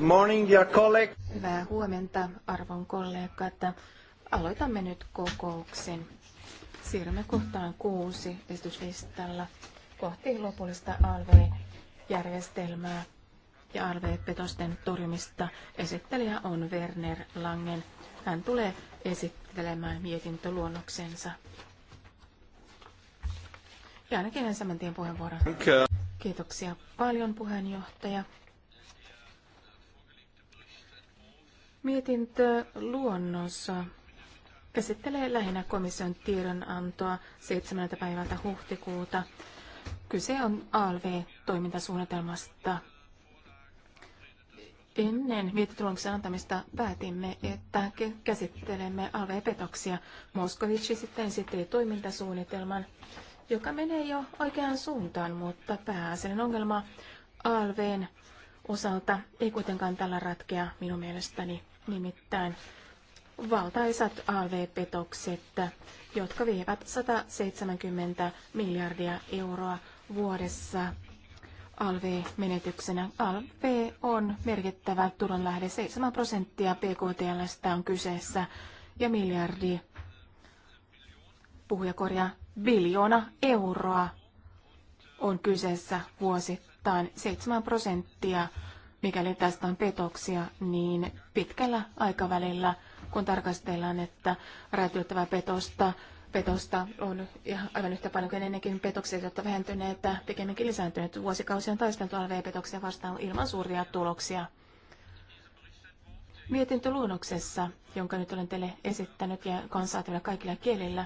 morning, dear Hyvää huomenta, arvon kollegat. Aloitamme nyt kokouksen. Siirrymme kohtaan kuusi esityslistalla kohti lopullista ALV-järjestelmää ja ALV-petosten torjumista. Esittelijä on Werner Langen. Hän tulee esittelemään mietintöluonnoksensa. Ja ainakin hän saman tien puheenvuoron. Kiitoksia paljon puheenjohtaja. Mietintö luonnossa käsittelee lähinnä komission tiedonantoa 7. päivältä huhtikuuta. Kyse on ALV-toimintasuunnitelmasta. Ennen mietintöluonnoksen antamista päätimme, että käsittelemme ALV-petoksia. Moskovici sitten esitteli toimintasuunnitelman, joka menee jo oikeaan suuntaan, mutta pääasiallinen ongelma ALVn osalta ei kuitenkaan tällä ratkea minun mielestäni nimittäin valtaisat AV-petokset, jotka vievät 170 miljardia euroa vuodessa ALV-menetyksenä. ALV on merkittävä tulonlähde, 7 prosenttia PKTLstä on kyseessä ja miljardi, puhujakorja, biljoona euroa on kyseessä vuosittain. 7 prosenttia mikäli tästä on petoksia, niin pitkällä aikavälillä, kun tarkastellaan, että räätyyttävää petosta, petosta on ja aivan yhtä paljon kuin ennenkin petoksia, jotta vähentyneet, pikemminkin lisääntyneet. Vuosikausia on taisteltu LV-petoksia vastaan ilman suuria tuloksia. Mietintöluonnoksessa, jonka nyt olen teille esittänyt ja kansaatavilla kaikilla kielillä,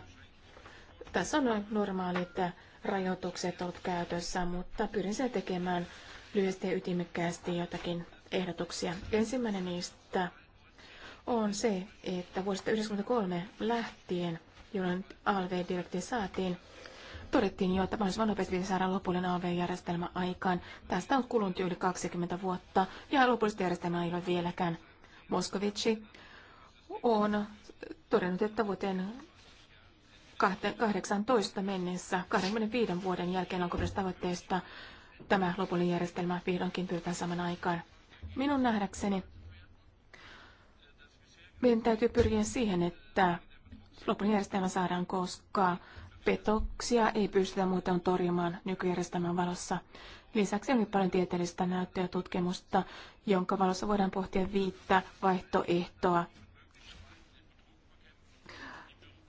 tässä on normaalit rajoitukset ollut käytössä, mutta pyrin sen tekemään lyhyesti ja ytimekkäästi jotakin ehdotuksia. Ensimmäinen niistä on se, että vuodesta 1993 lähtien, jolloin ALV-direktiivi saatiin, todettiin jo, että mahdollisimman nopeasti saadaan lopullinen ALV-järjestelmä aikaan. Tästä on kulunut yli 20 vuotta ja lopullista järjestelmää ei ole vieläkään. Moskovici on todennut, että vuoteen 18 mennessä 25 vuoden jälkeen alkuperäisestä tavoitteesta tämä lopullinen järjestelmä vihdoinkin pyritään saman aikaan. Minun nähdäkseni meidän täytyy pyrkiä siihen, että lopullinen järjestelmä saadaan, koska petoksia ei pystytä muuten torjumaan nykyjärjestelmän valossa. Lisäksi on paljon tieteellistä näyttöä ja tutkimusta, jonka valossa voidaan pohtia viittä vaihtoehtoa.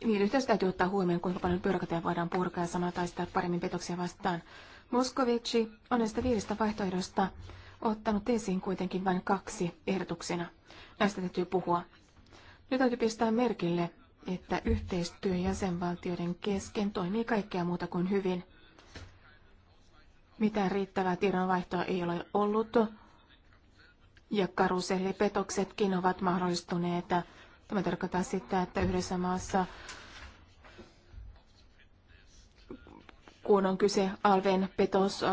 Niin yhteydessä täytyy ottaa huomioon, kuinka paljon byrokratiaa voidaan purkaa ja samalla taistaa paremmin petoksia vastaan. Moskovici on näistä viidestä vaihtoehdosta ottanut esiin kuitenkin vain kaksi ehdotuksena. Näistä täytyy puhua. Nyt täytyy pistää merkille, että yhteistyö jäsenvaltioiden kesken toimii kaikkea muuta kuin hyvin. Mitään riittävää tiedonvaihtoa ei ole ollut, ja karusellipetoksetkin ovat mahdollistuneet. Tämä tarkoittaa sitä, että yhdessä maassa kun on kyse alven petos,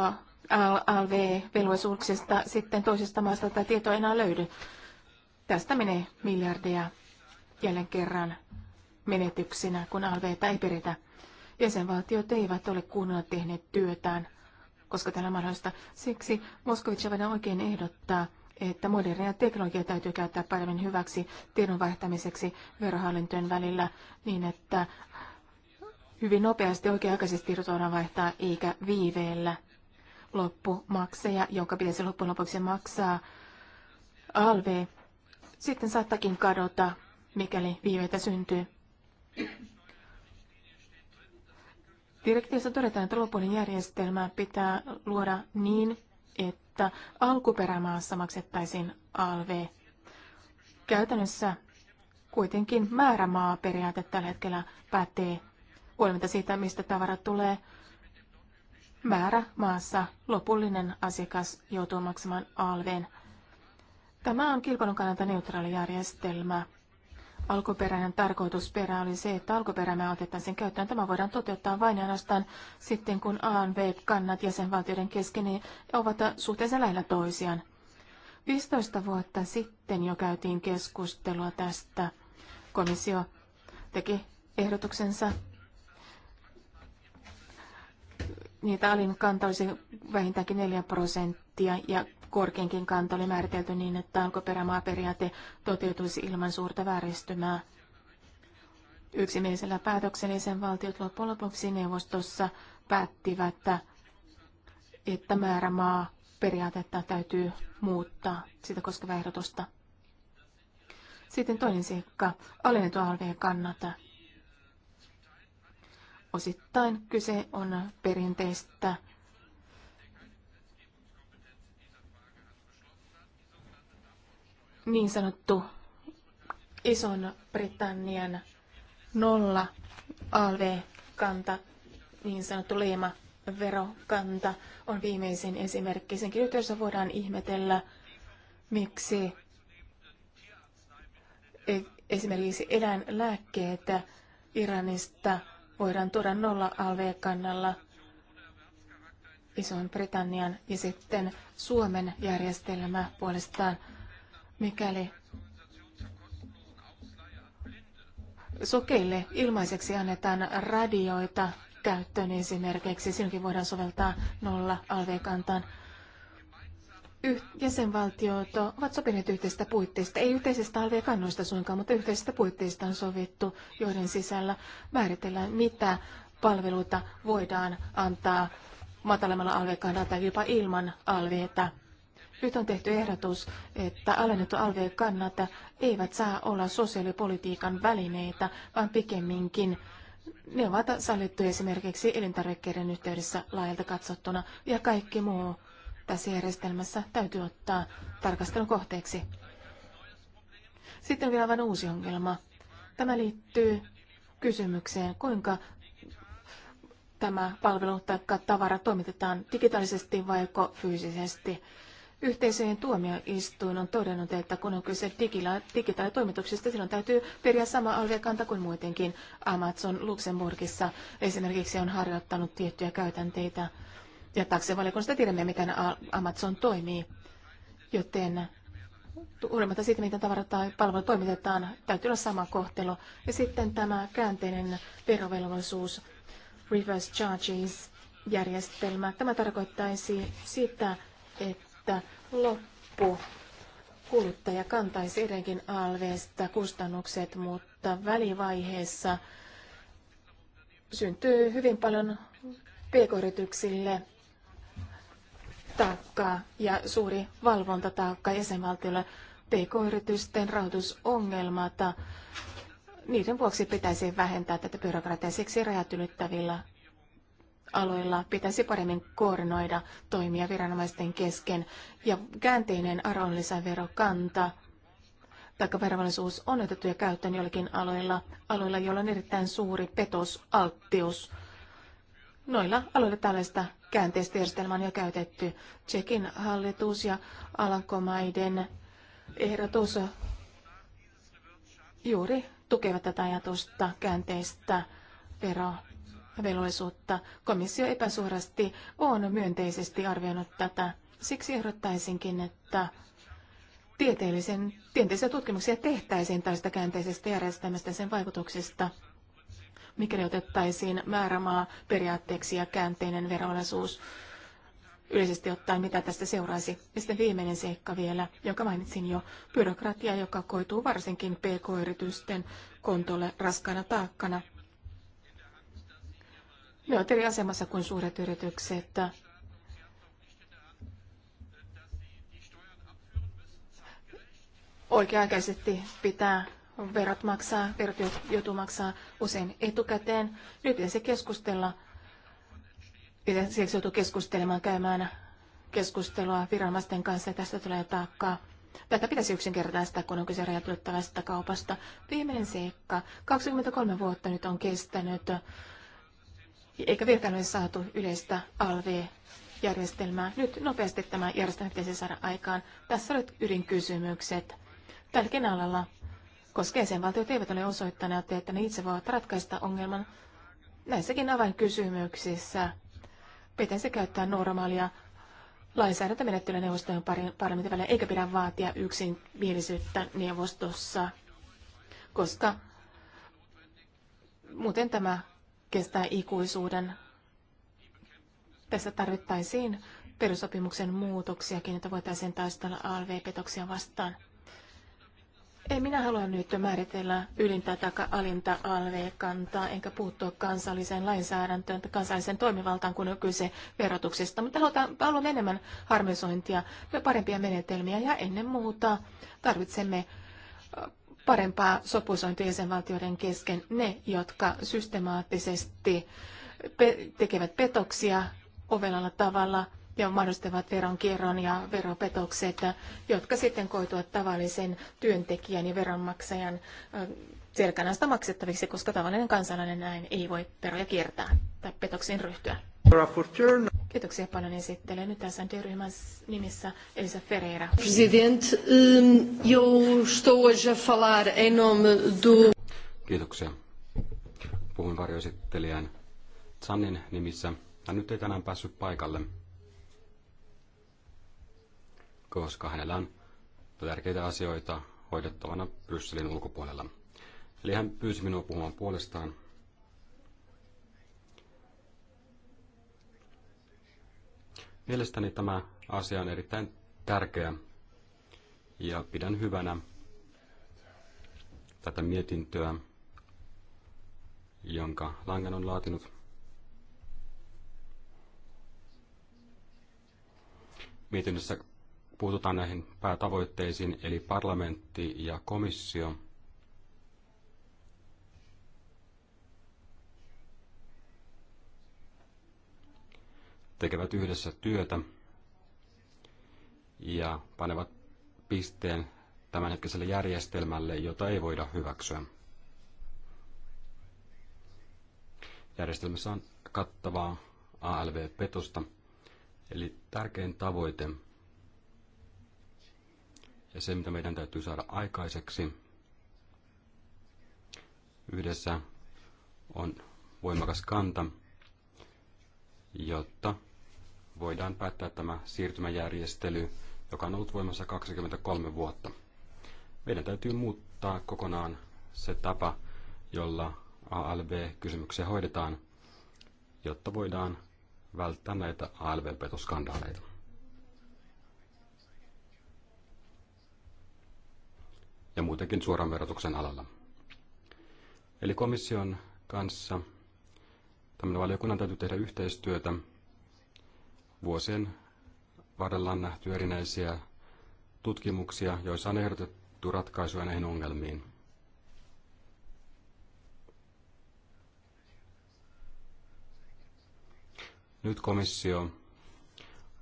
ALV-velvollisuuksista, sitten toisesta maasta tätä tietoa enää löydy. Tästä menee miljardeja jälleen kerran menetyksinä, kun alveita ei peritä. Jäsenvaltiot eivät ole kunnolla tehneet työtään, koska tällä on mahdollista. Siksi Moskovitsa voidaan oikein ehdottaa, että modernia teknologiaa täytyy käyttää paremmin hyväksi tiedon vaihtamiseksi verohallintojen välillä niin, että hyvin nopeasti oikea-aikaisesti irtoidaan vaihtaa eikä viiveellä loppumakseja, jonka pitäisi loppujen lopuksi maksaa alv. Sitten saattakin kadota, mikäli viiveitä syntyy. Direktiivissä todetaan, että lopullinen järjestelmä pitää luoda niin, että alkuperämaassa maksettaisiin alv. Käytännössä kuitenkin määrämaaperiaate tällä hetkellä pätee huolimatta siitä, mistä tavara tulee, määrä maassa lopullinen asiakas joutuu maksamaan alveen. Tämä on kilpailun kannalta neutraali järjestelmä. Alkuperäinen tarkoitusperä oli se, että alkuperämää sen käyttöön. Tämä voidaan toteuttaa vain ainoastaan sitten, kun ANV-kannat jäsenvaltioiden kesken ovat suhteellisen lähellä toisiaan. 15 vuotta sitten jo käytiin keskustelua tästä. Komissio teki ehdotuksensa niitä alin kanta olisi vähintäänkin 4 prosenttia ja korkeinkin kanta oli määritelty niin, että alkuperämaaperiaate toteutuisi ilman suurta vääristymää. Yksimielisellä päätöksellä valtiot loppujen lopuksi neuvostossa päättivät, että määrämaa periaatetta täytyy muuttaa sitä koskevaa ehdotusta. Sitten toinen seikka, alennetun alveen kannata. Osittain kyse on perinteistä niin sanottu ison Britannian nolla av kanta niin sanottu leima verokanta on viimeisin esimerkki. Senkin yhteydessä voidaan ihmetellä, miksi e- esimerkiksi eläinlääkkeet Iranista voidaan tuoda nolla-alv-kannalla Ison Britannian ja sitten Suomen järjestelmä puolestaan, mikäli sokeille ilmaiseksi annetaan radioita käyttöön esimerkiksi, silloinkin voidaan soveltaa nolla alv-kantaan jäsenvaltiot ovat sopineet yhteisistä puitteista, ei yhteisistä alvekannoista suinkaan, mutta yhteisistä puitteista on sovittu, joiden sisällä määritellään, mitä palveluita voidaan antaa matalammalla alvekannalla tai jopa ilman alveita. Nyt on tehty ehdotus, että alennettu alvekannat eivät saa olla sosiaalipolitiikan välineitä, vaan pikemminkin ne ovat sallittu esimerkiksi elintarvikkeiden yhteydessä laajalta katsottuna ja kaikki muu tässä järjestelmässä täytyy ottaa tarkastelun kohteeksi. Sitten on vielä aivan uusi ongelma. Tämä liittyy kysymykseen, kuinka tämä palvelu tai tavara toimitetaan digitaalisesti vai fyysisesti. Yhteisöjen tuomioistuin on todennut, että kun on kyse digitaalitoimituksista, silloin täytyy periä sama alvekanta kuin muutenkin. Amazon Luxemburgissa esimerkiksi on harjoittanut tiettyjä käytänteitä ja taksivaliokunnasta tiedämme, miten Amazon toimii, joten huolimatta siitä, miten tavarat tai palvelut toimitetaan, täytyy olla sama kohtelu. Ja sitten tämä käänteinen verovelvollisuus, reverse charges järjestelmä. Tämä tarkoittaisi sitä, että loppu kuluttaja kantaisi edenkin alveesta kustannukset, mutta välivaiheessa syntyy hyvin paljon pk-yrityksille taakkaa ja suuri valvontataakka jäsenvaltiolle. PK-yritysten rahoitusongelmat, niiden vuoksi pitäisi vähentää tätä byrokratiaa. Siksi rajat ylittävillä aloilla pitäisi paremmin koordinoida toimia viranomaisten kesken. Ja käänteinen arvonlisäverokanta tai verovallisuus on otettu ja käyttöön joillakin aloilla, aloilla, joilla on erittäin suuri petosalttius. Noilla aloilla tällaista käänteistä järjestelmää on jo käytetty. Tsekin hallitus ja Alankomaiden ehdotus juuri tukevat tätä ajatusta käänteistä verovelvollisuutta. Komissio epäsuorasti on myönteisesti arvioinut tätä. Siksi ehdottaisinkin, että tieteellisen, tieteellisiä tutkimuksia tehtäisiin tästä käänteisestä järjestelmästä sen vaikutuksista mikäli otettaisiin määrämaa periaatteeksi ja käänteinen verollisuus yleisesti ottaen, mitä tästä seuraisi. Ja sitten viimeinen seikka vielä, jonka mainitsin jo, byrokratia, joka koituu varsinkin pk-yritysten kontolle raskana taakkana. Ne ovat eri asemassa kuin suuret yritykset. Oikea-aikaisesti pitää verot maksaa, verot joutuu maksaa usein etukäteen. Nyt se keskustella, pitäisi joutuu keskustelemaan, käymään keskustelua viranomaisten kanssa ja tästä tulee taakkaa. Tätä pitäisi yksinkertaistaa, kun on kyse rajatulittavasta kaupasta. Viimeinen seikka. 23 vuotta nyt on kestänyt, eikä virkailu ole saatu yleistä ALV-järjestelmää. Nyt nopeasti tämä järjestelmä pitäisi saada aikaan. Tässä olet ydinkysymykset. Tälläkin alalla koska jäsenvaltiot eivät ole osoittaneet, että ne itse voivat ratkaista ongelman näissäkin avainkysymyksissä. Pitäisi käyttää normaalia lainsäädäntömenettelyä neuvostojen parlamentin välillä, eikä pidä vaatia yksimielisyyttä neuvostossa, koska muuten tämä kestää ikuisuuden. Tässä tarvittaisiin perusopimuksen muutoksiakin, että voitaisiin taistella ALV-petoksia vastaan. Ei minä halua nyt määritellä ylintä tai alinta alv-kantaa, enkä puuttua kansalliseen lainsäädäntöön tai kansalliseen toimivaltaan, kun on kyse verotuksesta, mutta haluan enemmän harmisointia, parempia menetelmiä ja ennen muuta tarvitsemme parempaa sopusointia jäsenvaltioiden kesken ne, jotka systemaattisesti pe- tekevät petoksia ovelalla tavalla – ja mahdollistavat veronkierron ja veropetokset, jotka sitten koituvat tavallisen työntekijän ja veronmaksajan selkänästä maksettaviksi, koska tavallinen kansalainen näin ei voi veroja kiertää tai petoksiin ryhtyä. Kiitoksia paljon esittelen. Nyt tässä ryhmän nimissä Elisa Ferreira. President, eu estou a falar em nome do... Kiitoksia. Puhun varjoesittelijän Sannin nimissä. Hän nyt ei tänään päässyt paikalle koska hänellä on tärkeitä asioita hoidettavana Brysselin ulkopuolella. Eli hän pyysi minua puhumaan puolestaan. Mielestäni tämä asia on erittäin tärkeä ja pidän hyvänä tätä mietintöä, jonka Langen on laatinut. Mietinnössä puututaan näihin päätavoitteisiin, eli parlamentti ja komissio. tekevät yhdessä työtä ja panevat pisteen tämänhetkiselle järjestelmälle, jota ei voida hyväksyä. Järjestelmässä on kattavaa ALV-petosta, eli tärkein tavoite ja se, mitä meidän täytyy saada aikaiseksi yhdessä, on voimakas kanta, jotta voidaan päättää tämä siirtymäjärjestely, joka on ollut voimassa 23 vuotta. Meidän täytyy muuttaa kokonaan se tapa, jolla ALB kysymyksiä hoidetaan, jotta voidaan välttää näitä alb petoskandaaleita ja muutenkin suoran verotuksen alalla. Eli komission kanssa tämmöinen valiokunnan täytyy tehdä yhteistyötä. Vuosien varrella on nähty erinäisiä tutkimuksia, joissa on ehdotettu ratkaisuja näihin ongelmiin. Nyt komissio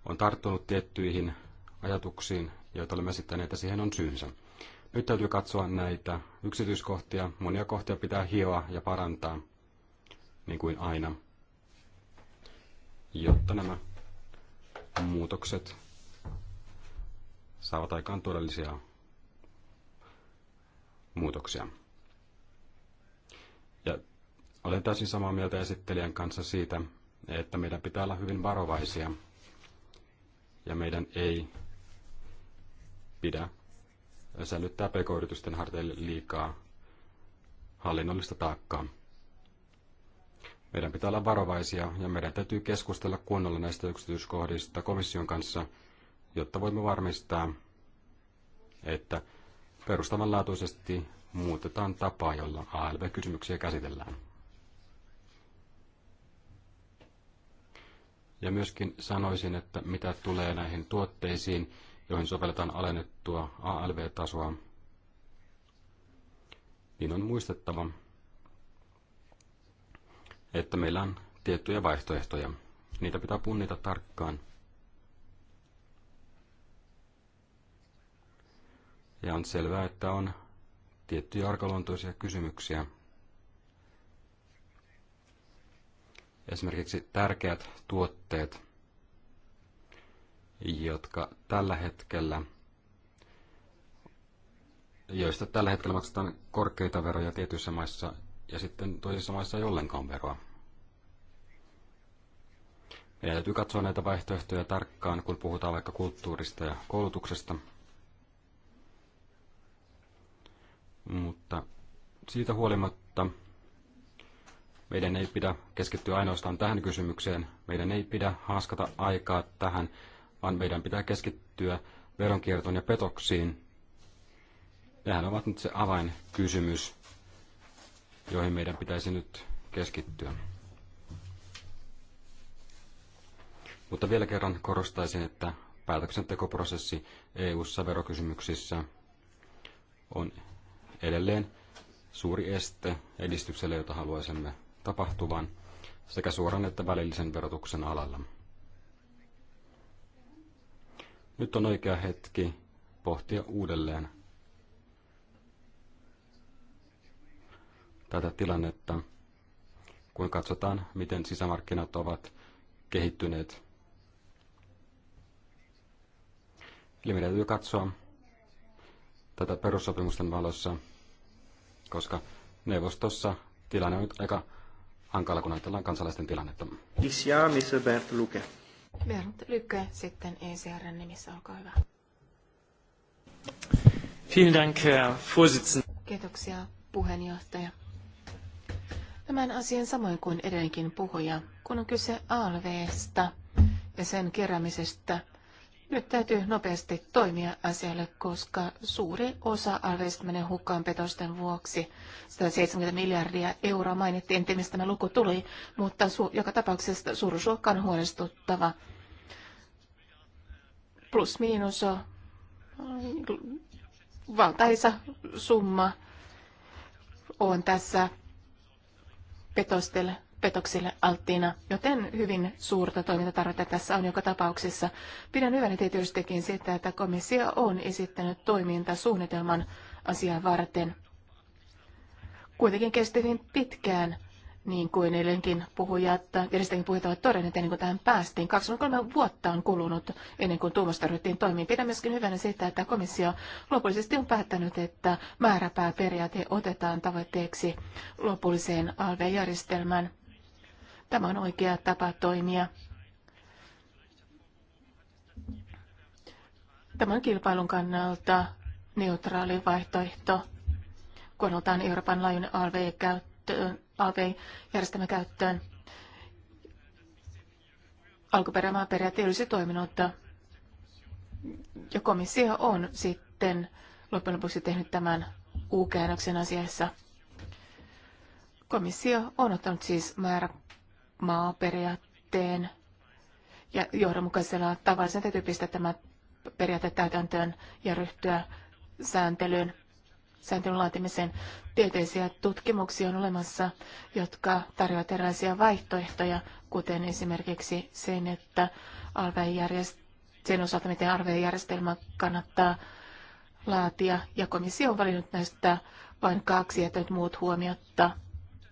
on tarttunut tiettyihin ajatuksiin, joita olemme esittäneet, että siihen on syynsä. Nyt täytyy katsoa näitä yksityiskohtia. Monia kohtia pitää hioa ja parantaa, niin kuin aina, jotta nämä muutokset saavat aikaan todellisia muutoksia. Ja olen täysin samaa mieltä esittelijän kanssa siitä, että meidän pitää olla hyvin varovaisia ja meidän ei pidä sälyttää pk-yritysten harteille liikaa hallinnollista taakkaa. Meidän pitää olla varovaisia ja meidän täytyy keskustella kunnolla näistä yksityiskohdista komission kanssa, jotta voimme varmistaa, että perustavanlaatuisesti muutetaan tapaa, jolla ALV-kysymyksiä käsitellään. Ja myöskin sanoisin, että mitä tulee näihin tuotteisiin, joihin sovelletaan alennettua ALV-tasoa, niin on muistettava, että meillä on tiettyjä vaihtoehtoja. Niitä pitää punnita tarkkaan. Ja on selvää, että on tiettyjä arkaluontoisia kysymyksiä. Esimerkiksi tärkeät tuotteet – jotka tällä hetkellä joista tällä hetkellä maksetaan korkeita veroja tietyissä maissa ja sitten toisissa maissa ei ollenkaan veroa. Meidän täytyy katsoa näitä vaihtoehtoja tarkkaan, kun puhutaan vaikka kulttuurista ja koulutuksesta. Mutta siitä huolimatta meidän ei pidä keskittyä ainoastaan tähän kysymykseen. Meidän ei pidä haaskata aikaa tähän vaan meidän pitää keskittyä veronkiertoon ja petoksiin. Nehän ovat nyt se avainkysymys, joihin meidän pitäisi nyt keskittyä. Mutta vielä kerran korostaisin, että päätöksentekoprosessi EU-ssa verokysymyksissä on edelleen suuri este edistykselle, jota haluaisimme tapahtuvan sekä suoran että välillisen verotuksen alalla. Nyt on oikea hetki pohtia uudelleen tätä tilannetta, kun katsotaan, miten sisämarkkinat ovat kehittyneet. Eli meidän täytyy katsoa tätä perussopimusten valossa, koska neuvostossa tilanne on nyt aika hankala, kun ajatellaan kansalaisten tilannetta. Ja missä Bert Luke. Bernd Lykke sitten ECRn nimissä, olkaa hyvä. Vielen Dank, Herr Kiitoksia, puheenjohtaja. Tämän asian samoin kuin edellinkin puhuja, kun on kyse ALVsta ja sen keräämisestä nyt täytyy nopeasti toimia asialle, koska suuri osa arvista menee hukkaan petosten vuoksi. 170 miljardia euroa mainittiin, en tiedä mistä tämä luku tuli, mutta su- joka tapauksessa suuruusluokka on huolestuttava. Plus miinus on valtaisa summa on tässä petostelle petoksille alttiina, joten hyvin suurta toimintatarvetta tässä on joka tapauksessa. Pidän hyvänä tietystikin sitä, että komissio on esittänyt toimintasuunnitelman asiaa varten. Kuitenkin kesti hyvin pitkään, niin kuin eilenkin puhujat, edestäkin puhujat ovat todenneet, ennen kuin tähän päästiin. 23 vuotta on kulunut ennen kuin tuomosta ryhtiin toimiin. Pidän myöskin hyvänä sitä, että komissio lopullisesti on päättänyt, että määräpääperiaate otetaan tavoitteeksi lopulliseen ALV-järjestelmään. Tämä on oikea tapa toimia. Tämä on kilpailun kannalta neutraali vaihtoehto, kun otetaan Euroopan laajuinen av järjestelmä käyttöön. Alkuperämaan periaate olisi toiminut, ja komissio on sitten loppujen lopuksi tehnyt tämän u asiassa. Komissio on ottanut siis määrä maaperiaatteen ja johdonmukaisella tavalla. Sen täytyy pistää tämä periaate täytäntöön ja ryhtyä sääntelyyn, sääntelyn laatimiseen. Tieteisiä tutkimuksia on olemassa, jotka tarjoavat erilaisia vaihtoehtoja, kuten esimerkiksi sen, että sen osalta, miten arvejärjestelmä kannattaa laatia. Ja komissio on valinnut näistä vain kaksi jättänyt muut huomiotta.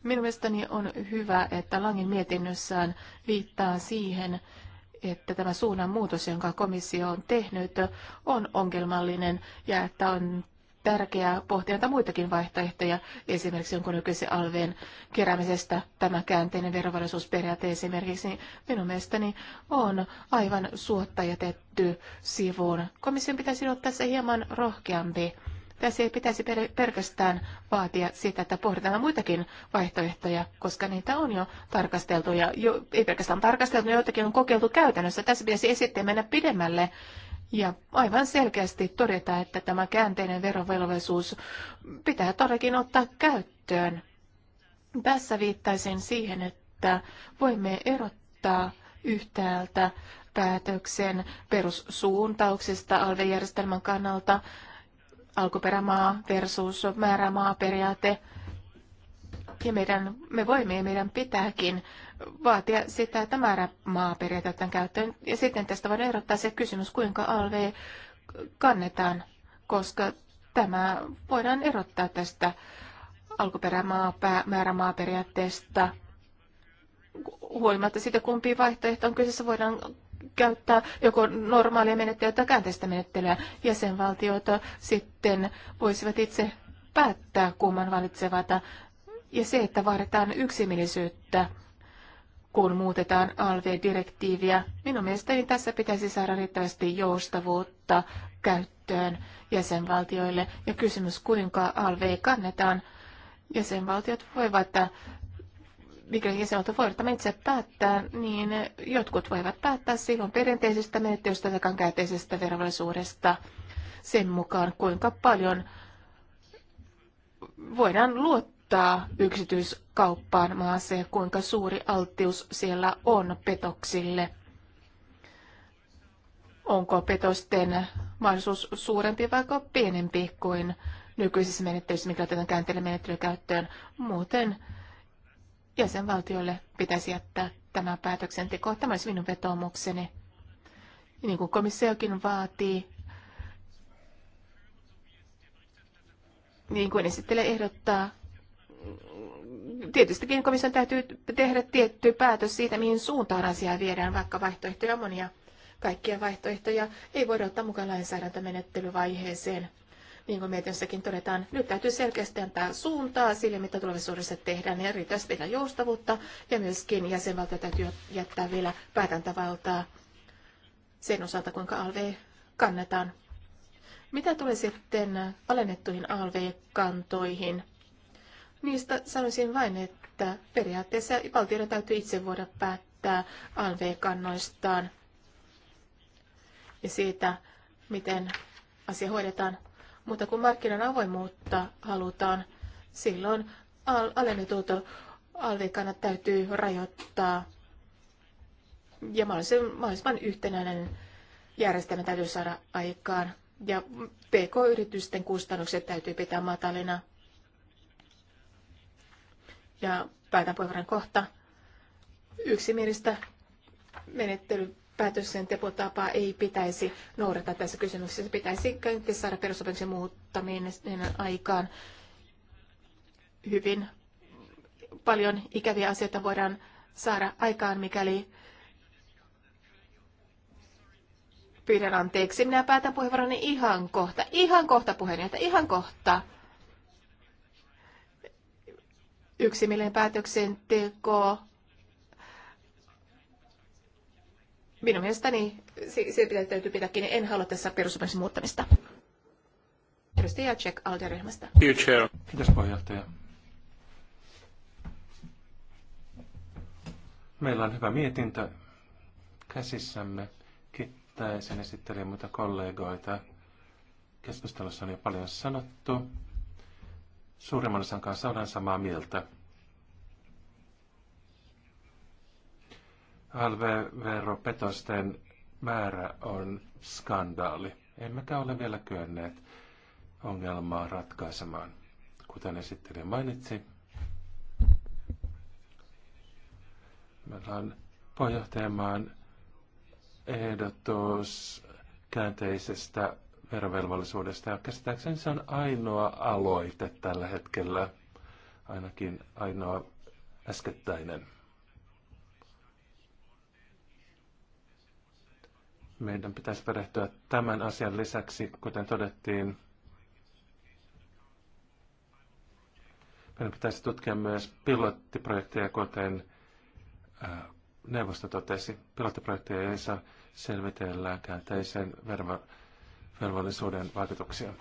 Minun mielestäni on hyvä, että Langin mietinnössään viittaa siihen, että tämä suunnanmuutos, jonka komissio on tehnyt, on ongelmallinen ja että on tärkeää pohtia näitä muitakin vaihtoehtoja, esimerkiksi onko nykyisen alveen keräämisestä tämä käänteinen verovarallisuusperiaate esimerkiksi minun mielestäni on aivan suotta jätetty sivuun. Komission pitäisi olla tässä hieman rohkeampi tässä ei pitäisi pelkästään vaatia sitä, että pohditaan muitakin vaihtoehtoja, koska niitä on jo tarkasteltu ja jo, ei pelkästään tarkasteltu, joitakin on kokeiltu käytännössä. Tässä pitäisi esittää mennä pidemmälle ja aivan selkeästi todeta, että tämä käänteinen verovelvollisuus pitää todellakin ottaa käyttöön. Tässä viittaisin siihen, että voimme erottaa yhtäältä päätöksen perussuuntauksista alvejärjestelmän kannalta alkuperämaa versus määrämaa periaate. Ja meidän, me voimme ja meidän pitääkin vaatia sitä, että määrämaa periaate otetaan käyttöön. Ja sitten tästä voidaan erottaa se kysymys, kuinka alv kannetaan, koska tämä voidaan erottaa tästä alkuperämaa periaatteesta. huolimatta siitä, kumpi vaihtoehto on kyseessä, voidaan käyttää joko normaalia menettelyä tai käänteistä menettelyä. Jäsenvaltioita sitten voisivat itse päättää, kumman valitsevata Ja se, että vaaditaan yksimielisyyttä, kun muutetaan ALV-direktiiviä, minun mielestäni tässä pitäisi saada riittävästi joustavuutta käyttöön jäsenvaltioille. Ja kysymys, kuinka ALV kannetaan, jäsenvaltiot voivat mikäli jäsenvaltio voi tämän itse päättää, niin jotkut voivat päättää silloin perinteisestä menettelystä tai käteisestä verovallisuudesta sen mukaan, kuinka paljon voidaan luottaa yksityiskauppaan maassa ja kuinka suuri alttius siellä on petoksille. Onko petosten mahdollisuus suurempi vai pienempi kuin nykyisessä menettelyssä, mikä otetaan kääntelemenettely käyttöön. Muuten jäsenvaltiolle pitäisi jättää tämä päätöksenteko. Tämä olisi minun vetoomukseni. Niin kuin komissiokin vaatii, niin kuin esittelee ehdottaa, tietystikin komission täytyy tehdä tietty päätös siitä, mihin suuntaan asiaa viedään, vaikka vaihtoehtoja on monia. Kaikkia vaihtoehtoja ei voida ottaa mukaan lainsäädäntömenettelyvaiheeseen niin kuin mietinnössäkin todetaan, nyt täytyy selkeästi antaa suuntaa sille, mitä tulevaisuudessa tehdään, ja riittävästi tehdä joustavuutta, ja myöskin jäsenvaltio täytyy jättää vielä päätäntävaltaa sen osalta, kuinka alve kannetaan. Mitä tulee sitten alennettuihin alv-kantoihin? Niistä sanoisin vain, että periaatteessa valtioiden täytyy itse voida päättää alv-kannoistaan ja siitä, miten asia hoidetaan. Mutta kun markkinan avoimuutta halutaan, silloin alennetut alvikannat täytyy rajoittaa ja mahdollisimman yhtenäinen järjestelmä täytyy saada aikaan. Ja PK-yritysten kustannukset täytyy pitää matalina. Ja päätän puheenvuoron kohta yksimielistä menettelyä päätöksentekotapaa ei pitäisi noudata tässä kysymyksessä. Se pitäisi käynti saada perussopimuksen muuttaminen aikaan hyvin paljon ikäviä asioita voidaan saada aikaan, mikäli pyydän anteeksi. Minä päätän puheenvuoroni ihan kohta. Ihan kohta puheenjohtaja, ihan kohta. Yksimielinen päätöksenteko minun mielestäni siitä pitää, täytyy pitää kiinni. En halua tässä perusopimisen muuttamista. Edustaja Jack Alder-ryhmästä. Kiitos puheenjohtaja. Meillä on hyvä mietintö käsissämme. Kittäisen esittelijä muita kollegoita. Keskustelussa on jo paljon sanottu. Suurimman osan kanssa olen samaa mieltä. ALV-veropetosten määrä on skandaali. Emmekä ole vielä kyenneet ongelmaa ratkaisemaan. Kuten esittelijä mainitsi, meillä on pohjohtajamaan ehdotus käänteisestä verovelvollisuudesta. Ja käsittääkseni se on ainoa aloite tällä hetkellä, ainakin ainoa äskettäinen. Meidän pitäisi perehtyä tämän asian lisäksi, kuten todettiin, meidän pitäisi tutkia myös pilottiprojekteja, kuten neuvosto totesi. Pilottiprojekteja ei saa selvitellä käänteisen velvollisuuden vaikutuksia.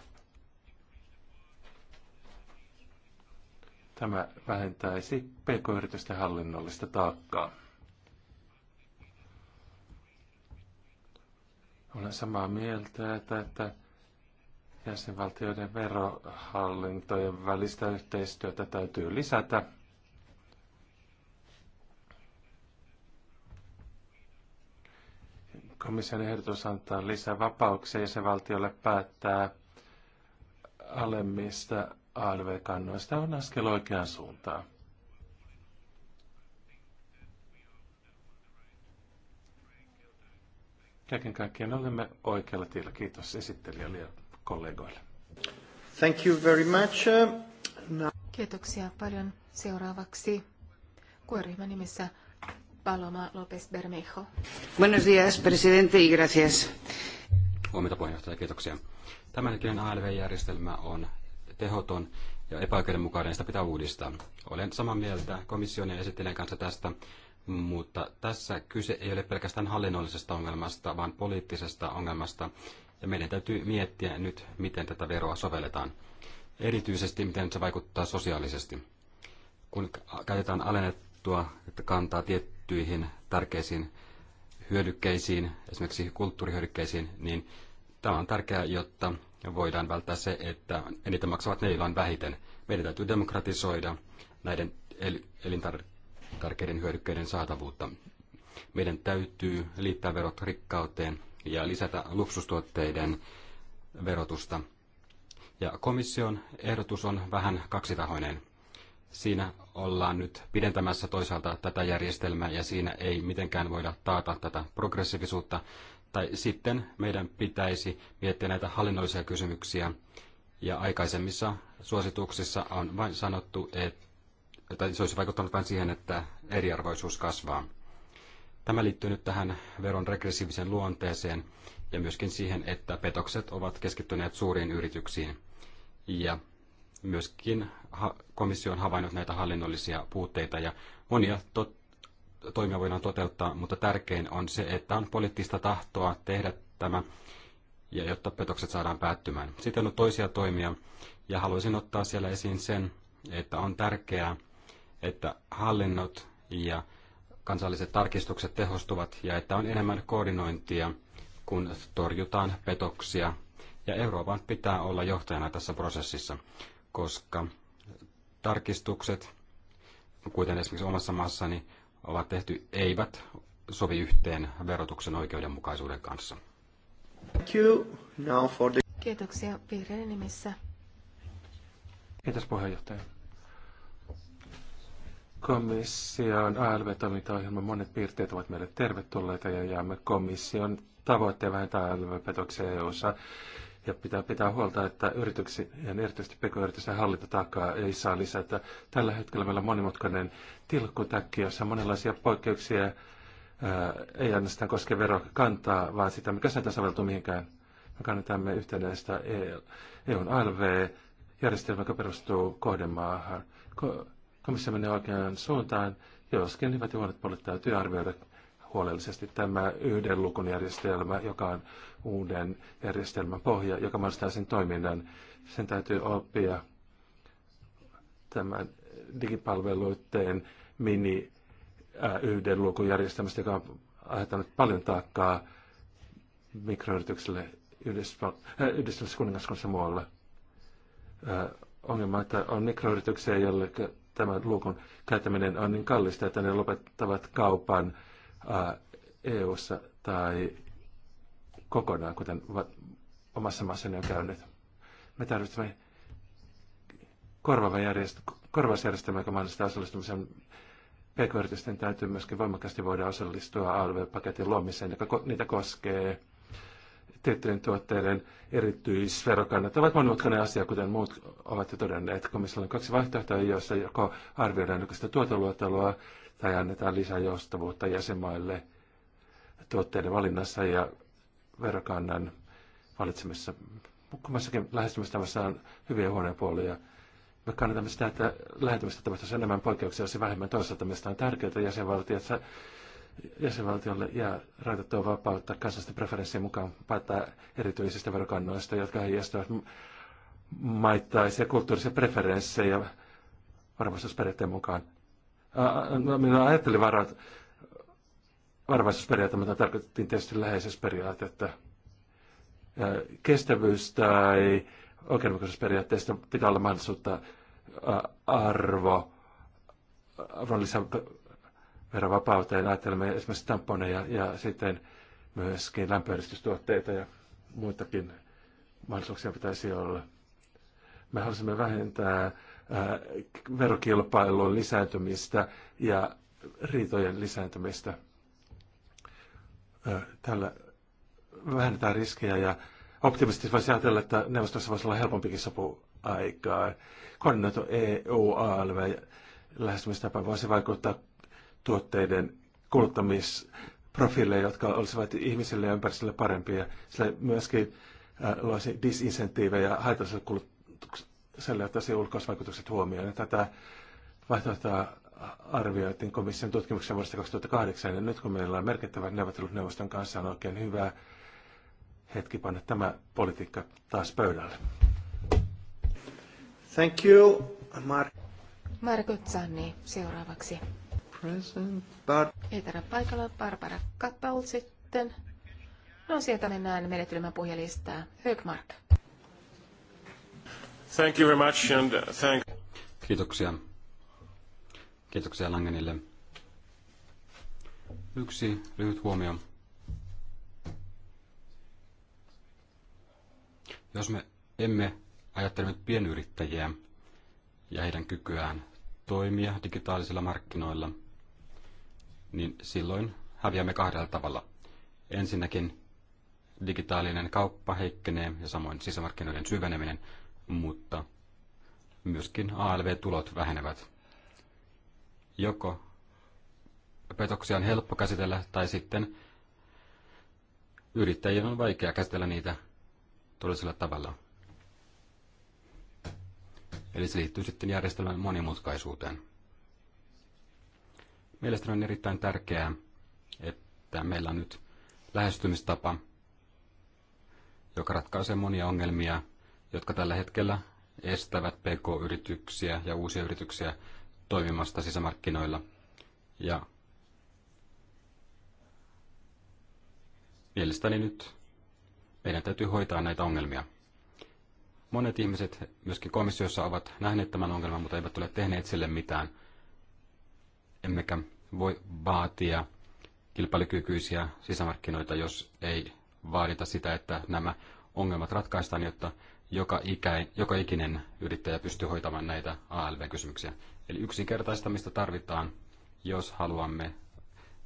Tämä vähentäisi pk-yritysten hallinnollista taakkaa. Olen samaa mieltä, että, että jäsenvaltioiden verohallintojen välistä yhteistyötä täytyy lisätä. Komission ehdotus antaa lisää vapauksia jäsenvaltiolle päättää alemmista ALV-kannoista on askel oikeaan suuntaan. Kaiken kaikkiaan olemme oikealla tiellä. Kiitos esittelijälle ja kollegoille. Thank you very much. Now... Kiitoksia paljon. Seuraavaksi kuoryhmän nimessä Paloma López Bermejo. Buenos días, presidente, y gracias. Huomenta puheenjohtaja, kiitoksia. Tämänhetkinen ALV-järjestelmä on tehoton ja epäoikeudenmukainen, sitä pitää uudistaa. Olen samaa mieltä komission ja esittelijän kanssa tästä, mutta tässä kyse ei ole pelkästään hallinnollisesta ongelmasta, vaan poliittisesta ongelmasta, ja meidän täytyy miettiä nyt, miten tätä veroa sovelletaan. Erityisesti, miten se vaikuttaa sosiaalisesti. Kun käytetään alennettua että kantaa tiettyihin tärkeisiin hyödykkeisiin, esimerkiksi kulttuurihyödykkeisiin, niin tämä on tärkeää, jotta voidaan välttää se, että eniten maksavat ne, joilla on vähiten. Meidän täytyy demokratisoida näiden elintarvikkeiden tärkeiden hyödykkeiden saatavuutta. Meidän täytyy liittää verot rikkauteen ja lisätä luksustuotteiden verotusta. Ja komission ehdotus on vähän kaksitahoinen. Siinä ollaan nyt pidentämässä toisaalta tätä järjestelmää ja siinä ei mitenkään voida taata tätä progressiivisuutta. Tai sitten meidän pitäisi miettiä näitä hallinnollisia kysymyksiä. Ja aikaisemmissa suosituksissa on vain sanottu, että että se olisi vaikuttanut vain siihen, että eriarvoisuus kasvaa. Tämä liittyy nyt tähän veron regressiivisen luonteeseen ja myöskin siihen, että petokset ovat keskittyneet suuriin yrityksiin. Ja myöskin komissio on havainnut näitä hallinnollisia puutteita ja monia tot- toimia voidaan toteuttaa, mutta tärkein on se, että on poliittista tahtoa tehdä tämä ja jotta petokset saadaan päättymään. Sitten on toisia toimia ja haluaisin ottaa siellä esiin sen, että on tärkeää, että hallinnot ja kansalliset tarkistukset tehostuvat ja että on enemmän koordinointia, kun torjutaan petoksia. Ja Euroopan pitää olla johtajana tässä prosessissa, koska tarkistukset, kuten esimerkiksi omassa maassani ovat tehty, eivät sovi yhteen verotuksen oikeudenmukaisuuden kanssa. Kiitoksia vihreiden nimissä. Kiitos puheenjohtaja. Komission ALV-toimintaohjelman monet piirteet ovat meille tervetulleita ja jaamme komission tavoitteen vähentää ALV-petoksia EU-ssa. Ja pitää pitää huolta, että yrityksien, erityisesti pk-yritysten hallintotaakkaa ei saa lisätä. Tällä hetkellä meillä on monimutkainen tilkkutäkki, jossa on monenlaisia poikkeuksia ää, ei ainoastaan koske verokantaa, vaan sitä, mikä sen tasaveltu mihinkään. Me kannatamme yhtenäistä EUn e alv järjestelmää joka perustuu kohdemaahan. Ko- komissio menee oikeaan suuntaan, joskin hyvät ja huonot puolet täytyy arvioida huolellisesti tämä yhden lukun järjestelmä, joka on uuden järjestelmän pohja, joka mahdollistaa sen toiminnan. Sen täytyy oppia tämän digipalveluiden mini äh, yhden lukun järjestelmästä, joka on aiheuttanut paljon taakkaa mikroyrityksille äh, Yhdistyneessä kuningaskunnassa muualla. Äh, ongelma, että on mikroyrityksiä, joille tämän luukun käyttäminen on niin kallista, että ne lopettavat kaupan EU-ssa tai kokonaan, kuten omassa maassani on käynyt. Me tarvitsemme korvaava järjest- korvausjärjestelmä, joka mahdollistaa osallistumisen PK-yritysten täytyy myöskin voimakkaasti voida osallistua ALV-paketin luomiseen, joka niitä koskee tiettyjen tuotteiden erityisverokannat ovat monimutkainen asia, kuten muut ovat jo todenneet. Komissiolla on kaksi vaihtoehtoa, joissa joko arvioidaan nykyistä tuoteluotelua tai annetaan lisää joustavuutta jäsenmaille tuotteiden valinnassa ja verokannan valitsemisessa. Kummassakin lähestymistavassa on hyviä huoneen puolia. Me kannatamme sitä, että lähetymistä tapahtuisi enemmän poikkeuksia, jos vähemmän toisaalta, mistä on tärkeää jäsenvaltiot jäsenvaltiolle jää rajoitettua vapautta kansallisten preferenssien mukaan päättää erityisistä verokannoista, jotka heijastavat maittaisia kulttuurisia preferenssejä varvaisuusperiaatteen mukaan. No, minä ajattelin varat, varvaisuusperiaate, mutta tarkoitettiin tietysti läheisyysperiaatetta. Kestävyys tai oikeudenmukaisuusperiaatteesta pitää olla mahdollisuutta arvo, arvonlisän vapauteen. Ajattelemme esimerkiksi tamponeja ja sitten myöskin lämpöeristystuotteita ja muitakin mahdollisuuksia pitäisi olla. Me halusimme vähentää äh, verokilpailun lisääntymistä ja riitojen lisääntymistä. Äh, tällä vähennetään riskejä ja optimistisesti voisi ajatella, että neuvostossa voisi olla helpompikin sopu aikaa. Koordinoitu EU-ALV lähestymistapa voisi vaikuttaa tuotteiden kuluttamisprofiileja, jotka olisivat ihmisille ja ympäristölle parempia. Sillä myöskin äh, loisi disinsentiivejä haitalliselle kulutukselle, ottaisi ulkoisvaikutukset huomioon. Ja tätä vaihtoehtoa arvioitiin komission tutkimuksen vuodesta 2008, ja nyt kun meillä on merkittävät neuvottelut neuvoston kanssa, on oikein hyvä hetki panna tämä politiikka taas pöydälle. Thank you, Mark. Marko Zanni seuraavaksi present, but... Ei tarvitse paikalla Barbara Kappel sitten. No sieltä mennään menetelmän puhujalistaa. Högmark. Thank you very much and uh, thank... Kiitoksia. Kiitoksia Langenille. Yksi lyhyt huomio. Jos me emme ajattele nyt pienyrittäjiä ja heidän kykyään toimia digitaalisilla markkinoilla – niin silloin häviämme kahdella tavalla. Ensinnäkin digitaalinen kauppa heikkenee ja samoin sisämarkkinoiden syveneminen, mutta myöskin ALV-tulot vähenevät. Joko petoksia on helppo käsitellä tai sitten yrittäjien on vaikea käsitellä niitä todellisella tavalla. Eli se liittyy sitten järjestelmän monimutkaisuuteen. Mielestäni on erittäin tärkeää, että meillä on nyt lähestymistapa, joka ratkaisee monia ongelmia, jotka tällä hetkellä estävät PK-yrityksiä ja uusia yrityksiä toimimasta sisämarkkinoilla. Ja mielestäni nyt meidän täytyy hoitaa näitä ongelmia. Monet ihmiset myöskin komissiossa ovat nähneet tämän ongelman, mutta eivät ole tehneet sille mitään – emmekä voi vaatia kilpailukykyisiä sisämarkkinoita, jos ei vaadita sitä, että nämä ongelmat ratkaistaan, jotta joka, ikäin, joka ikinen yrittäjä pystyy hoitamaan näitä ALV-kysymyksiä. Eli yksinkertaistamista tarvitaan, jos haluamme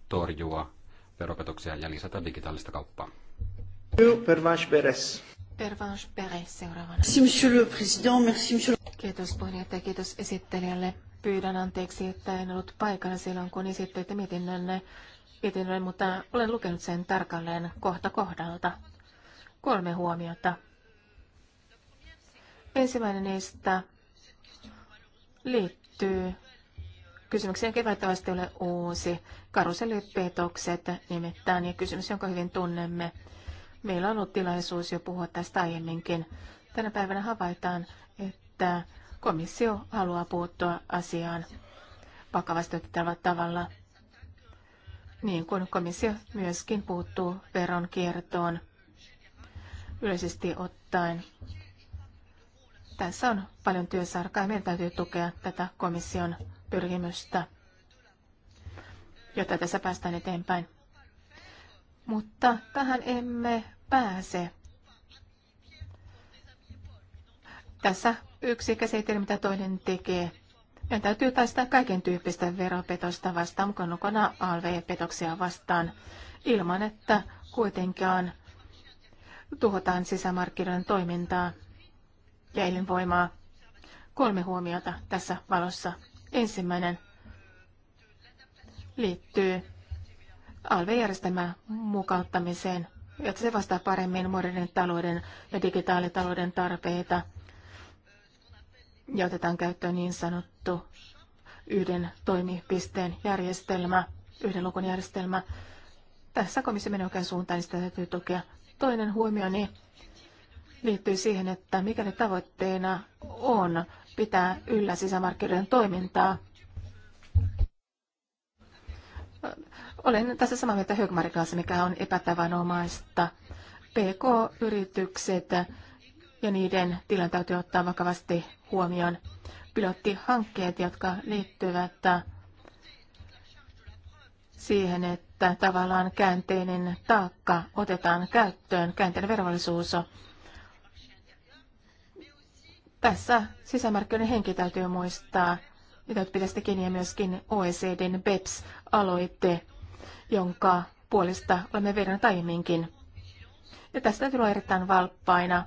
torjua veropetoksia ja lisätä digitaalista kauppaa. Pervanche Beres. Pervanche Beres seuraavana. Merci, monsieur le président. Merci, monsieur Kiitos puheenjohtaja, kiitos esittelijälle Pyydän anteeksi, että en ollut paikalla silloin, kun esittelitte mietinnönne, mietinnön, mutta olen lukenut sen tarkalleen kohta kohdalta. Kolme huomiota. Ensimmäinen niistä liittyy kysymykseen kevättävästi ole uusi. Karuselipetokset nimittäin ja kysymys, jonka hyvin tunnemme. Meillä on ollut tilaisuus jo puhua tästä aiemminkin. Tänä päivänä havaitaan, että Komissio haluaa puuttua asiaan vakavasti otettavalla tavalla, niin kuin komissio myöskin puuttuu veronkiertoon yleisesti ottaen. Tässä on paljon työsarkaa. Meidän täytyy tukea tätä komission pyrkimystä, jotta tässä päästään eteenpäin. Mutta tähän emme pääse. Tässä yksi käsittele, mitä toinen tekee. Meidän täytyy taistaa kaiken tyyppistä veropetosta vastaan, mukaan mukana ALV-petoksia vastaan, ilman että kuitenkaan tuhotaan sisämarkkinoiden toimintaa ja elinvoimaa. Kolme huomiota tässä valossa. Ensimmäinen liittyy ALV-järjestelmän mukauttamiseen, jotta se vastaa paremmin modernin talouden ja digitaalitalouden tarpeita – ja otetaan käyttöön niin sanottu yhden toimipisteen järjestelmä, yhden lukun järjestelmä. Tässä komissio menee oikein suuntaan, niin sitä täytyy tukea. Toinen huomioni liittyy siihen, että mikäli tavoitteena on pitää yllä sisämarkkinoiden toimintaa, olen tässä samaa mieltä Högmarin kanssa, mikä on epätavanomaista. PK-yritykset ja niiden tilan täytyy ottaa vakavasti huomioon. Pilottihankkeet, jotka liittyvät äh, siihen, että tavallaan käänteinen taakka otetaan käyttöön, käänteinen verovallisuus. Tässä sisämarkkinoiden henki täytyy muistaa, mitä pitäisi kiinni myöskin OECDn BEPS-aloitte, jonka puolesta olemme verran aiemminkin. Ja tästä täytyy olla erittäin valppaina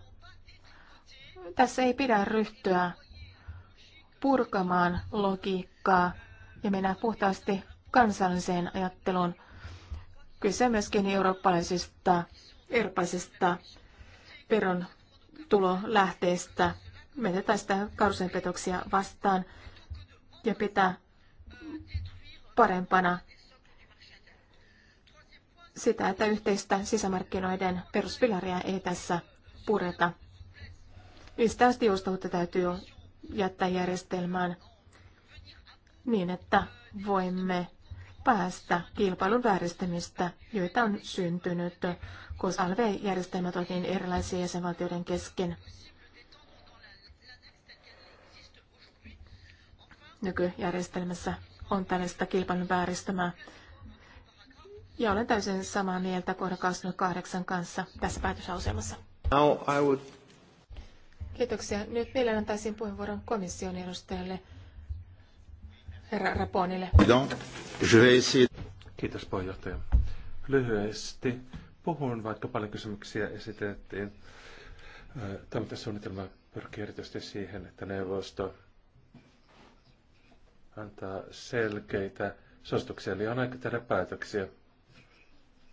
tässä ei pidä ryhtyä purkamaan logiikkaa ja mennä puhtaasti kansalliseen ajatteluun. Kyse myöskin eurooppalaisista, eurooppalaisista veron tulolähteistä. Meitä tästä karusenpetoksia vastaan ja pitää parempana sitä, että yhteistä sisämarkkinoiden peruspilaria ei tässä pureta. Mistä joustavuutta täytyy jättää järjestelmään niin, että voimme päästä kilpailun vääristämistä, joita on syntynyt, koska alv-järjestelmät ovat niin erilaisia jäsenvaltioiden kesken. Nykyjärjestelmässä on tällaista kilpailun vääristämää. Ja olen täysin samaa mieltä kohdan 28 kanssa tässä päätösauselmassa. Now I would Kiitoksia. Nyt vielä antaisin puheenvuoron komission edustajalle, herra Raponille. Kiitos puheenjohtaja. Lyhyesti puhun, vaikka paljon kysymyksiä esitettiin. Toimintasuunnitelma pyrkii erityisesti siihen, että neuvosto antaa selkeitä suosituksia, eli on aika tehdä päätöksiä.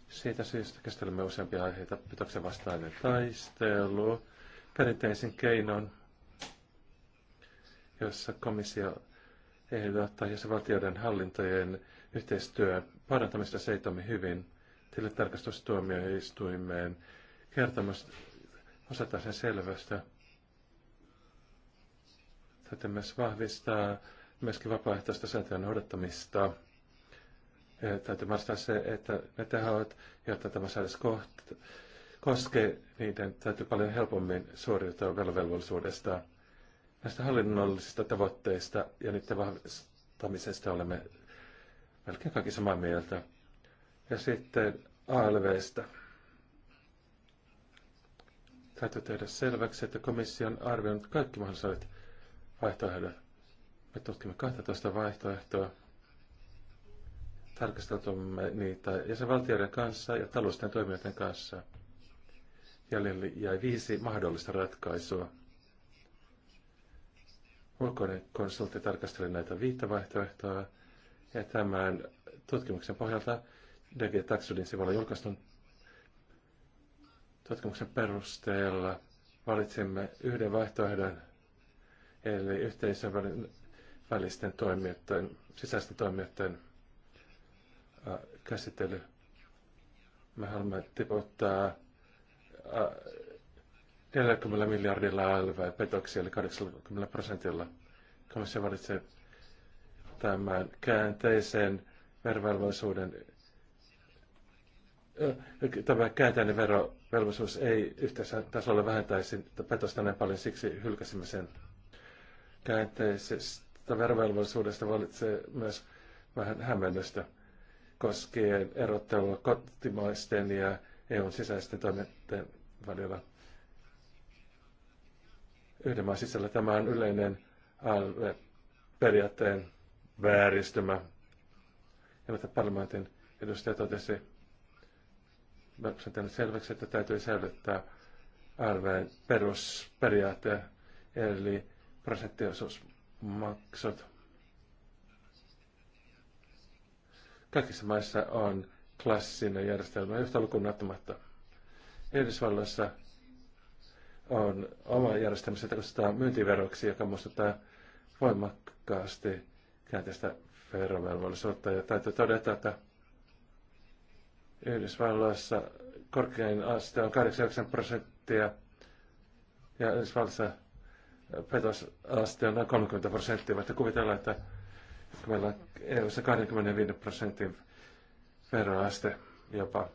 Siitä syystä käsittelemme useampia aiheita. Petoksen vastainen taistelu, perinteisen keinoin, jossa komissio ehdottaa jäsenvaltioiden hallintojen yhteistyö parantamista se hyvin. Tilintarkastustuomioistuimeen kertomus osataan sen selvästä. Tätä myös vahvistaa myöskin vapaaehtoista sääntöjen odottamista, Täytyy vastata se, että ne tehot, jotta tämä saadaan kohta, Koskee niiden täytyy paljon helpommin suoriutua velvollisuudesta. Näistä hallinnollisista tavoitteista ja niiden vahvistamisesta olemme melkein kaikki samaa mieltä. Ja sitten ALVstä. Täytyy tehdä selväksi, että komissio on arvioinut kaikki mahdolliset vaihtoehdot. Me tutkimme 12 vaihtoehtoa, tarkasteltumme niitä jäsenvaltioiden kanssa ja talousten toimijoiden kanssa – jäljelle jäi viisi mahdollista ratkaisua. Ulkoinen konsultti tarkasteli näitä viittä vaihtoehtoa ja tämän tutkimuksen pohjalta DG Taxudin sivulla julkaistun tutkimuksen perusteella valitsimme yhden vaihtoehdon, eli yhteisön välisten toimijoiden, sisäisten toimijoiden käsittely. Me haluamme tiputtaa 40 äh, miljardilla ALV-petoksia, eli 80 prosentilla. Komissio valitsee tämän käänteisen verovelvollisuuden. Äh, tämä käänteinen verovelvollisuus ei yhteensä tasolla vähentäisi petosta näin paljon, siksi hylkäsimme sen käänteisestä verovelvollisuudesta valitsee myös vähän hämmennystä koskien erottelua kotimaisten ja EUn sisäisten toimijoiden välillä. Yhden maan sisällä tämä on yleinen ALV-periaatteen vääristymä. Ja mitä parlamentin edustaja totesi, mä olen selväksi, että täytyy säilyttää ALVn perusperiaate, eli prosenttiosuusmaksut. Kaikissa maissa on klassinen järjestelmä yhtä lukuun näyttämättä. Yhdysvalloissa on oma järjestelmä sitä kutsutaan myyntiveroksi, joka muistuttaa voimakkaasti käänteistä verovelvollisuutta. Ja täytyy todeta, että Yhdysvalloissa korkein aste on 89 prosenttia ja Yhdysvalloissa petosaste on noin 30 prosenttia. Vaikka kuvitella, että meillä on EU-ssa 25 prosentin veroaste jopa.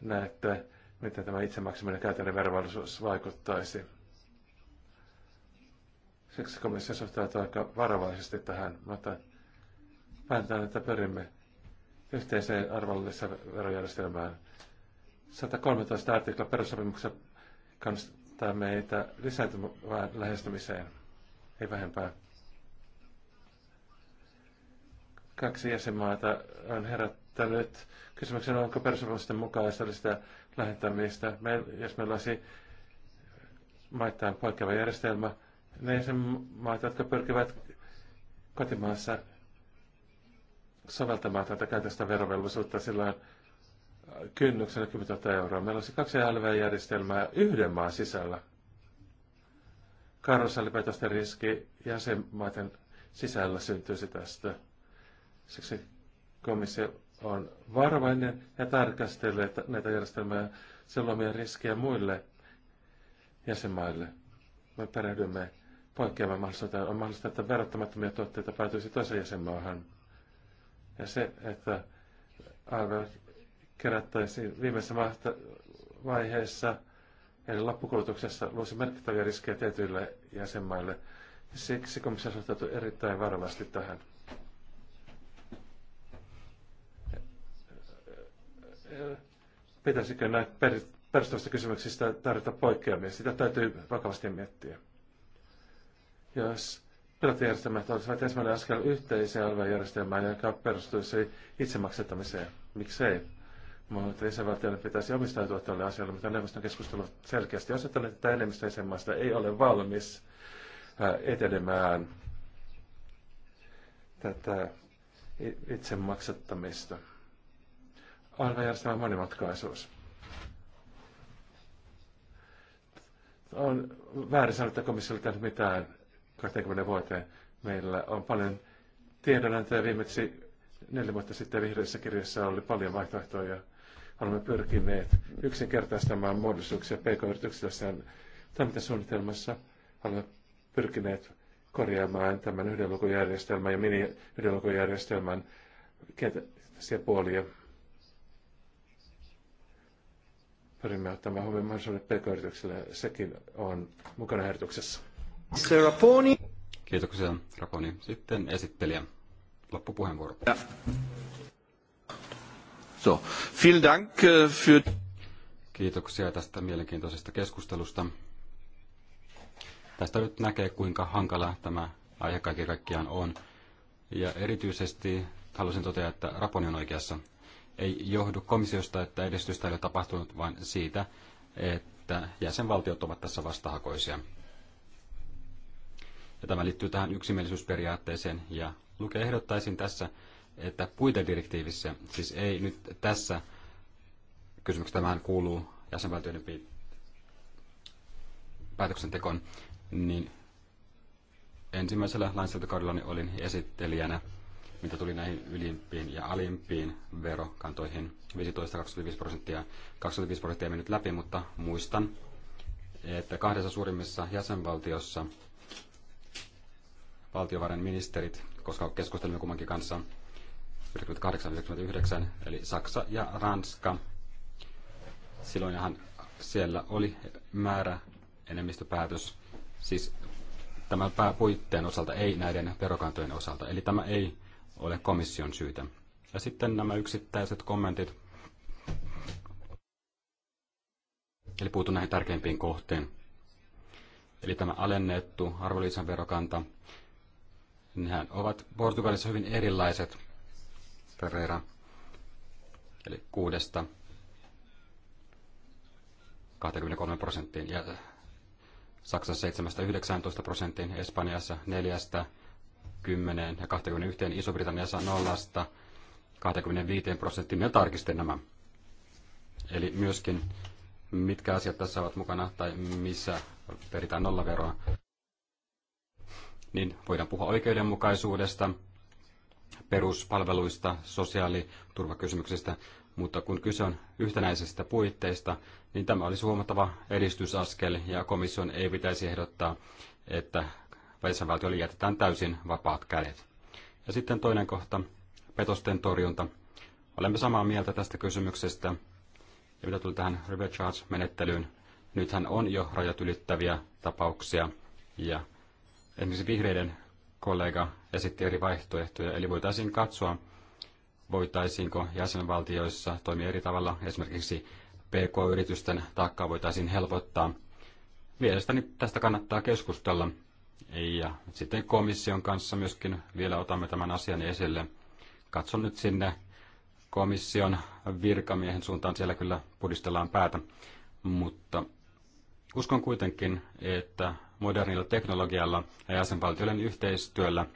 Näette, miten tämä itsemaksaminen käytännön verovallisuus vaikuttaisi. Siksi komissio suhtautuu aika varovaisesti tähän, mutta päätetään, että pyrimme yhteiseen arvonlisäverojärjestelmään. 113 artikla perussopimuksessa kannustaa meitä lisääntymään lähestymiseen, ei vähempää. Kaksi jäsenmaata on herättänyt esittänyt kysymyksen, onko perussuomalaisten mukaista sitä lähettämistä. Me, jos meillä olisi maittain poikkeava järjestelmä, se maita, jotka pyrkivät kotimaassa soveltamaan tätä käytöstä verovelvollisuutta, sillä kynnyksenä 10 000 euroa. Meillä olisi kaksi LV-järjestelmää yhden maan sisällä. Karusallipäätösten riski jäsenmaiden sisällä syntyisi tästä. Siksi komissio on varovainen ja tarkastelee näitä järjestelmää selomia riskejä muille jäsenmaille. Me perehdymme poikkeamaan mahdollisuuteen. On mahdollista, että verottamattomia tuotteita päätyisi toiseen jäsenmaahan. Ja se, että AV kerättäisiin viimeisessä vaiheessa, eli loppukulutuksessa, luisi merkittäviä riskejä tietyille jäsenmaille. Siksi komissio suhtautui erittäin varovasti tähän. pitäisikö näitä perustavista kysymyksistä tarjota poikkeamia. Sitä täytyy vakavasti miettiä. Jos pilottijärjestelmät olisivat ensimmäinen askel yhteiseen aluejärjestelmään, joka perustuisi itsemaksettamiseen, miksei? Mutta jäsenvaltioiden pitäisi omistautua tuolle asialle, mutta neuvoston keskustelu selkeästi osoittanut, että enemmistö jäsenmaista ei ole valmis äh, etenemään tätä itsemaksettamista maailmanjärjestelmä monimutkaisuus. On väärin sanoa, että komissio ei tehnyt mitään 20 vuoteen. Meillä on paljon tiedonantoja. Viimeksi neljä vuotta sitten vihreissä kirjassa oli paljon vaihtoehtoja. Olemme pyrkineet yksinkertaistamaan muodollisuuksia pk-yrityksillä toimintasuunnitelmassa. Olemme pyrkineet korjaamaan tämän yhdenlukujärjestelmän ja mini yhdenlukujärjestelmän lukujärjestelmän puolia. Pyrimme ottamaan huomioon mahdollisuudet pk-yrityksille. Sekin on mukana ehdotuksessa. Raponi. Kiitoksia, Raponi. Sitten esittelijä. Loppupuheenvuoro. Ja. So, vielen Dank äh, für... Kiitoksia tästä mielenkiintoisesta keskustelusta. Tästä nyt näkee, kuinka hankala tämä aihe kaiken kaikkiaan on. Ja erityisesti haluaisin totea, että Raponi on oikeassa ei johdu komissiosta, että edistystä ei ole tapahtunut, vaan siitä, että jäsenvaltiot ovat tässä vastahakoisia. Ja tämä liittyy tähän yksimielisyysperiaatteeseen ja lukee ehdottaisin tässä, että puitedirektiivissä, siis ei nyt tässä kysymyksessä tämähän kuuluu jäsenvaltioiden päätöksentekoon, niin ensimmäisellä lainsäädäntökaudella olin esittelijänä – mitä tuli näihin ylimpiin ja alimpiin verokantoihin. 15-25 prosenttia, 25 prosenttia mennyt läpi, mutta muistan, että kahdessa suurimmissa jäsenvaltiossa ministerit, koska keskustelimme kummankin kanssa 98-99, eli Saksa ja Ranska, silloinhan siellä oli määrä enemmistöpäätös, siis tämän puitteen osalta, ei näiden verokantojen osalta. Eli tämä ei ole komission syytä. Ja sitten nämä yksittäiset kommentit. Eli puutun näihin tärkeimpiin kohteen. Eli tämä alennettu arvonlisäverokanta, nehän ovat Portugalissa hyvin erilaiset, Ferreira, eli kuudesta 23 prosenttiin ja Saksassa 7-19 prosenttiin, Espanjassa 4 10 ja 21 Iso-Britanniassa nollasta 25 prosenttiin. ja tarkistin nämä. Eli myöskin mitkä asiat tässä ovat mukana tai missä peritään nollaveroa. Niin voidaan puhua oikeudenmukaisuudesta, peruspalveluista, sosiaaliturvakysymyksistä, mutta kun kyse on yhtenäisistä puitteista, niin tämä olisi huomattava edistysaskel ja komission ei pitäisi ehdottaa, että vai jätetään täysin vapaat kädet. Ja sitten toinen kohta, petosten torjunta. Olemme samaa mieltä tästä kysymyksestä. Ja mitä tuli tähän River Charge-menettelyyn, nythän on jo rajat ylittäviä tapauksia. Ja esimerkiksi vihreiden kollega esitti eri vaihtoehtoja, eli voitaisiin katsoa, voitaisiinko jäsenvaltioissa toimia eri tavalla. Esimerkiksi PK-yritysten taakkaa voitaisiin helpottaa. Mielestäni tästä kannattaa keskustella, ja sitten komission kanssa myöskin vielä otamme tämän asian esille. Katson nyt sinne komission virkamiehen suuntaan, siellä kyllä pudistellaan päätä. Mutta uskon kuitenkin, että modernilla teknologialla ja jäsenvaltioiden yhteistyöllä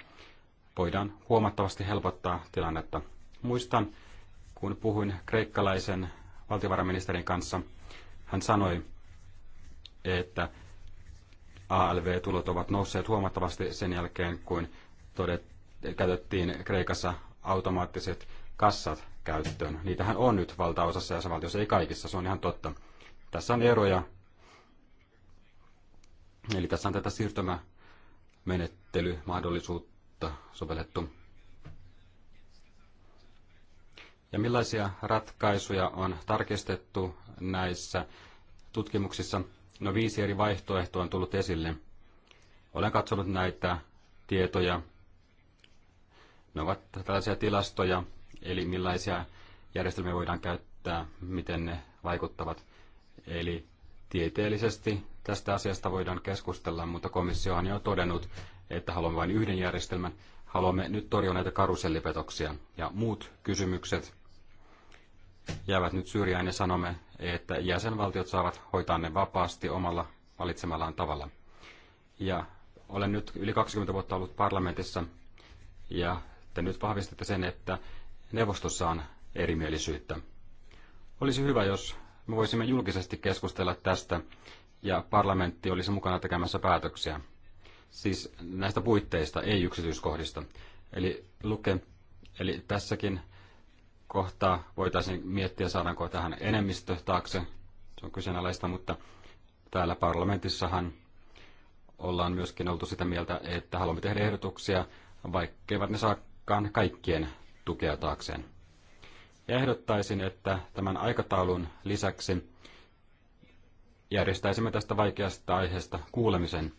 voidaan huomattavasti helpottaa tilannetta. Muistan, kun puhuin kreikkalaisen valtiovarainministerin kanssa, hän sanoi, että ALV-tulot ovat nousseet huomattavasti sen jälkeen, kun todet, käytettiin Kreikassa automaattiset kassat käyttöön. Niitähän on nyt valtaosassa jäsenvaltiossa, ei kaikissa, se on ihan totta. Tässä on eroja. Eli tässä on tätä siirtymämenettelymahdollisuutta sovellettu. Ja millaisia ratkaisuja on tarkistettu näissä tutkimuksissa? No viisi eri vaihtoehtoa on tullut esille. Olen katsonut näitä tietoja. Ne ovat tällaisia tilastoja, eli millaisia järjestelmiä voidaan käyttää, miten ne vaikuttavat. Eli tieteellisesti tästä asiasta voidaan keskustella, mutta komissio on jo todennut, että haluamme vain yhden järjestelmän. Haluamme nyt torjua näitä karusellipetoksia ja muut kysymykset jäävät nyt syrjään ja sanomme, että jäsenvaltiot saavat hoitaa ne vapaasti omalla valitsemallaan tavalla. Ja olen nyt yli 20 vuotta ollut parlamentissa ja te nyt vahvistatte sen, että neuvostossa on erimielisyyttä. Olisi hyvä, jos me voisimme julkisesti keskustella tästä ja parlamentti olisi mukana tekemässä päätöksiä. Siis näistä puitteista, ei yksityiskohdista. Eli luke, eli tässäkin kohtaa voitaisiin miettiä, saadaanko tähän enemmistö taakse. Se on kyseenalaista, mutta täällä parlamentissahan ollaan myöskin oltu sitä mieltä, että haluamme tehdä ehdotuksia, vaikkeivat ne saakaan kaikkien tukea taakseen. Ja ehdottaisin, että tämän aikataulun lisäksi järjestäisimme tästä vaikeasta aiheesta kuulemisen.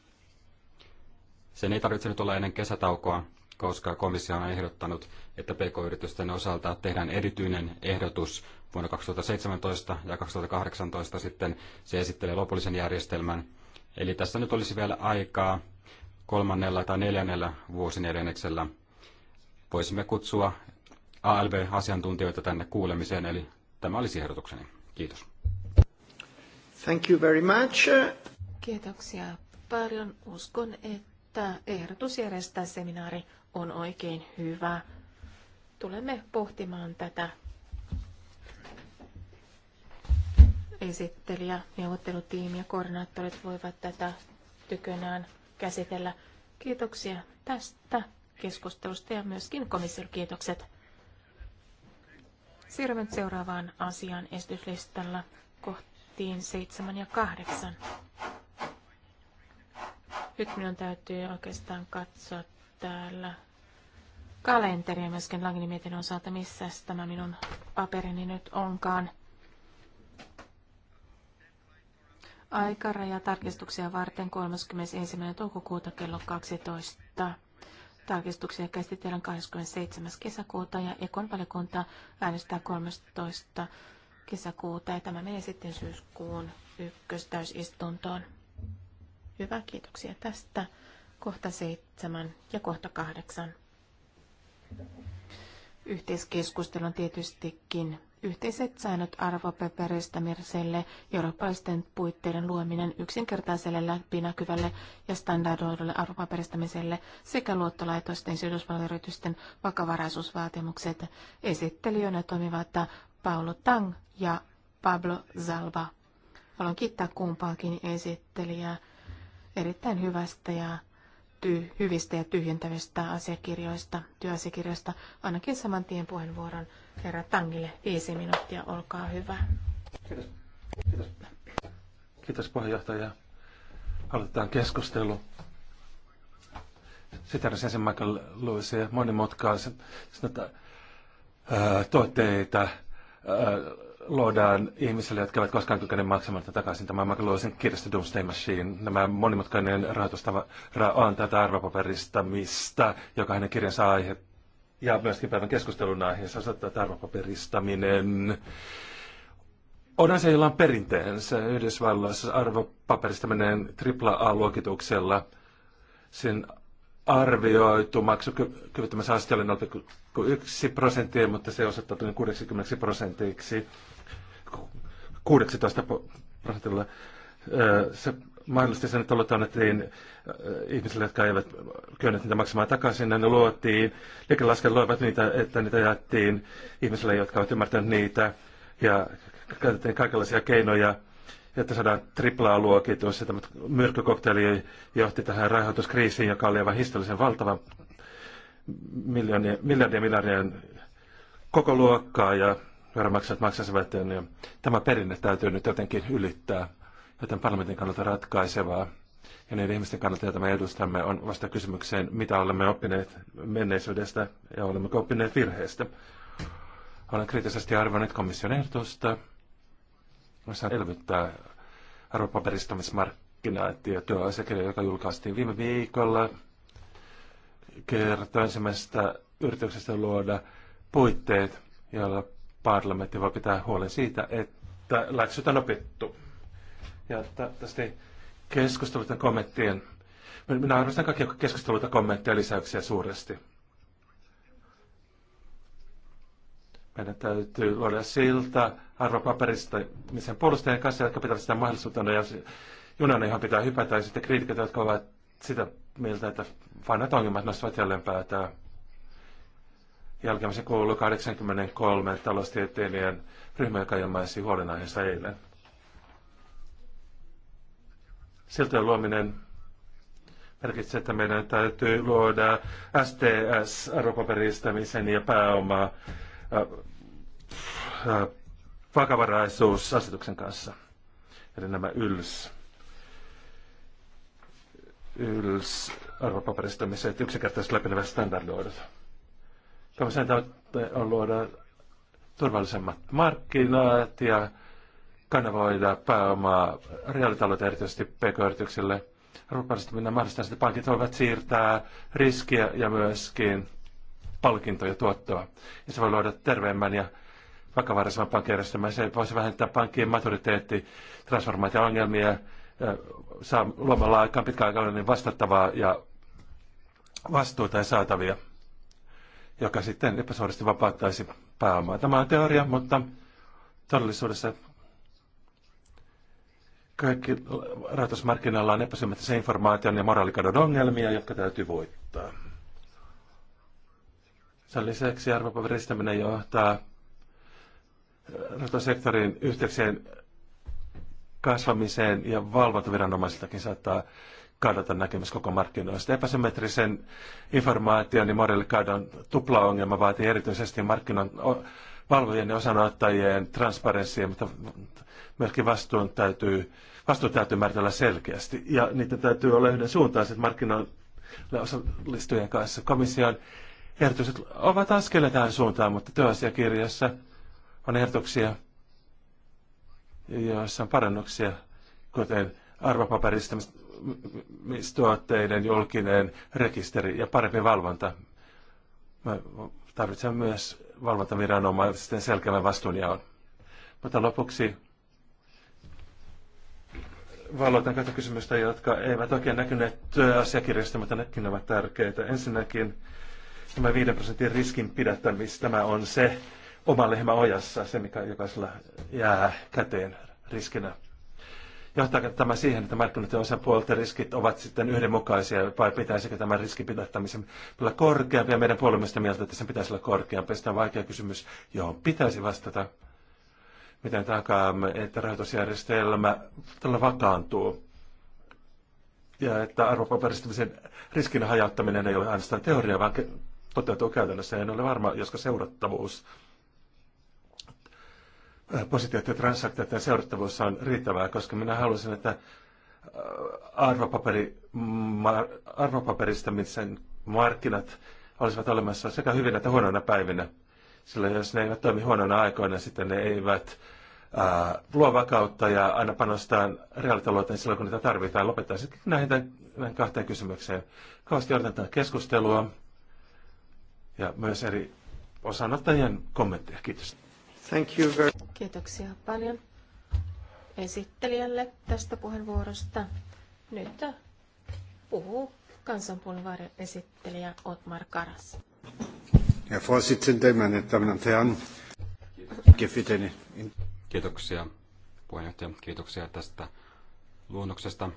Sen ei tarvitse nyt olla ennen kesätaukoa, koska komissio on ehdottanut, että pk-yritysten osalta tehdään erityinen ehdotus vuonna 2017 ja 2018 sitten se esittelee lopullisen järjestelmän. Eli tässä nyt olisi vielä aikaa kolmannella tai neljännellä vuosineljänneksellä. Voisimme kutsua ALV-asiantuntijoita tänne kuulemiseen, eli tämä olisi ehdotukseni. Kiitos. Thank you very much. Kiitoksia paljon. Uskon, että ehdotus järjestää seminaari on oikein hyvä. Tulemme pohtimaan tätä esittelijä, neuvottelutiimi ja koordinaattorit voivat tätä tykönään käsitellä. Kiitoksia tästä keskustelusta ja myöskin komissiolle kiitokset. Siirrymme seuraavaan asiaan esityslistalla kohtiin 7 ja 8. Nyt minun täytyy oikeastaan katsoa täällä kalenteria myöskin Langnimietin osalta, missä tämä minun paperini nyt onkaan. Aikaraja tarkistuksia varten 31. toukokuuta kello 12. Tarkistuksia käsitellään 27. kesäkuuta ja Ekon valikunta äänestää 13. kesäkuuta ja tämä menee sitten syyskuun ykköstäysistuntoon. Hyvä, kiitoksia tästä kohta 7 ja kohta 8. Yhteiskeskustelun tietystikin yhteiset säännöt arvopaperistamiselle, eurooppalaisten puitteiden luominen yksinkertaiselle läpinäkyvälle ja standardoidulle arvopaperistamiselle sekä luottolaitosten sijoituspalveluyritysten vakavaraisuusvaatimukset. Esittelijöinä toimivat Paolo Tang ja Pablo Zalba. Haluan kiittää kumpaakin esittelijää erittäin hyvästä ja tyy hyvistä ja tyhjentävistä asiakirjoista, työasiakirjoista. Ainakin saman tien puheenvuoron herra Tangille. Viisi minuuttia, olkaa hyvä. Kiitos. Kiitos, Kiitos puheenjohtaja. Aloitetaan keskustelu. Siteräsin sen Michael ja monimutkaisen tuotteita, ää, luodaan ihmisille, jotka eivät koskaan kykene maksamaan tätä takaisin. Tämä McLuhan kirjasto Doomsday Machine, nämä monimutkainen rahoitustava on tätä arvopaperistamista, joka hänen kirjansa aihe ja myöskin päivän keskustelun aiheessa on tätä arvopaperistaminen Onhan se jollain perinteensä Yhdysvalloissa arvopaperistaminen AAA-luokituksella. Sen arvioitu asti oli 0,1 prosenttia, mutta se osoittautui 60 prosentiksi. 16 prosentilla. Se mahdollisti sen, että annettiin ihmisille, jotka eivät kyenneet niitä maksamaan takaisin, niin ne luotiin. Liikelaskel loivat niitä, että niitä jaettiin ihmisille, jotka ovat ymmärtäneet niitä. Ja käytettiin kaikenlaisia keinoja, että saadaan triplaa luokitus. tämä myrkkykokteeli johti tähän rahoituskriisiin, joka oli aivan historiallisen valtava miljoonien, miljardien miljardien koko luokkaa. Ja veronmaksajat maksaisivat, niin tämä perinne täytyy nyt jotenkin ylittää, joten parlamentin kannalta ratkaisevaa. Ja niiden ihmisten kannalta, joita me edustamme, on vasta kysymykseen, mitä olemme oppineet menneisyydestä ja olemme oppineet virheestä. Olen kriittisesti arvioinut komission ehdotusta, jossa elvyttää arvopaperistamismarkkinaa, ja työasiakirja, joka julkaistiin viime viikolla, kertoo ensimmäisestä yrityksestä luoda puitteet, joilla parlamentti voi pitää huolen siitä, että läksyt on opittu. Ja tästä keskustelut ja kommenttien. Minä arvostan kaikkia keskusteluita, kommentteja ja lisäyksiä suuresti. Meidän täytyy luoda siltä arvopaperista, missä puolustajien kanssa, jotka pitävät sitä mahdollisuutta, ja junan ihan pitää hypätä, ja sitten kriitikot, jotka ovat sitä mieltä, että vanhat ongelmat nostavat jälleen päätään. Jälkeen se kuului 83 taloustieteilijän ryhmä, joka ilmaisi huolenaiheensa eilen. Siltojen luominen merkitsee, että meidän täytyy luoda STS, arvopaperistämisen ja pääoma äh, äh, vakavaraisuusasetuksen kanssa. Eli nämä YLS, YLS arvopaperistamiset, yksinkertaiset läpinevät standardoidut. Komission tavoite on luoda turvallisemmat markkinat ja kanavoida pääomaa reaalitalouteen erityisesti pk-yrityksille. Ruparastuminen mahdollistaa, että pankit voivat siirtää riskiä ja myöskin palkintoja tuottoa. Ja se voi luoda terveemmän ja vakavaraisemman pankkijärjestelmän. Se voisi vähentää pankkien maturiteetti, transformaatio-ongelmia, saa luomalla aikaan pitkäaikainen vastattavaa ja vastuuta ja saatavia joka sitten epäsuorasti vapauttaisi pääomaa. Tämä on teoria, mutta todellisuudessa kaikki rahoitusmarkkinoilla on epäsymmetrisen informaation ja moraalikadon ongelmia, jotka täytyy voittaa. Sen lisäksi arvopaperistäminen johtaa rahoitussektorin yhteyksien kasvamiseen ja valvontaviranomaisiltakin saattaa Kadotan näkemys koko markkinoista. Epäsymmetrisen informaation ja moraalikadon tuplaongelma vaatii erityisesti markkinan valvojien ja osanottajien transparenssia, mutta myöskin vastuun täytyy, vastuu täytyy määritellä selkeästi. Ja niitä täytyy olla yhden suuntaiset markkinan osallistujien kanssa. Komission ehdotukset ovat askelia tähän suuntaan, mutta työasiakirjassa on ehdotuksia, joissa on parannuksia, kuten arvopaperistamista tuotteiden julkinen rekisteri ja parempi valvonta. Me tarvitsemme myös valvontaviranomaisten selkeän vastuunjaon. Mutta lopuksi valotan kaksi kysymystä, jotka eivät oikein näkyneet työasiakirjasta, mutta nekin ovat tärkeitä. Ensinnäkin tämä 5 prosentin riskin pidättämis, tämä on se oma lehmä ojassa, se mikä jokaisella jää käteen riskinä. Johtaako tämä siihen, että markkinoiden osapuolten riskit ovat sitten yhdenmukaisia, vai pitäisikö tämän riskin pitäyttämisen olla korkeampi, ja meidän puolemme sitä mieltä, että sen pitäisi olla korkeampi. Sitä on vaikea kysymys, johon pitäisi vastata. Miten takaamme, että rahoitusjärjestelmä tällä vakaantuu? Ja että arvopaperistamisen riskin hajauttaminen ei ole ainoastaan teoria, vaan toteutuu käytännössä. En ole varma, josko seurattavuus Äh, positiotransaktiot ja seurattavuus on riittävää, koska minä haluaisin, että äh, arvopaperi, arvopaperistamisen markkinat olisivat olemassa sekä hyvinä että huonoina päivinä. Sillä jos ne eivät toimi huonoina aikoina, sitten ne eivät äh, luo vakautta ja aina panostaa reaalitalouteen silloin, kun niitä tarvitaan. Sitten näihin tämän kahteen kysymykseen. Kauasti odotetaan keskustelua ja myös eri osanottajien kommentteja. Kiitos. Thank you very... Kiitoksia paljon esittelijälle tästä puheenvuorosta. Nyt puhuu kansanpuolueen esittelijä Otmar Karas. Herr Kiitoksia puheenjohtaja, kiitoksia tästä luonnoksesta.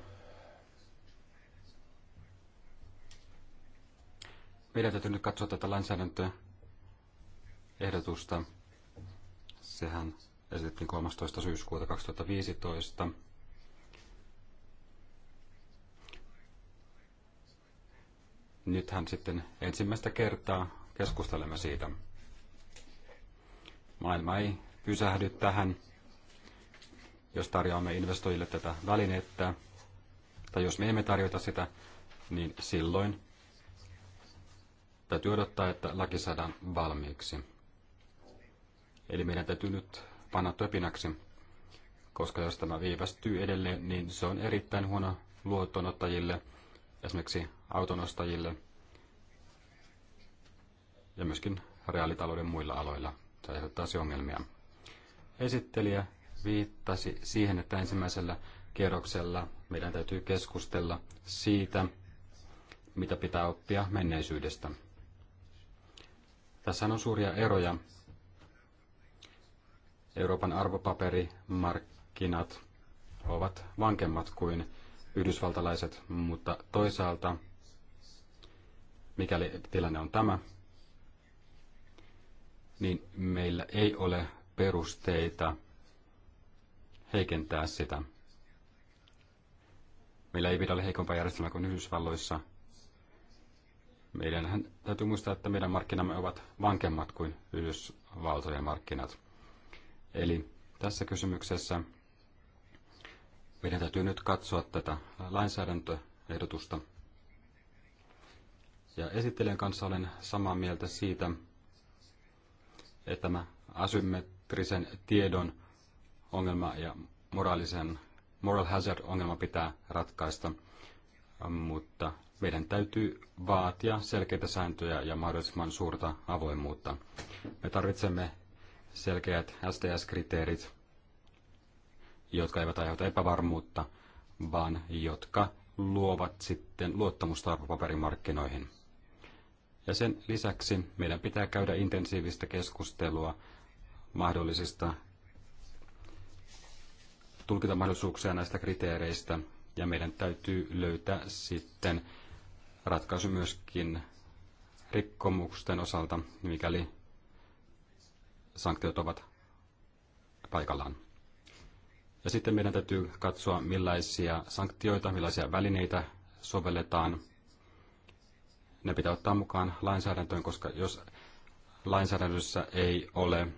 Meidän täytyy nyt katsoa tätä lainsäädäntöehdotusta Sehän esitettiin 13. syyskuuta 2015. Nythän sitten ensimmäistä kertaa keskustelemme siitä. Maailma ei pysähdy tähän, jos tarjoamme investoijille tätä välinettä, tai jos me emme tarjota sitä, niin silloin täytyy odottaa, että laki saadaan valmiiksi. Eli meidän täytyy nyt panna töpinäksi, koska jos tämä viivästyy edelleen, niin se on erittäin huono luottonottajille, esimerkiksi autonostajille ja myöskin reaalitalouden muilla aloilla. Se aiheuttaa se siis ongelmia. Esittelijä viittasi siihen, että ensimmäisellä kierroksella meidän täytyy keskustella siitä, mitä pitää oppia menneisyydestä. Tässä on suuria eroja Euroopan arvopaperimarkkinat ovat vankemmat kuin yhdysvaltalaiset, mutta toisaalta, mikäli tilanne on tämä, niin meillä ei ole perusteita heikentää sitä. Meillä ei pidä olla heikompaa järjestelmää kuin Yhdysvalloissa. Meidän täytyy muistaa, että meidän markkinamme ovat vankemmat kuin Yhdysvaltojen markkinat. Eli tässä kysymyksessä meidän täytyy nyt katsoa tätä lainsäädäntöehdotusta. Ja esittelijän kanssa olen samaa mieltä siitä, että tämä asymmetrisen tiedon ongelma ja moraalisen moral hazard-ongelma pitää ratkaista, mutta meidän täytyy vaatia selkeitä sääntöjä ja mahdollisimman suurta avoimuutta. Me tarvitsemme selkeät STS-kriteerit, jotka eivät aiheuta epävarmuutta, vaan jotka luovat sitten luottamusta arvopaperimarkkinoihin. Ja sen lisäksi meidän pitää käydä intensiivistä keskustelua mahdollisista tulkintamahdollisuuksia näistä kriteereistä, ja meidän täytyy löytää sitten ratkaisu myöskin rikkomusten osalta, mikäli sanktiot ovat paikallaan. Ja sitten meidän täytyy katsoa, millaisia sanktioita, millaisia välineitä sovelletaan. Ne pitää ottaa mukaan lainsäädäntöön, koska jos lainsäädännössä ei ole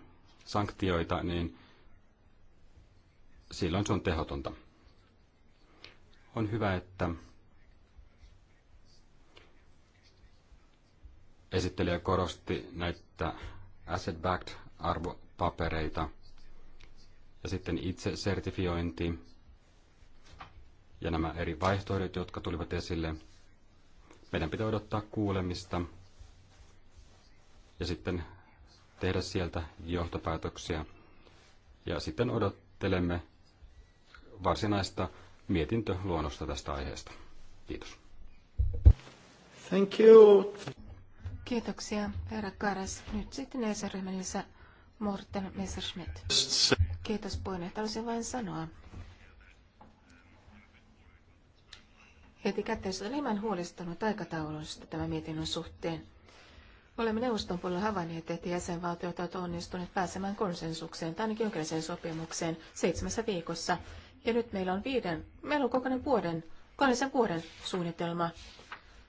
sanktioita, niin silloin se on tehotonta. On hyvä, että esittelijä korosti näitä asset-backed arvopapereita. Ja sitten itse sertifiointi ja nämä eri vaihtoehdot, jotka tulivat esille. Meidän pitää odottaa kuulemista ja sitten tehdä sieltä johtopäätöksiä. Ja sitten odottelemme varsinaista mietintöluonnosta tästä aiheesta. Kiitos. Thank you. Kiitoksia, herra Karas. Nyt sitten näissä ryhmän Morten Messerschmidt. Kiitos puheenjohtaja. Haluaisin vain sanoa. Heti kätteessä olen hieman huolestunut aikataulusta tämän mietinnön suhteen. Olemme neuvoston puolella havainneet, että jäsenvaltiot ovat onnistuneet pääsemään konsensukseen tai ainakin jonkinlaiseen sopimukseen seitsemässä viikossa. Ja nyt meillä on viiden, meillä on kokonainen vuoden, kokonaisen vuoden suunnitelma.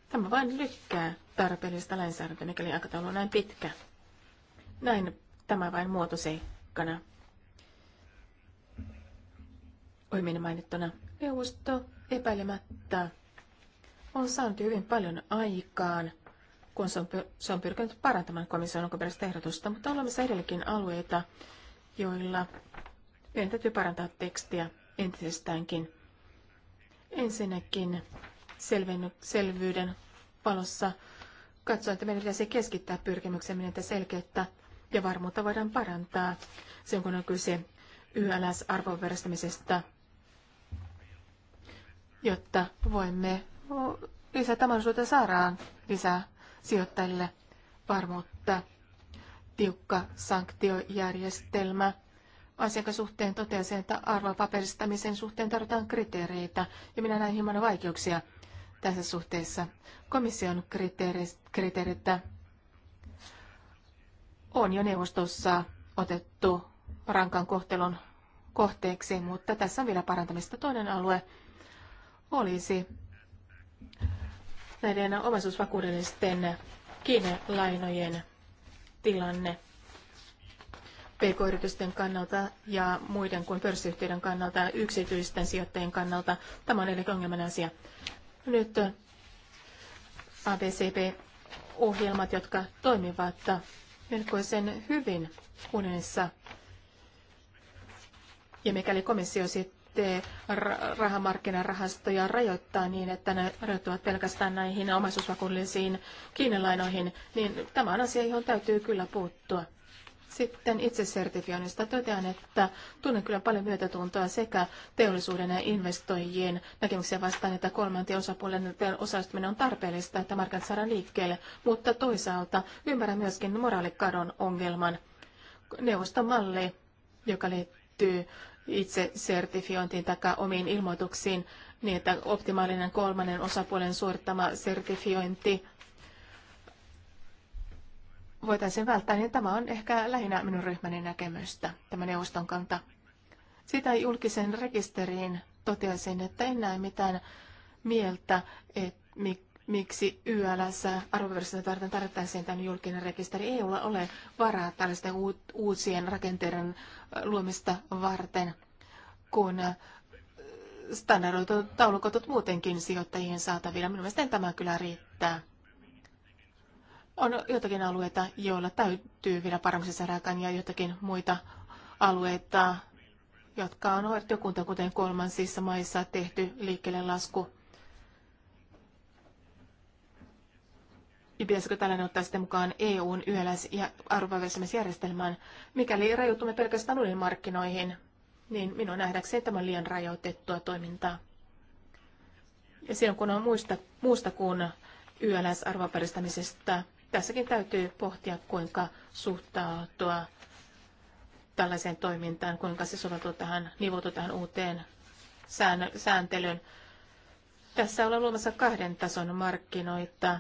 Tämä vain lykkää tarpeellista lainsäädäntöä, mikäli aikataulu on näin pitkä. Näin Tämä vain muotoseikkana. Oimin mainittuna neuvosto epäilemättä on saanut hyvin paljon aikaan, kun se on, se on pyrkinyt parantamaan komission alkuperäistä ehdotusta, mutta on olemassa edelleenkin alueita, joilla meidän täytyy parantaa tekstiä entisestäänkin. Ensinnäkin selven, selvyyden valossa katsoa, että meidän pitäisi keskittää pyrkimyksemme, että selkeyttä ja varmuutta voidaan parantaa sen kun on kyse YLS-arvon jotta voimme lisätä mahdollisuutta saadaan lisää sijoittajille varmuutta. Tiukka sanktiojärjestelmä asiakasuhteen totesi, että arvopaperistamisen suhteen tarvitaan kriteereitä, ja minä näin hieman vaikeuksia tässä suhteessa. Komission kriteereitä on jo neuvostossa otettu rankan kohtelun kohteeksi, mutta tässä on vielä parantamista. Toinen alue olisi näiden omaisuusvakuudellisten kiinelainojen tilanne pk-yritysten kannalta ja muiden kuin pörssiyhtiöiden kannalta, ja yksityisten sijoittajien kannalta. Tämä on edelleen ongelman asia. Nyt ABCP-ohjelmat, jotka toimivat melkoisen hyvin unessa. Ja mikäli komissio sitten rahamarkkinarahastoja rajoittaa niin, että ne rajoittuvat pelkästään näihin omaisuusvakuullisiin kiinalainoihin, niin tämä on asia, johon täytyy kyllä puuttua. Sitten sertifioinnista totean, että tunnen kyllä paljon myötätuntoa sekä teollisuuden ja investoijien näkemyksiä vastaan, että kolmantien osapuolen osallistuminen on tarpeellista, että markkinat saadaan liikkeelle, mutta toisaalta ymmärrän myöskin moraalikadon ongelman. Neuvostomalli, joka liittyy itse sertifiointiin tai omiin ilmoituksiin, niin että optimaalinen kolmannen osapuolen suorittama sertifiointi voitaisiin välttää, niin tämä on ehkä lähinnä minun ryhmäni näkemystä, tämä neuvoston kanta. Sitä julkisen rekisteriin toteaisin, että en näe mitään mieltä, että miksi YLS arvoversioita varten tarvittaisiin tämän julkinen rekisteri. Ei ole, ole varaa tällaisten uusien rakenteiden luomista varten, kun standardoitu taulukotot muutenkin sijoittajien saatavilla. Minun mielestäni tämä kyllä riittää. On jotakin alueita, joilla täytyy vielä paremmin saada aikaan ja jotakin muita alueita, jotka on hoidettu kunta, kuten kolmansissa maissa tehty liikkeelle lasku. Ja pitäisikö tällainen ottaa sitten mukaan EUn yöläis- ja arvovaiheisamisjärjestelmään? Mikäli rajoitumme pelkästään uuden markkinoihin, niin minun nähdäkseni tämä on liian rajoitettua toimintaa. Ja silloin kun on muista, muusta kuin yöläisarvopärjestämisestä tässäkin täytyy pohtia, kuinka suhtautua tällaiseen toimintaan, kuinka se soveltuu tähän, nivoutuu tähän uuteen sään, sääntelyn. Tässä ollaan luomassa kahden tason markkinoita.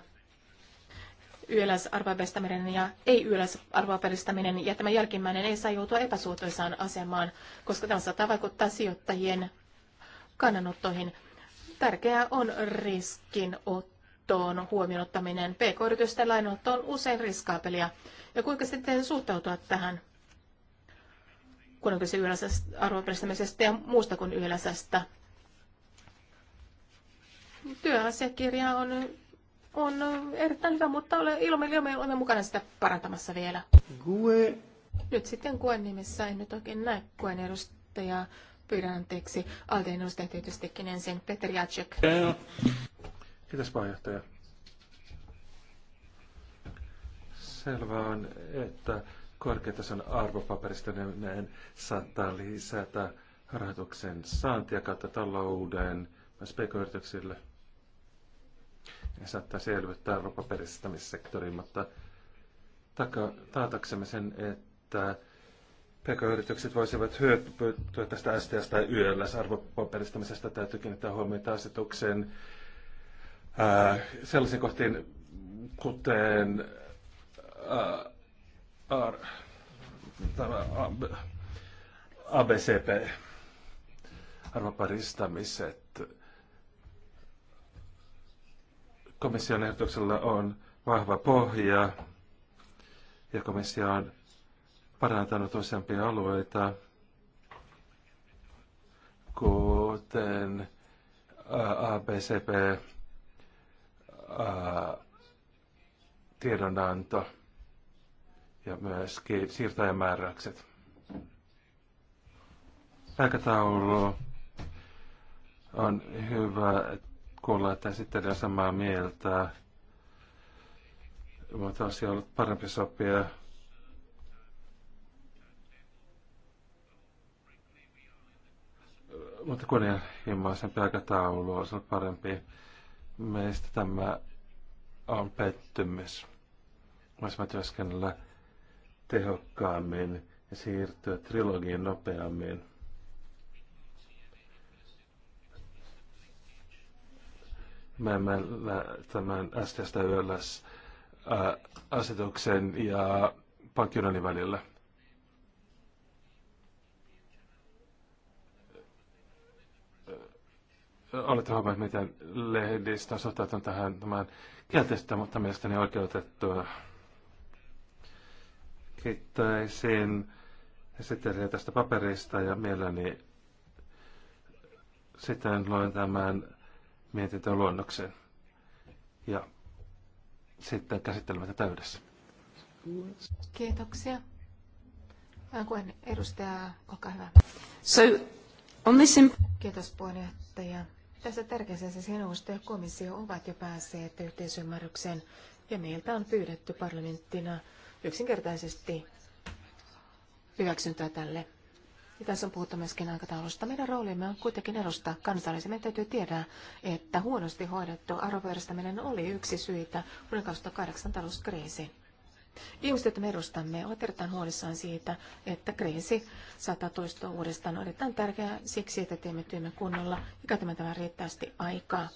YLS-arvoapäistäminen ja ei yläs arvoapäistäminen ja tämä jälkimmäinen ei saa joutua epäsuotuisaan asemaan, koska tämä saattaa vaikuttaa sijoittajien kannanottoihin. Tärkeää on riskin ottaa lainanottoon huomioon ottaminen. PK-yritysten lainanotto on usein riskaapelia. Ja kuinka sitten suhtautua tähän? Kun on kyse arvoperistämisestä ja muusta kuin yläsästä. Työasiakirja on, on erittäin hyvä, mutta ole, ilman ilman, olemme mukana sitä parantamassa vielä. Gue. Nyt sitten Kuen nimessä en nyt oikein näe Kuen edustajaa pyydän anteeksi. Alteen edustaja tietystikin ensin, Peter Jacek. Kiitos puheenjohtaja. Selvää on, että korkeatason arvopaperistaminen saattaa lisätä rahoituksen saantia kautta talouden myös pk Ja saattaa selvittää arvopaperistamissektoriin, mutta taataksemme sen, että pk-yritykset voisivat hyötyä tästä STS tai YLS arvopaperistamisesta täytyy kiinnittää huomiota asetuksen ää, sellaisiin kohtiin, kuten ää, ar, ABCP, arvoparistamiset. Komission ehdotuksella on vahva pohja ja komissio on parantanut useampia alueita, kuten ABCP tiedonanto ja myös siirtäjämääräykset. Aikataulu on hyvä kuulla, että esittelijä samaa mieltä. Mutta olisi ollut parempi sopia mutta kunnianhimoisempi aikataulu olisi ollut parempi. Meistä tämä on pettymys. Voisimme työskennellä tehokkaammin ja siirtyä trilogiin nopeammin. mä tämän äskeistä yöllä asetuksen ja pankkiunionin välillä. Olette huomanneet, miten lehdistä on suhtautunut tähän tämän kielteistä, mutta mielestäni oikeutettua. Kiittäisin esittelijä tästä paperista ja mielelläni sitten luen tämän mietintön luonnoksen. Ja sitten käsittelemme tätä yhdessä. Kiitoksia. Kuen edustaja, olkaa hyvä. So, on this Kiitos puheenjohtaja. Tässä tärkeässä asiassa neuvosto ja komissio ovat jo päässeet yhteisymmärrykseen ja meiltä on pyydetty parlamenttina yksinkertaisesti hyväksyntää tälle. Ja tässä on puhuttu myöskin aikataulusta. Meidän roolimme on kuitenkin edustaa kansallisia. Meidän täytyy tiedää, että huonosti hoidettu arvopyöristäminen oli yksi syitä vuoden 2008 talouskriisiin. Ihmiset, joita me edustamme, ovat erittäin huolissaan siitä, että kriisi saattaa toistua uudestaan. On erittäin tärkeää siksi, että teemme työmme kunnolla ja käytämme tämän riittävästi aikaa.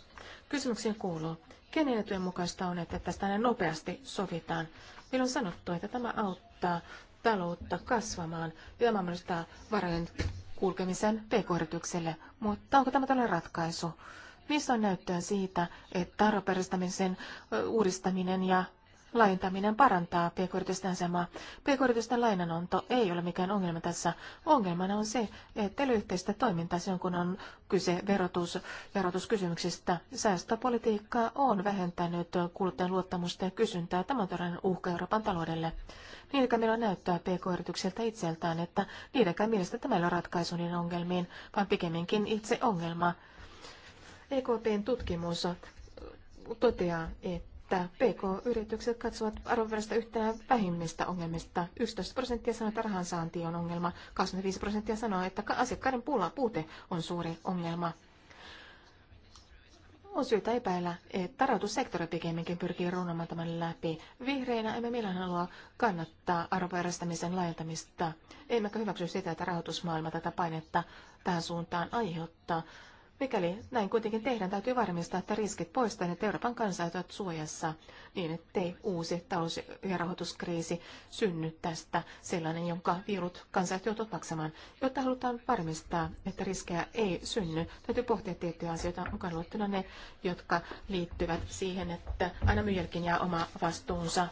Kysymyksiin kuuluu, kenen etujen mukaista on, että tästä näin nopeasti sovitaan? Meillä on sanottu, että tämä auttaa taloutta kasvamaan ja tämä mahdollistaa varojen kulkemisen pk-yritykselle, mutta onko tämä tällainen ratkaisu? Missä on näyttöä siitä, että tarpeellistamisen uudistaminen ja laajentaminen parantaa pk-yritysten asemaa. Pk-yritysten lainanonto ei ole mikään ongelma tässä. Ongelmana on se, että yhteistä toimintaa silloin, kun on kyse verotus- ja verotuskysymyksistä. Säästöpolitiikka on vähentänyt kuluttajan luottamusta ja kysyntää. Tämä on todellinen uhka Euroopan taloudelle. Niilläkään meillä näyttää pk-yrityksiltä itseltään, että niidenkään mielestä tämä ei ole ratkaisu niiden ongelmiin, vaan pikemminkin itse ongelma. EKPn tutkimus toteaa, että että PK-yritykset katsovat arvonverosta yhtenä vähimmistä ongelmista. 11 prosenttia sanoo, että rahansaanti on ongelma. 25 prosenttia sanoo, että asiakkaiden pulla puute on suuri ongelma. On syytä epäillä, että rahoitussektori pikemminkin pyrkii runnomaan tämän läpi. Vihreinä emme millään halua kannattaa arvojärjestämisen laajentamista. Emmekä hyväksy sitä, että rahoitusmaailma tätä painetta tähän suuntaan aiheuttaa. Mikäli näin kuitenkin tehdään, täytyy varmistaa, että riskit poistetaan, että Euroopan kansalaiset ovat suojassa niin, ettei uusi talous- ja rahoituskriisi synny tästä sellainen, jonka virut kansalaiset joutuvat maksamaan. Jotta halutaan varmistaa, että riskejä ei synny, täytyy pohtia tiettyjä asioita mukaan luettuna ne, jotka liittyvät siihen, että aina myyjälläkin jää oma vastuunsa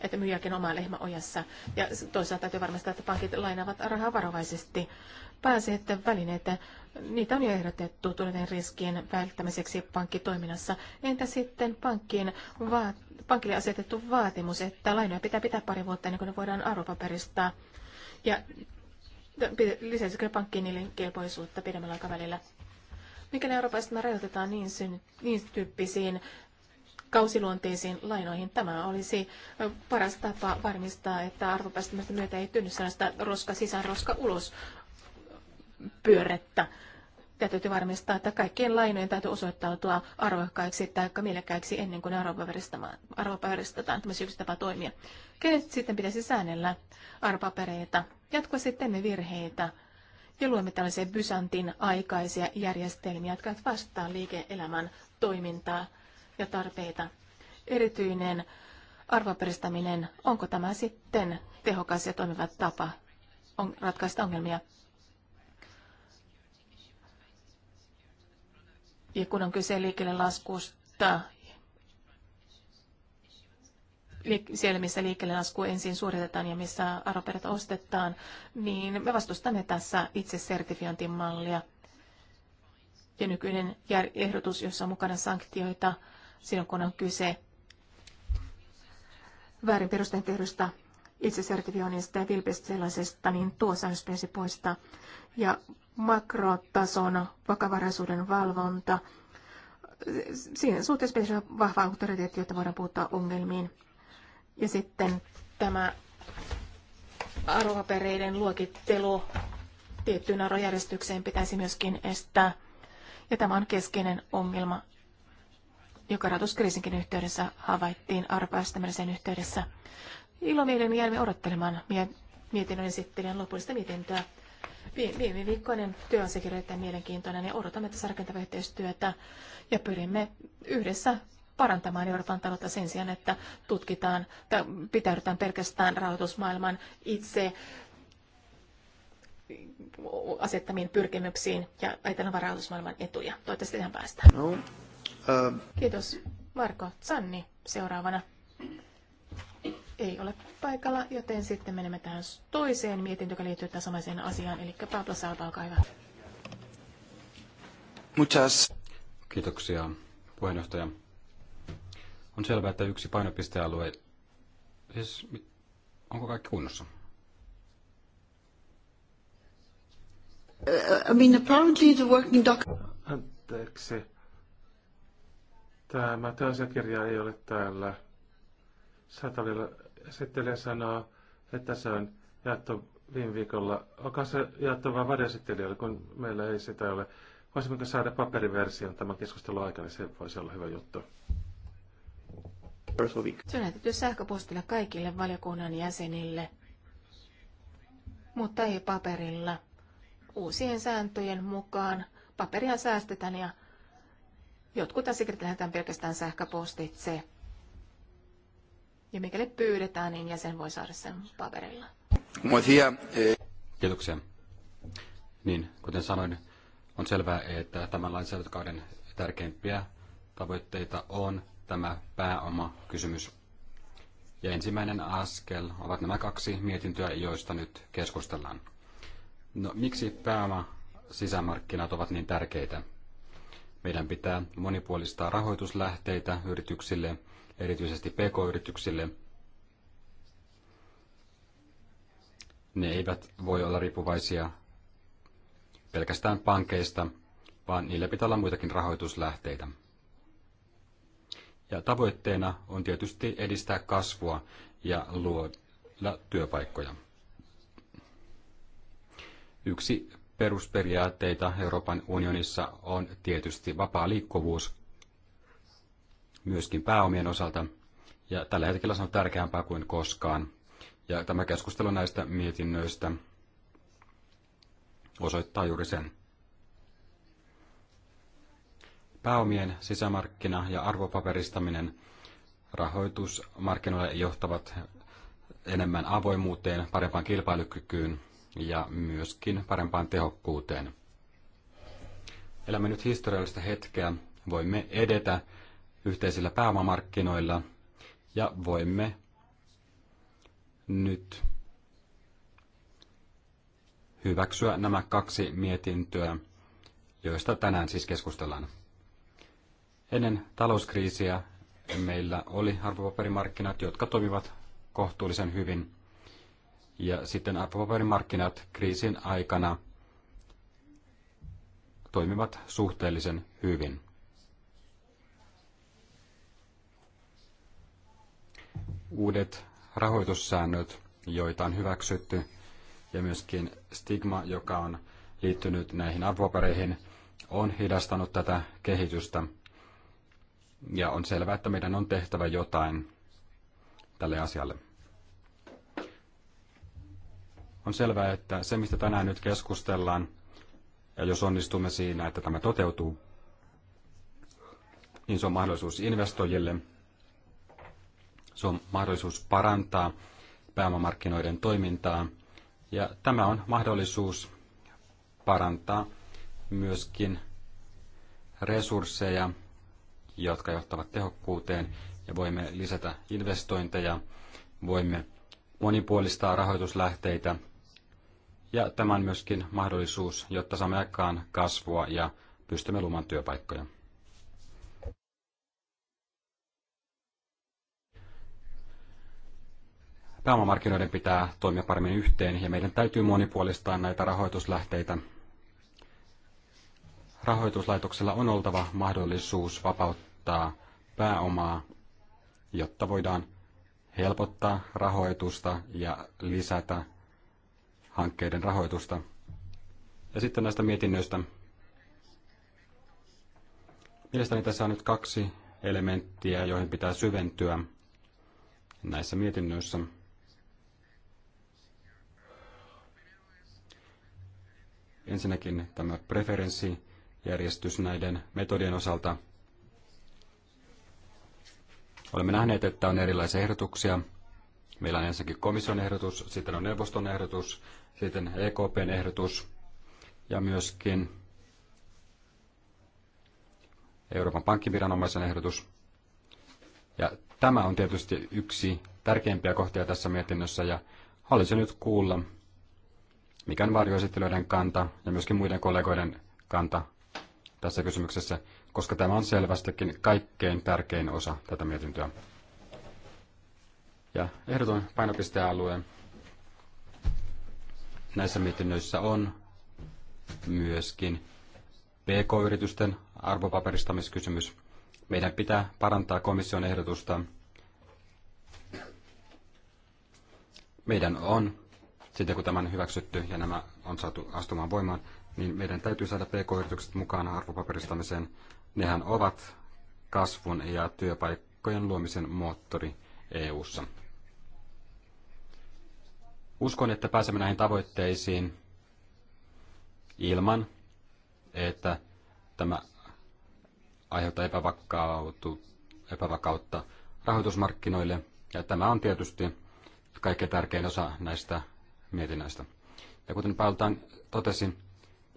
että myyjäkin oma lehmä ojassa. Ja toisaalta täytyy varmistaa, että pankit lainaavat rahaa varovaisesti. että välineitä Niitä on jo ehdotettu tulevien riskien välttämiseksi pankkitoiminnassa. Entä sitten pankkiin va- pankille asetettu vaatimus, että lainoja pitää pitää pari vuotta ennen kuin ne voidaan arvopaperistaa? Ja lisäisikö pankkiin niille kelpoisuutta pidemmällä aikavälillä? Mikäli Euroopasta rajoitetaan niin, syn- niin tyyppisiin kausiluonteisiin lainoihin. Tämä olisi paras tapa varmistaa, että arvopäästömästä myötä ei tynny sellaista roska sisään, roska ulos pyörrettä ja täytyy varmistaa, että kaikkien lainojen täytyy osoittautua arvokkaiksi tai mielekkäiksi ennen kuin ne arvopaperistetaan. Tämä yksi tapa toimia. Kenet sitten pitäisi säännellä arvopapereita? Jatkuvasti teemme virheitä ja luemme tällaisia Byzantin aikaisia järjestelmiä, jotka vastaa liike-elämän toimintaa ja tarpeita. Erityinen arvopaperistaminen, onko tämä sitten tehokas ja toimiva tapa on ratkaista ongelmia? ja kun on kyse liikkeelle laskusta, siellä missä liikkeelle lasku ensin suoritetaan ja missä arvoperät ostetaan, niin me vastustamme tässä itse sertifiointimallia. Ja nykyinen ehdotus, jossa on mukana sanktioita silloin, kun on kyse väärin perusteen tehdystä itsesertifioinnista ja vilpistä niin tuo säännös pitäisi poistaa. Ja makrotason vakavaraisuuden valvonta. Siinä suhteessa pitäisi olla vahva auktoriteetti, jotta voidaan puuttua ongelmiin. Ja sitten tämä arvopapereiden luokittelu tiettyyn arvojärjestykseen pitäisi myöskin estää. Ja tämä on keskeinen ongelma, joka rahoituskriisinkin yhteydessä havaittiin arpaistamisen yhteydessä. Ilomielen jäämme odottelemaan mietinnön esittelijän lopullista mietintöä. Viime viikkoinen työ on sekin erittäin mielenkiintoinen ja odotamme tässä rakentavaa yhteistyötä ja pyrimme yhdessä parantamaan Euroopan taloutta sen sijaan, että tutkitaan tai pitäydytään pelkästään rahoitusmaailman itse asettamiin pyrkimyksiin ja ajatellaan vain rahoitusmaailman etuja. Toivottavasti tähän päästään. No, uh... Kiitos. Marko Sanni seuraavana ei ole paikalla, joten sitten menemme tähän toiseen mietintöön, joka liittyy tähän samaiseen asiaan, eli Pablo Salva, olkaa hyvä. Muchas. Kiitoksia, puheenjohtaja. On selvää, että yksi painopistealue, siis onko kaikki kunnossa? Uh, I mean, apparently the working doc... Anteeksi. Tämä asiakirja ei ole täällä. Saatavilla esittelijä sanoo, että se on jaettu viime viikolla. Onko se jaettu vain varjoesittelijöille, kun meillä ei sitä ole? Voisimmeko saada paperiversion tämän keskustelun aikana? Se voisi olla hyvä juttu. Se on lähetetty sähköpostilla kaikille valiokunnan jäsenille, mutta ei paperilla. Uusien sääntöjen mukaan paperia säästetään ja jotkut asiakirjat lähetetään pelkästään sähköpostitse. Ja mikäli pyydetään, niin jäsen voi saada sen paperilla. Eh, Kiitoksia. Niin, kuten sanoin, on selvää, että tämän lainsäädäntökauden tärkeimpiä tavoitteita on tämä pääomakysymys. Ja ensimmäinen askel ovat nämä kaksi mietintöä, joista nyt keskustellaan. No, miksi pääoma sisämarkkinat ovat niin tärkeitä? Meidän pitää monipuolistaa rahoituslähteitä yrityksille erityisesti pk-yrityksille. Ne eivät voi olla riippuvaisia pelkästään pankeista, vaan niillä pitää olla muitakin rahoituslähteitä. Ja tavoitteena on tietysti edistää kasvua ja luoda työpaikkoja. Yksi perusperiaatteita Euroopan unionissa on tietysti vapaa liikkuvuus, myöskin pääomien osalta. Ja tällä hetkellä se on tärkeämpää kuin koskaan. Ja tämä keskustelu näistä mietinnöistä osoittaa juuri sen. Pääomien sisämarkkina ja arvopaperistaminen rahoitusmarkkinoille johtavat enemmän avoimuuteen, parempaan kilpailukykyyn ja myöskin parempaan tehokkuuteen. Elämme nyt historiallista hetkeä, voimme edetä yhteisillä pääomamarkkinoilla ja voimme nyt hyväksyä nämä kaksi mietintöä, joista tänään siis keskustellaan. Ennen talouskriisiä meillä oli arvopaperimarkkinat, jotka toimivat kohtuullisen hyvin. Ja sitten arvopaperimarkkinat kriisin aikana toimivat suhteellisen hyvin. uudet rahoitussäännöt, joita on hyväksytty, ja myöskin stigma, joka on liittynyt näihin arvopapereihin, on hidastanut tätä kehitystä. Ja on selvää, että meidän on tehtävä jotain tälle asialle. On selvää, että se mistä tänään nyt keskustellaan, ja jos onnistumme siinä, että tämä toteutuu, niin se on mahdollisuus investoijille, se on mahdollisuus parantaa pääomamarkkinoiden toimintaa. Ja tämä on mahdollisuus parantaa myöskin resursseja, jotka johtavat tehokkuuteen, ja voimme lisätä investointeja, voimme monipuolistaa rahoituslähteitä, ja tämä on myöskin mahdollisuus, jotta saamme aikaan kasvua ja pystymme luomaan työpaikkoja. pääomamarkkinoiden pitää toimia paremmin yhteen ja meidän täytyy monipuolistaa näitä rahoituslähteitä. Rahoituslaitoksella on oltava mahdollisuus vapauttaa pääomaa, jotta voidaan helpottaa rahoitusta ja lisätä hankkeiden rahoitusta. Ja sitten näistä mietinnöistä. Mielestäni tässä on nyt kaksi elementtiä, joihin pitää syventyä näissä mietinnöissä. Ensinnäkin tämä preferenssijärjestys näiden metodien osalta. Olemme nähneet, että on erilaisia ehdotuksia. Meillä on ensinnäkin komission ehdotus, sitten on neuvoston ehdotus, sitten EKPn ehdotus ja myöskin Euroopan pankkiviranomaisen ehdotus. Ja tämä on tietysti yksi tärkeimpiä kohtia tässä mietinnössä ja haluaisin nyt kuulla mikä on varjoesittelijöiden kanta ja myöskin muiden kollegoiden kanta tässä kysymyksessä, koska tämä on selvästikin kaikkein tärkein osa tätä mietintöä. Ja ehdoton painopistealue näissä mietinnöissä on myöskin PK-yritysten arvopaperistamiskysymys. Meidän pitää parantaa komission ehdotusta. Meidän on sitten kun tämä on hyväksytty ja nämä on saatu astumaan voimaan, niin meidän täytyy saada pk-yritykset mukaan arvopaperistamiseen. Nehän ovat kasvun ja työpaikkojen luomisen moottori EU:ssa. Uskon, että pääsemme näihin tavoitteisiin ilman, että tämä aiheuttaa epävakautta rahoitusmarkkinoille. Ja tämä on tietysti kaikkein tärkein osa näistä mietinnöistä. Ja kuten Paltan totesi,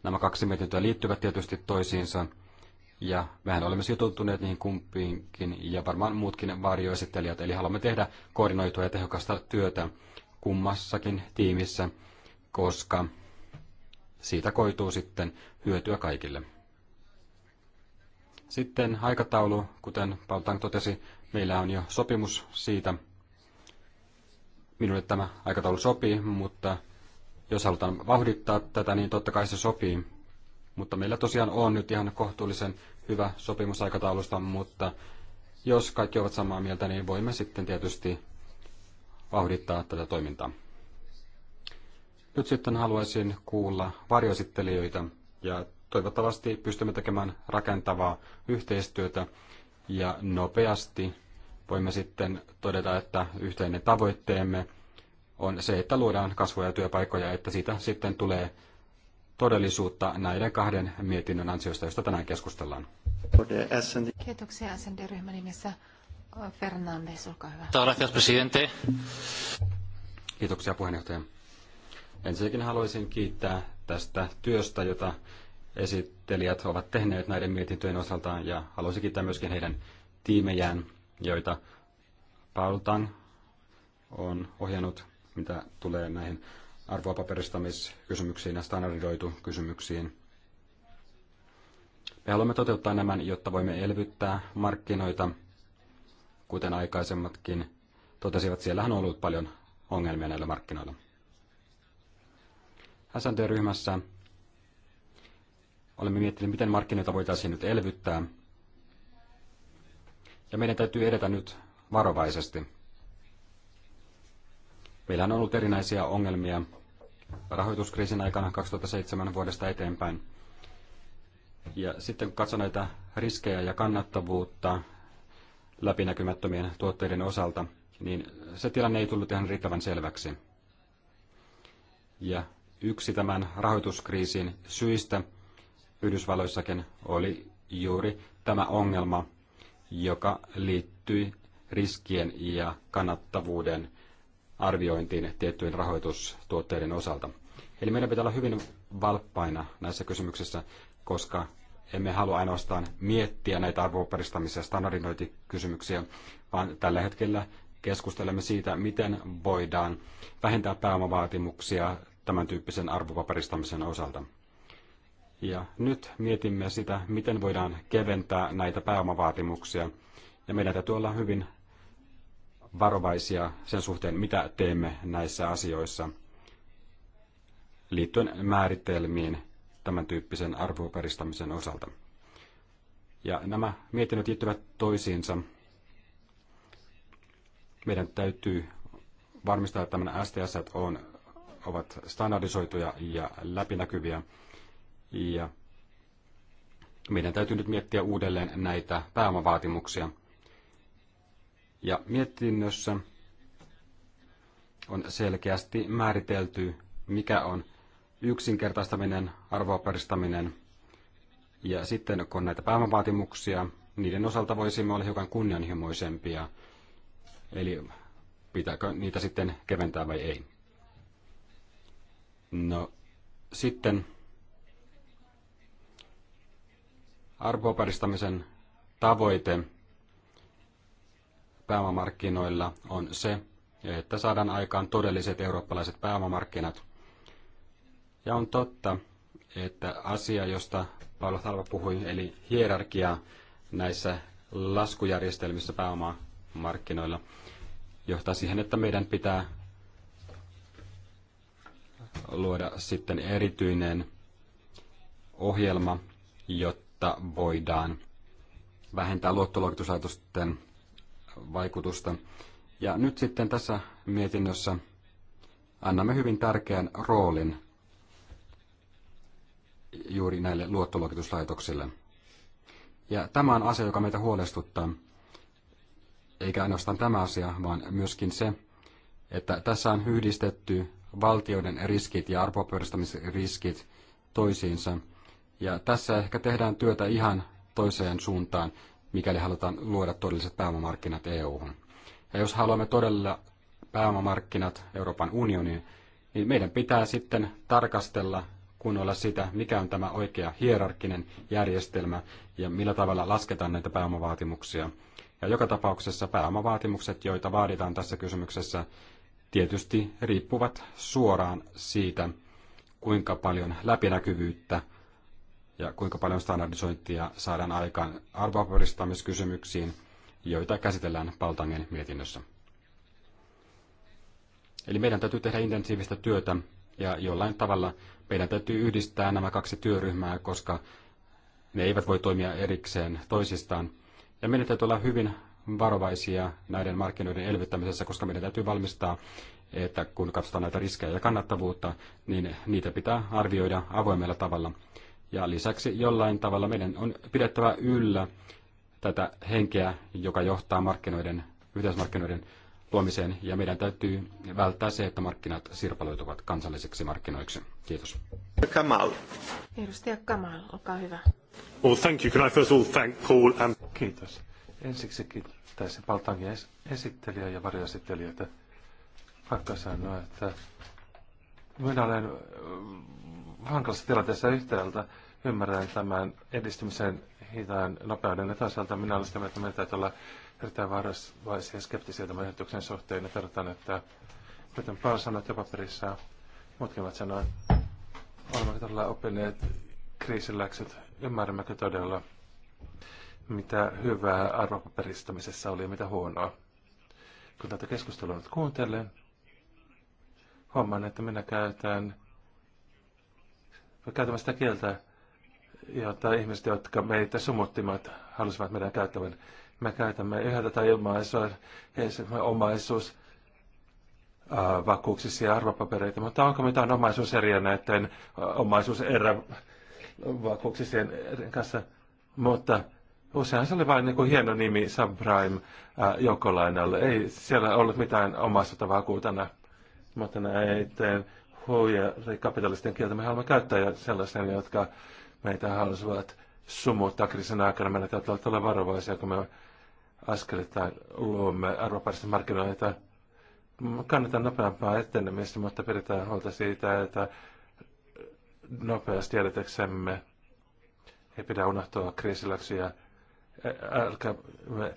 nämä kaksi mietintöä liittyvät tietysti toisiinsa, ja mehän olemme sitoutuneet niihin kumpiinkin, ja varmaan muutkin varjoesittelijät, eli haluamme tehdä koordinoitua ja tehokasta työtä kummassakin tiimissä, koska siitä koituu sitten hyötyä kaikille. Sitten aikataulu, kuten Paltan totesi, meillä on jo sopimus siitä, Minulle tämä aikataulu sopii, mutta jos halutaan vauhdittaa tätä, niin totta kai se sopii. Mutta meillä tosiaan on nyt ihan kohtuullisen hyvä sopimus aikataulusta, mutta jos kaikki ovat samaa mieltä, niin voimme sitten tietysti vauhdittaa tätä toimintaa. Nyt sitten haluaisin kuulla varjoesittelijöitä ja toivottavasti pystymme tekemään rakentavaa yhteistyötä ja nopeasti voimme sitten todeta, että yhteinen tavoitteemme on se, että luodaan kasvua ja työpaikkoja, että siitä sitten tulee todellisuutta näiden kahden mietinnön ansiosta, josta tänään keskustellaan. Kiitoksia SND-ryhmän nimessä. Fernandes, olkaa hyvä. Gracias, presidente. Kiitoksia puheenjohtaja. Ensinnäkin haluaisin kiittää tästä työstä, jota esittelijät ovat tehneet näiden mietintöjen osalta ja haluaisin kiittää myöskin heidän tiimejään, joita Paltan on ohjannut, mitä tulee näihin arvopaperistamiskysymyksiin ja standardoitu kysymyksiin. Me haluamme toteuttaa nämä, jotta voimme elvyttää markkinoita, kuten aikaisemmatkin totesivat. Siellähän on ollut paljon ongelmia näillä markkinoilla. SNT-ryhmässä olemme miettineet, miten markkinoita voitaisiin nyt elvyttää – ja meidän täytyy edetä nyt varovaisesti. Meillä on ollut erinäisiä ongelmia rahoituskriisin aikana 2007 vuodesta eteenpäin. Ja sitten kun katson näitä riskejä ja kannattavuutta läpinäkymättömien tuotteiden osalta, niin se tilanne ei tullut ihan riittävän selväksi. Ja yksi tämän rahoituskriisin syistä Yhdysvalloissakin oli juuri tämä ongelma joka liittyi riskien ja kannattavuuden arviointiin tiettyjen rahoitustuotteiden osalta. Eli meidän pitää olla hyvin valppaina näissä kysymyksissä, koska emme halua ainoastaan miettiä näitä arvoperistamis- standardinointikysymyksiä, vaan tällä hetkellä keskustelemme siitä, miten voidaan vähentää pääomavaatimuksia tämän tyyppisen arvopaperistamisen osalta. Ja nyt mietimme sitä, miten voidaan keventää näitä pääomavaatimuksia. Ja meidän täytyy olla hyvin varovaisia sen suhteen, mitä teemme näissä asioissa liittyen määritelmiin tämän tyyppisen arvopaperistamisen osalta. Ja nämä mietinnöt liittyvät toisiinsa. Meidän täytyy varmistaa, että nämä STS on, ovat standardisoituja ja läpinäkyviä ja meidän täytyy nyt miettiä uudelleen näitä pääomavaatimuksia. Ja mietinnössä on selkeästi määritelty, mikä on yksinkertaistaminen, arvoaperistaminen. Ja sitten kun näitä pääomavaatimuksia, niiden osalta voisimme olla hiukan kunnianhimoisempia. Eli pitääkö niitä sitten keventää vai ei. No sitten arvoparistamisen tavoite pääomamarkkinoilla on se, että saadaan aikaan todelliset eurooppalaiset pääomamarkkinat. Ja on totta, että asia, josta Paolo Talva puhui, eli hierarkia näissä laskujärjestelmissä pääomamarkkinoilla, johtaa siihen, että meidän pitää luoda sitten erityinen ohjelma, jotta jotta voidaan vähentää luottoluokituslaitosten vaikutusta. Ja nyt sitten tässä mietinnössä annamme hyvin tärkeän roolin juuri näille luottoluokituslaitoksille. Ja tämä on asia, joka meitä huolestuttaa. Eikä ainoastaan tämä asia, vaan myöskin se, että tässä on yhdistetty valtioiden riskit ja arvopyöristämisriskit toisiinsa – ja tässä ehkä tehdään työtä ihan toiseen suuntaan, mikäli halutaan luoda todelliset pääomamarkkinat EU-hun. Ja jos haluamme todella pääomamarkkinat Euroopan unioniin, niin meidän pitää sitten tarkastella kunnolla sitä, mikä on tämä oikea hierarkkinen järjestelmä ja millä tavalla lasketaan näitä pääomavaatimuksia. Ja joka tapauksessa pääomavaatimukset, joita vaaditaan tässä kysymyksessä, tietysti riippuvat suoraan siitä, kuinka paljon läpinäkyvyyttä ja kuinka paljon standardisointia saadaan aikaan arvopaperistamiskysymyksiin, joita käsitellään Paltangen mietinnössä. Eli meidän täytyy tehdä intensiivistä työtä ja jollain tavalla meidän täytyy yhdistää nämä kaksi työryhmää, koska ne eivät voi toimia erikseen toisistaan. Ja meidän täytyy olla hyvin varovaisia näiden markkinoiden elvyttämisessä, koska meidän täytyy valmistaa, että kun katsotaan näitä riskejä ja kannattavuutta, niin niitä pitää arvioida avoimella tavalla. Ja lisäksi jollain tavalla meidän on pidettävä yllä tätä henkeä, joka johtaa markkinoiden, yhteismarkkinoiden luomiseen, ja meidän täytyy välttää se, että markkinat sirpaloituvat kansallisiksi markkinoiksi. Kiitos. Kamal. Edustaja Kamal, olkaa hyvä. Well, thank you. Can I first of all thank Paul and... Kiitos. Ensiksi kiittäisin Paltangin esittelijä ja varjoesittelijöitä. Pakka sanoa, että minä olen hankalassa tilanteessa yhtäältä ymmärrän tämän edistymisen hitaan nopeuden ja toisaalta minä olen sitä mieltä, että meidän täytyy olla erittäin varovaisia ja skeptisiä tämän ehdotuksen suhteen ja tarvitaan, että kuten Paul sanoi työpaperissa, muutkin ovat sanoa, olemmeko todella oppineet kriisiläkset, ymmärrämmekö todella, mitä hyvää arvopaperistamisessa oli ja mitä huonoa. Kun tätä keskustelua nyt kuuntelen, huomaan, että minä käytän me käytämme sitä kieltä, jota ihmiset, jotka meitä sumuttivat, halusivat meidän käyttävän. Me käytämme yhä tätä ilmaisua, omaisuus, ää, vakuuksissa ja arvopapereita, mutta onko mitään omaisuuseriä näiden omaisuuserä vakuuksien kanssa? Mutta Usein se oli vain niin kuin hieno nimi subprime jokolainalle. Ei siellä ollut mitään omaisuutta vakuutena, mutta näiden huijarikkapitalistin kieltä me haluamme käyttää ja sellaisia, jotka meitä halusivat sumuttaa kriisin aikana. Meidän täytyy olla varovaisia, kun me askelitaan luomme arvoparisten markkinoita. Kannatan nopeampaa etenemistä, mutta pidetään huolta siitä, että nopeasti edeteksemme ei pidä unohtua kriisiläksyjä. Älkää me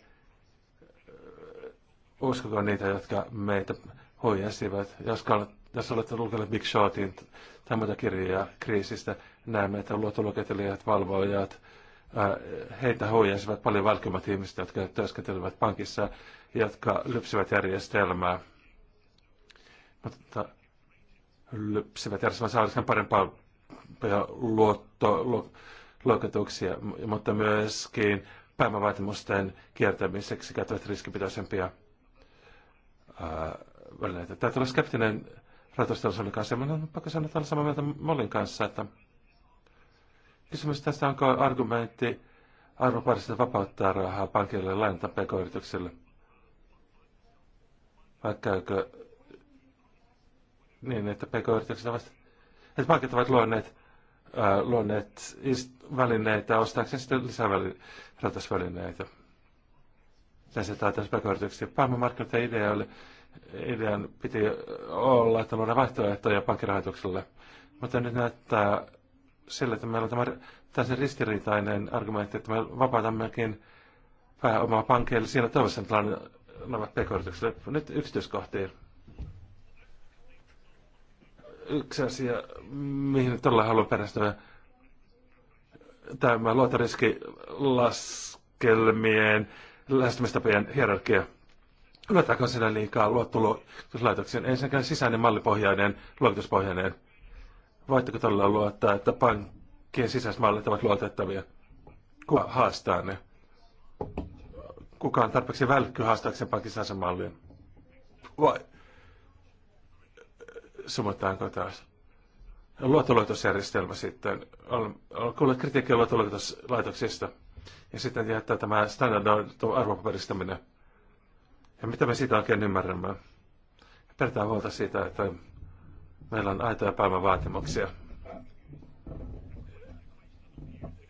uskoko niitä, jotka meitä huijasivat. Jos jos olette lukeneet Big Shotin tämmöitä kirjaa kriisistä, näemme, että luottoluokitelijat, valvojat, äh, heitä huijasivat paljon välkymät ihmiset, jotka työskentelivät pankissa, jotka lypsivät järjestelmää. Mutta lypsivät järjestelmää saadaan parempaa luottoluokituksia, mutta myöskin pääomavaatimusten kiertämiseksi käyttävät riskipitoisempia äh, välineitä. Tämä olla skeptinen oli kanssa. Minun mutta pakko sanoa, että olen samaa mieltä Molin kanssa, että kysymys tästä onko argumentti arvoparista vapauttaa rahaa pankille lainata pk yritykselle Vai käykö niin, että pk-yritykset ovat, että pankit ovat luoneet, ää, äh, luoneet välineitä ostaakseen sitten lisää rahoitusvälineitä. Tässä taitaisi pk-yrityksiä. Pääomamarkkinoiden idea oli idean piti olla, että luodaan vaihtoehtoja pankkirahoitukselle. Mutta nyt näyttää sille, että meillä on tämä täysin ristiriitainen argumentti, että me vapautammekin pääomaa pankeille siinä toivossa, että nämä pk Nyt yksityiskohtiin. Yksi asia, mihin todella haluan perästyä, tämä luottoriskilaskelmien lähestymistapojen hierarkia Luetaanko sinä liikaa luottoluokituslaitoksen ensinnäkään sisäinen mallipohjainen luokituspohjainen? Voitteko todella luottaa, että pankkien sisäismallit ovat luotettavia? Kuka haastaa ne? Kuka on tarpeeksi välkky haastaakseen pankin sisäisen mallin? Vai sumataanko taas? Luottoluokitusjärjestelmä sitten. Olen kuullut kritiikkiä luottoluokituslaitoksista. Ja sitten jättää tämä standardoitu arvopaperistaminen ja mitä me siitä oikein ymmärrämme? Pidetään huolta siitä, että meillä on aitoja vaatimuksia.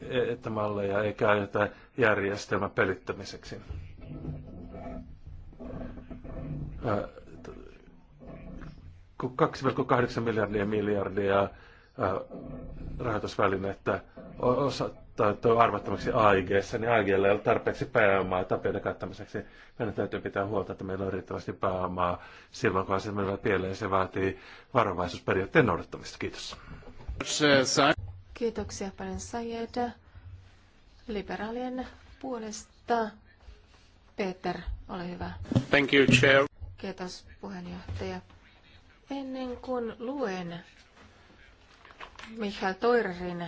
E- että malleja ei käytetä järjestelmän pelittämiseksi. Kun 2,8 miljardia miljardia rahoitusvälinettä osa Tuo arvattomaksi AIGssä, niin AIGllä ei ole tarpeeksi pääomaa tapioiden kattamiseksi. Meidän täytyy pitää huolta, että meillä on riittävästi pääomaa silloin, kun asiat menevät pieleen. Se vaatii varovaisuusperiaatteen noudattamista. Kiitos. Kiitoksia paljon Sayed. Liberaalien puolesta Peter, ole hyvä. Thank you, Chair. Kiitos puheenjohtaja. Ennen kuin luen Michael Toirin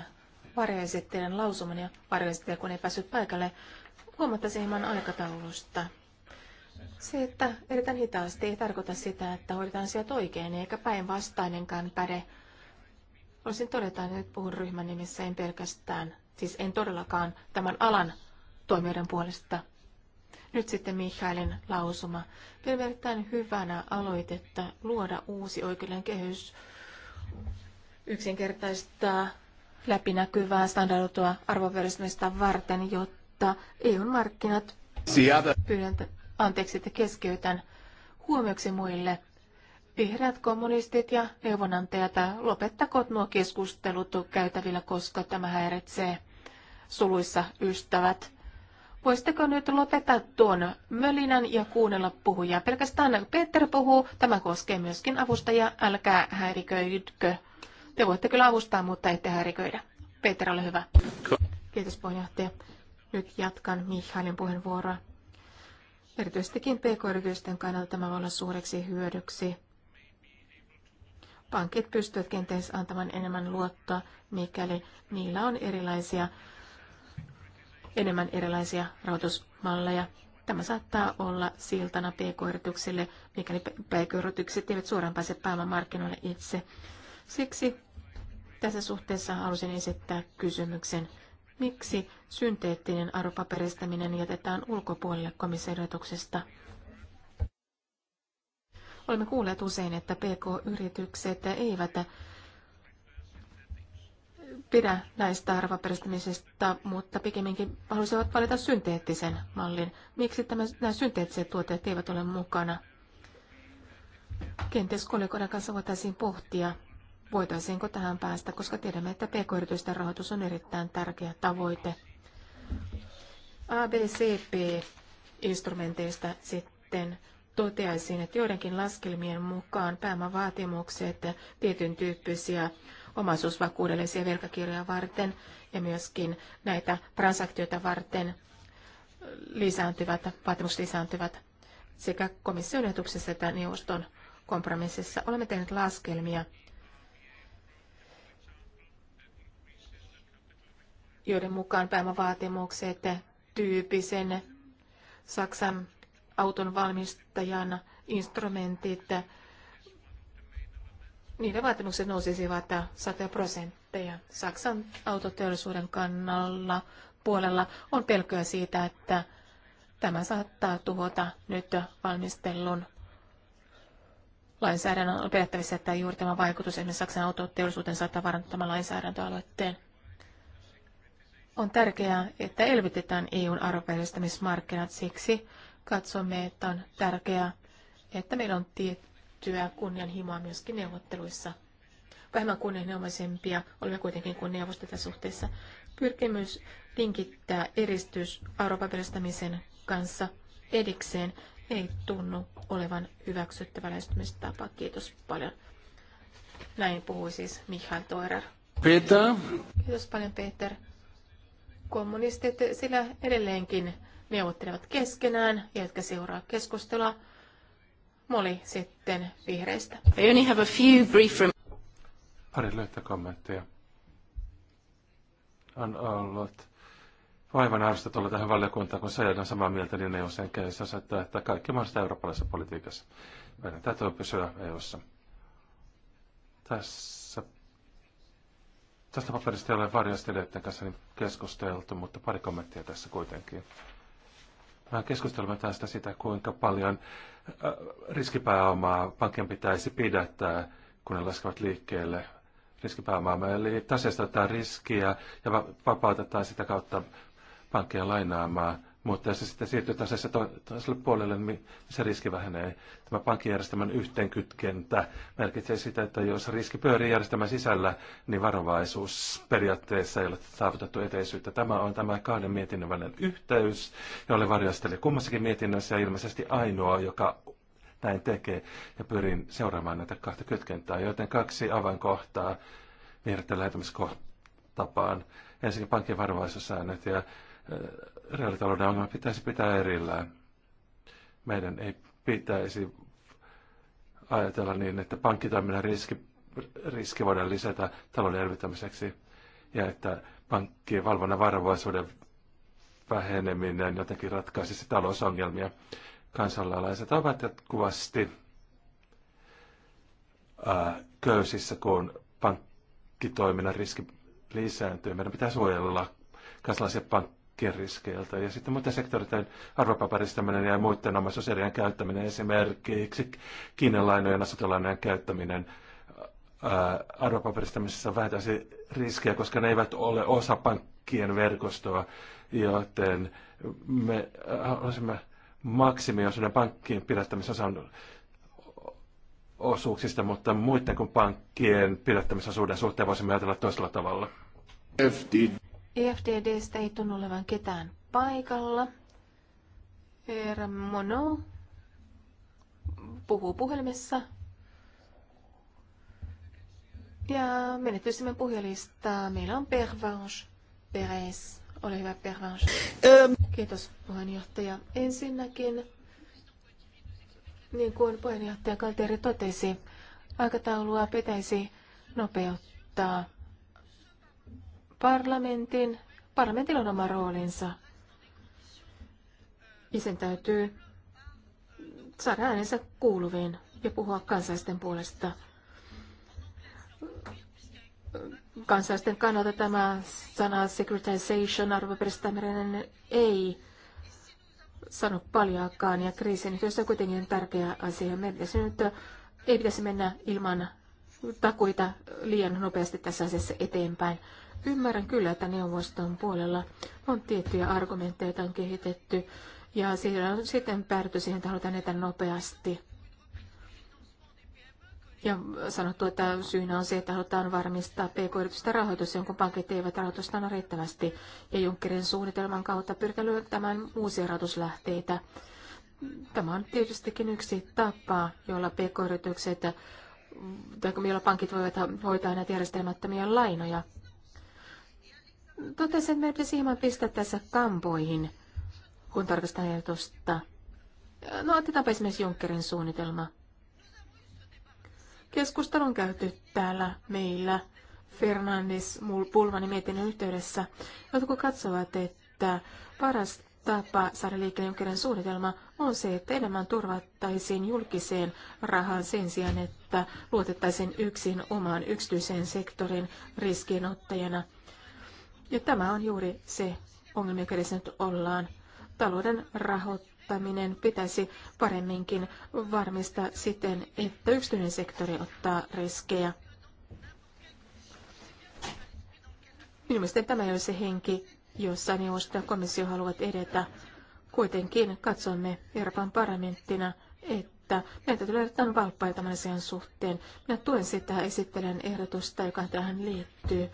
varjoesittelijän lausuman ja varjoesittelijä, kun ei päässyt paikalle, huomattaisi hieman aikataulusta. Se, että edetään hitaasti, ei tarkoita sitä, että hoidetaan asiat oikein, eikä päinvastainenkaan päde. Olisin todeta, että nyt puhun ryhmän nimissä, en pelkästään, siis en todellakaan tämän alan toimijoiden puolesta. Nyt sitten Mihailin lausuma. Pidän erittäin hyvänä aloitetta luoda uusi oikeuden kehys, yksinkertaistaa läpinäkyvää standardoitua arvonverismistä varten, jotta EU-markkinat pyydän anteeksi, että keskeytän huomioksi muille. Vihreät kommunistit ja neuvonantajat, lopettakoot nuo keskustelut käytävillä, koska tämä häiritsee suluissa ystävät. Voisitteko nyt lopettaa tuon mölinän ja kuunnella puhujaa? Pelkästään Peter puhuu, tämä koskee myöskin avustajaa, älkää häiriköidkö. Te voitte kyllä avustaa, mutta ette häiriköidä. Peter, ole hyvä. Kiitos puheenjohtaja. Nyt jatkan Mihailin puheenvuoroa. Erityisestikin pk-yritysten kannalta tämä voi olla suureksi hyödyksi. Pankit pystyvät kenties antamaan enemmän luottoa, mikäli niillä on erilaisia, enemmän erilaisia rahoitusmalleja. Tämä saattaa olla siltana pk-yrityksille, mikäli pk-yritykset eivät suoraan pääse pääomamarkkinoille itse. Siksi tässä suhteessa halusin esittää kysymyksen. Miksi synteettinen arvopaperistäminen jätetään ulkopuolelle komissiodotuksesta? Olemme kuulleet usein, että PK-yritykset eivät pidä näistä arvopaperistämisestä, mutta pikemminkin halusivat valita synteettisen mallin. Miksi tämä, nämä synteettiset tuotteet eivät ole mukana? Kenties kollegoiden kanssa voitaisiin pohtia, Voitaisiinko tähän päästä, koska tiedämme, että pk-yritysten rahoitus on erittäin tärkeä tavoite. ABCP-instrumenteista sitten toteaisin, että joidenkin laskelmien mukaan pääomavaatimukset tietyn tyyppisiä omaisuusvakuudellisia velkakirjoja varten ja myöskin näitä transaktioita varten lisääntyvät, vaatimukset lisääntyvät sekä komission ehdotuksessa että neuvoston kompromississa. Olemme tehneet laskelmia joiden mukaan pääomavaatimukset tyyppisen Saksan auton valmistajan instrumentit, niiden vaatimukset nousisivat 100 prosentteja. Saksan autoteollisuuden kannalla puolella on pelkoa siitä, että tämä saattaa tuhota nyt valmistellun lainsäädännön. On pelättävissä, että juuri tämä vaikutus esimerkiksi Saksan autoteollisuuteen saattaa vaarantaa tämän lainsäädäntöaloitteen. On tärkeää, että elvytetään EUn arvopäästämismarkkinat. Siksi katsomme, että on tärkeää, että meillä on tiettyä kunnianhimoa myöskin neuvotteluissa. Vähemmän kunnianhimoisempia olemme kuitenkin kuin neuvosto tässä suhteessa. Pyrkimys linkittää eristys arvopäästämisen kanssa edikseen ei tunnu olevan hyväksyttävä lähestymistapa. Kiitos paljon. Näin puhui siis Michael Toirer. Peter. Kiitos paljon Peter. Kommunistit sillä edelleenkin neuvottelevat keskenään, jotka seuraa keskustelua. Moli sitten vihreistä. I only have a few brief Pari löytä kommentteja. On ollut vaivan arvosta tulla tähän valiokuntaan, kun se on samaa mieltä, niin ei sen käsissä että, että kaikki mahdollista eurooppalaisessa politiikassa. Meidän täytyy pysyä EU-ssa. Tässä Tästä paperista ei ole varjasteleiden kanssa niin keskusteltu, mutta pari kommenttia tässä kuitenkin. Mä keskustelemme tästä sitä, kuinka paljon äh, riskipääomaa pankkien pitäisi pidättää, kun ne laskevat liikkeelle riskipääomaa. Eli taseesta riskiä ja vapautetaan sitä kautta pankkien lainaamaa mutta jos se sitten siirtyy tasaiselle to- puolelle, niin se riski vähenee. Tämä pankkijärjestelmän yhteenkytkentä merkitsee sitä, että jos riski pyörii järjestelmän sisällä, niin varovaisuus periaatteessa ei ole saavutettu eteisyyttä. Tämä on tämä kahden mietinnön välinen yhteys, ja olen varjosteli kummassakin mietinnössä ja ilmeisesti ainoa, joka näin tekee, ja pyrin seuraamaan näitä kahta kytkentää, joten kaksi avainkohtaa vihreiden lähetämiskohtapaan. Ensinnäkin pankin varovaisuussäännöt ja reaalitalouden ongelma pitäisi pitää erillään. Meidän ei pitäisi ajatella niin, että pankkitoiminnan riski, riski voidaan lisätä talouden elvyttämiseksi ja että pankkien valvonnan varovaisuuden väheneminen jotenkin ratkaisisi talousongelmia. Kansalaiset ovat jatkuvasti ää, köysissä, kun pankkitoiminnan riski lisääntyy. Meidän pitää suojella kansalaisia pank- pankkiriskeiltä. Ja sitten muiden sektoreiden arvopaperistaminen ja muiden omaisuuserien käyttäminen, esimerkiksi kiinalainojen ja asuntolainojen käyttäminen arvopaperistamisessa vähentäisi riskejä, koska ne eivät ole osa pankkien verkostoa, joten me haluaisimme maksimioisuuden pankkien pidättämisosan osuuksista, mutta muiden kuin pankkien pidättämisosuuden suhteen voisimme ajatella toisella tavalla. FD. EFDDstä ei tunnu olevan ketään paikalla. Herra Mono puhuu puhelimessa. Ja menettelisimme puhujalistaa. Meillä on Pervange Perez. Ole hyvä, Pervange. Ähm. Kiitos, puheenjohtaja. Ensinnäkin, niin kuin puheenjohtaja Kalteri totesi, aikataulua pitäisi nopeuttaa parlamentin, parlamentilla on oma roolinsa. Ja sen täytyy saada äänensä kuuluviin ja puhua kansalaisten puolesta. Kansalaisten kannalta tämä sana securitization, arvoperistämerinen, ei sano paljoakaan, ja kriisin yhteydessä on kuitenkin tärkeä asia. Meidän pitäisi nyt, ei pitäisi mennä ilman takuita liian nopeasti tässä asiassa eteenpäin. Ymmärrän kyllä, että neuvoston puolella on tiettyjä argumentteja, joita on kehitetty, ja siellä on sitten päädytty siihen, että halutaan edetä nopeasti. Ja sanottu, että syynä on se, että halutaan varmistaa pk yritystä rahoitus, jonka pankit eivät rahoitusta anna riittävästi, ja Junckerin suunnitelman kautta pyritään löytämään uusia rahoituslähteitä. Tämä on tietystikin yksi tapa, jolla pk-yritykset tai jolla pankit voivat hoitaa näitä järjestelmättömiä lainoja. Totesin, että meidän pitäisi hieman pistää tässä kampoihin, kun tarkastetaan ehdotusta. No otetaanpa esimerkiksi Junckerin suunnitelma. Keskustelun käyty täällä meillä Fernandes Pulmanin mietinnön yhteydessä. Jotkut katsovat, että paras tapa saada liikkeelle Junckerin suunnitelma on se, että enemmän turvattaisiin julkiseen rahaan sen sijaan, että luotettaisiin yksin omaan yksityiseen sektorin riskinottajana – ja tämä on juuri se ongelma, joka edessä nyt ollaan. Talouden rahoittaminen pitäisi paremminkin varmistaa siten, että yksityinen sektori ottaa riskejä. Minun mielestä tämä ei ole se henki, jossa neuvosto ja komissio haluavat edetä. Kuitenkin katsomme Euroopan parlamenttina, että meitä tulee ottaa valppaita tämän asian suhteen. Minä tuen sitä esittelen ehdotusta, joka tähän liittyy.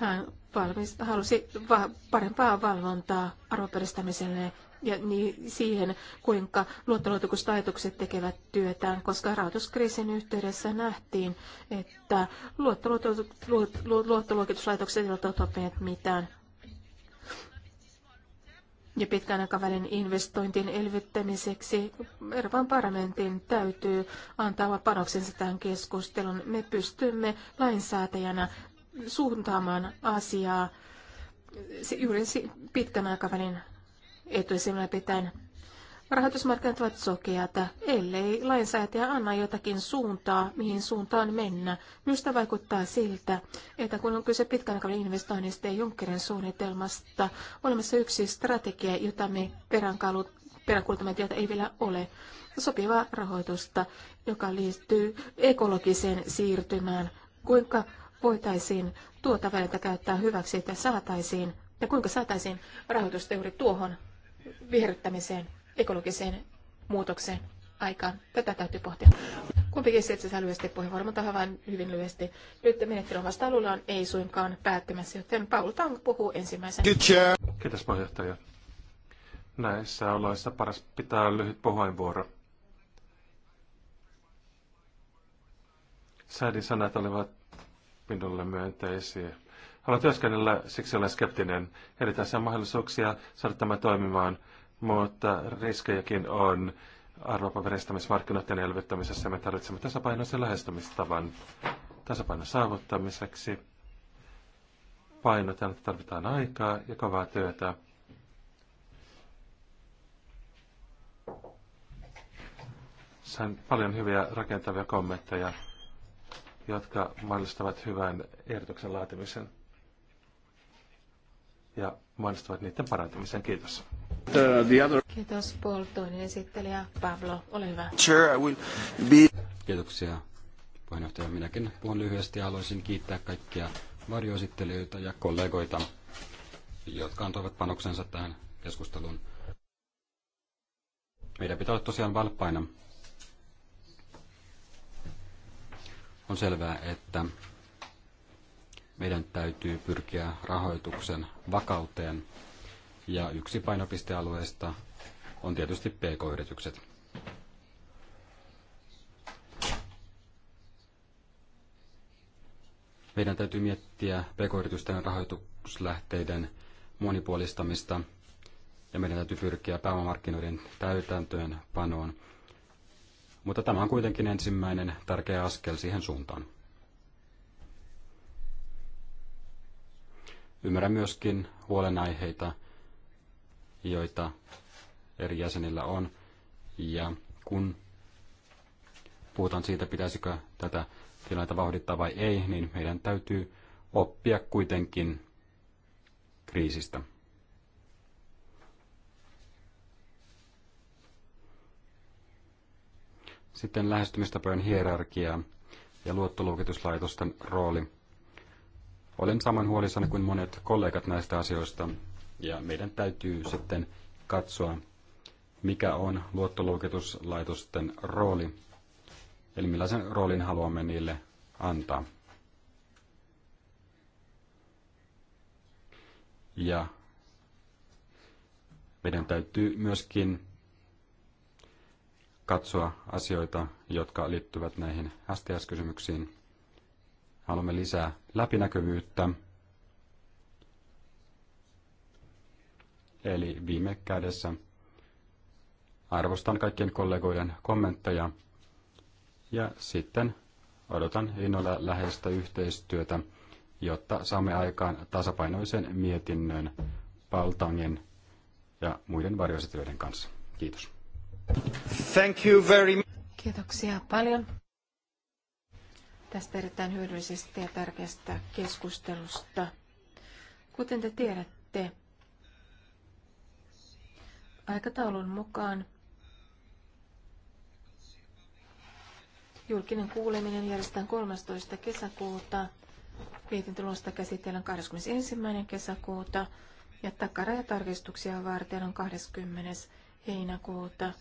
Hän valmis, halusi va- parempaa valvontaa arvoperistämiselle ja niin siihen, kuinka luottoluotokustaitokset tekevät työtään, koska rahoituskriisin yhteydessä nähtiin, että luottoluokituslaitokset eivät ole oppineet mitään. Ja pitkän aikavälin investointien elvyttämiseksi Euroopan parlamentin täytyy antaa panoksensa tähän keskustelun. Me pystymme lainsäätäjänä suuntaamaan asiaa se, juuri pitkän aikavälin etuisimmällä pitäen. Rahoitusmarkkinat ovat sokeata, ellei lainsäätäjä anna jotakin suuntaa, mihin suuntaan mennä. Minusta vaikuttaa siltä, että kun on kyse pitkän aikavälin investoinnista ja Junckerin suunnitelmasta, olemassa yksi strategia, jota me peräänkuulutamme, jota ei vielä ole. Sopivaa rahoitusta, joka liittyy ekologiseen siirtymään. Kuinka voitaisiin tuota välintä käyttää hyväksi, että saataisiin, ja kuinka saataisiin rahoitusta juuri tuohon viherryttämiseen, ekologiseen muutokseen aikaan. Tätä täytyy pohtia. Kumpikin seitsemän lyhyesti puheenvuoro, mutta vain hyvin lyhyesti. Nyt menettelyn vastailulla on ei suinkaan päättymässä, joten Paul Tang puhuu ensimmäisenä. Kiitos puheenjohtaja. Näissä oloissa paras pitää lyhyt puheenvuoro. Säädin sanat olivat minulle myönteisiä. Haluan työskennellä, siksi olen skeptinen. Eli tässä mahdollisuuksia saada tämä toimimaan, mutta riskejäkin on arvopaperistamismarkkinoiden elvyttämisessä. Me tarvitsemme tasapainoisen lähestymistavan tasapainon saavuttamiseksi. Painotan, että tarvitaan aikaa ja kovaa työtä. Sain paljon hyviä rakentavia kommentteja jotka mahdollistavat hyvän ehdotuksen laatimisen ja mahdollistavat niiden parantamisen. Kiitos. Kiitos Paul, toinen esittelijä Pablo, ole hyvä. Sure, I will be... Kiitoksia puheenjohtaja. Minäkin puhun lyhyesti ja haluaisin kiittää kaikkia varjoesittelijöitä ja kollegoita, jotka antoivat panoksensa tähän keskusteluun. Meidän pitää olla tosiaan valppaina On selvää, että meidän täytyy pyrkiä rahoituksen vakauteen ja yksi painopistealueesta on tietysti pk-yritykset. Meidän täytyy miettiä pk-yritysten rahoituslähteiden monipuolistamista ja meidän täytyy pyrkiä pääomamarkkinoiden täytäntöön panoon mutta tämä on kuitenkin ensimmäinen tärkeä askel siihen suuntaan. Ymmärrän myöskin huolenaiheita, joita eri jäsenillä on. Ja kun puhutaan siitä, pitäisikö tätä tilannetta vauhdittaa vai ei, niin meidän täytyy oppia kuitenkin kriisistä. Sitten lähestymistapojen hierarkia ja luottoluokituslaitosten rooli. Olen saman huolissani kuin monet kollegat näistä asioista, ja meidän täytyy sitten katsoa, mikä on luottoluokituslaitosten rooli, eli millaisen roolin haluamme niille antaa. Ja meidän täytyy myöskin katsoa asioita, jotka liittyvät näihin STS-kysymyksiin. Haluamme lisää läpinäkyvyyttä. Eli viime kädessä arvostan kaikkien kollegoiden kommentteja ja sitten odotan innolla läheistä yhteistyötä, jotta saamme aikaan tasapainoisen mietinnön Paltangin ja muiden varjoesityöiden kanssa. Kiitos. Thank you very much. Kiitoksia paljon tästä erittäin hyödyllisestä ja tärkeästä keskustelusta. Kuten te tiedätte, aikataulun mukaan julkinen kuuleminen järjestetään 13. kesäkuuta. Mietintulosta käsitellään 21. kesäkuuta ja takarajatarkistuksia varten on 20. heinäkuuta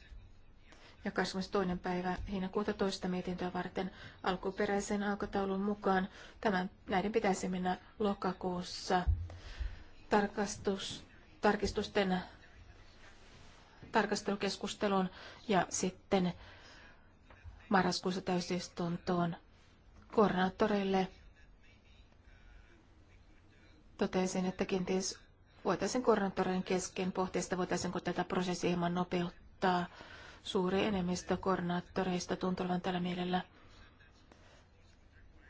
ja 22. päivä heinäkuuta toista mietintöä varten alkuperäisen aikataulun mukaan. Tämän, näiden pitäisi mennä lokakuussa tarkastus, tarkistusten tarkastelukeskusteluun ja sitten marraskuussa täysistuntoon koordinaattoreille totesin, että kenties voitaisiin koordinaattoreiden kesken pohtia sitä, voitaisiinko tätä prosessia hieman nopeuttaa Suuri enemmistö koordinaattoreista tuntuvan tällä mielellä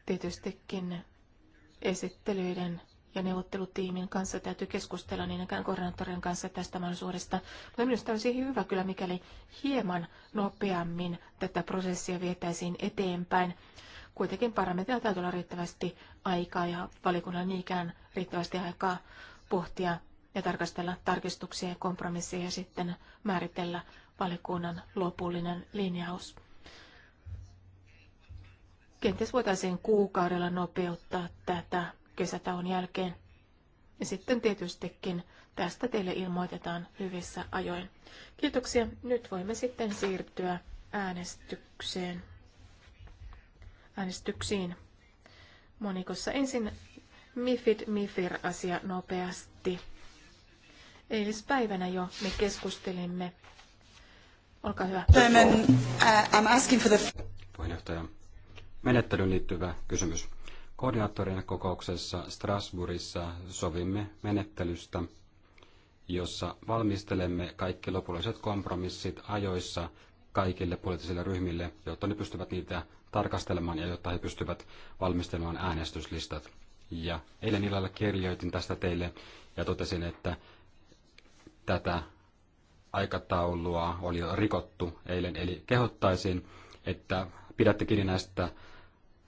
tietystikin esittelyiden ja neuvottelutiimin kanssa täytyy keskustella niin ikään koordinaattorien kanssa tästä mahdollisuudesta. Mutta minusta olisi hyvä kyllä, mikäli hieman nopeammin tätä prosessia vietäisiin eteenpäin. Kuitenkin parametilla täytyy olla riittävästi aikaa ja valiokunnan niinkään riittävästi aikaa pohtia ja tarkastella tarkistuksia ja kompromisseja ja sitten määritellä valiokunnan lopullinen linjaus. Kenties voitaisiin kuukaudella nopeuttaa tätä kesätauon jälkeen. Ja sitten tietystikin tästä teille ilmoitetaan hyvissä ajoin. Kiitoksia. Nyt voimme sitten siirtyä äänestykseen. Äänestyksiin. Monikossa ensin Mifid Mifir-asia nopeasti. Eilispäivänä jo me keskustelimme Olkaa hyvä. Chairman, uh, I'm asking for the... Puheenjohtaja. Menettelyyn liittyvä kysymys. Koordinaattorin kokouksessa Strasbourgissa sovimme menettelystä, jossa valmistelemme kaikki lopulliset kompromissit ajoissa kaikille poliittisille ryhmille, jotta ne pystyvät niitä tarkastelemaan ja jotta he pystyvät valmistelemaan äänestyslistat. Ja eilen illalla kirjoitin tästä teille ja totesin, että tätä aikataulua oli rikottu eilen, eli kehottaisin, että pidätte kiinni näistä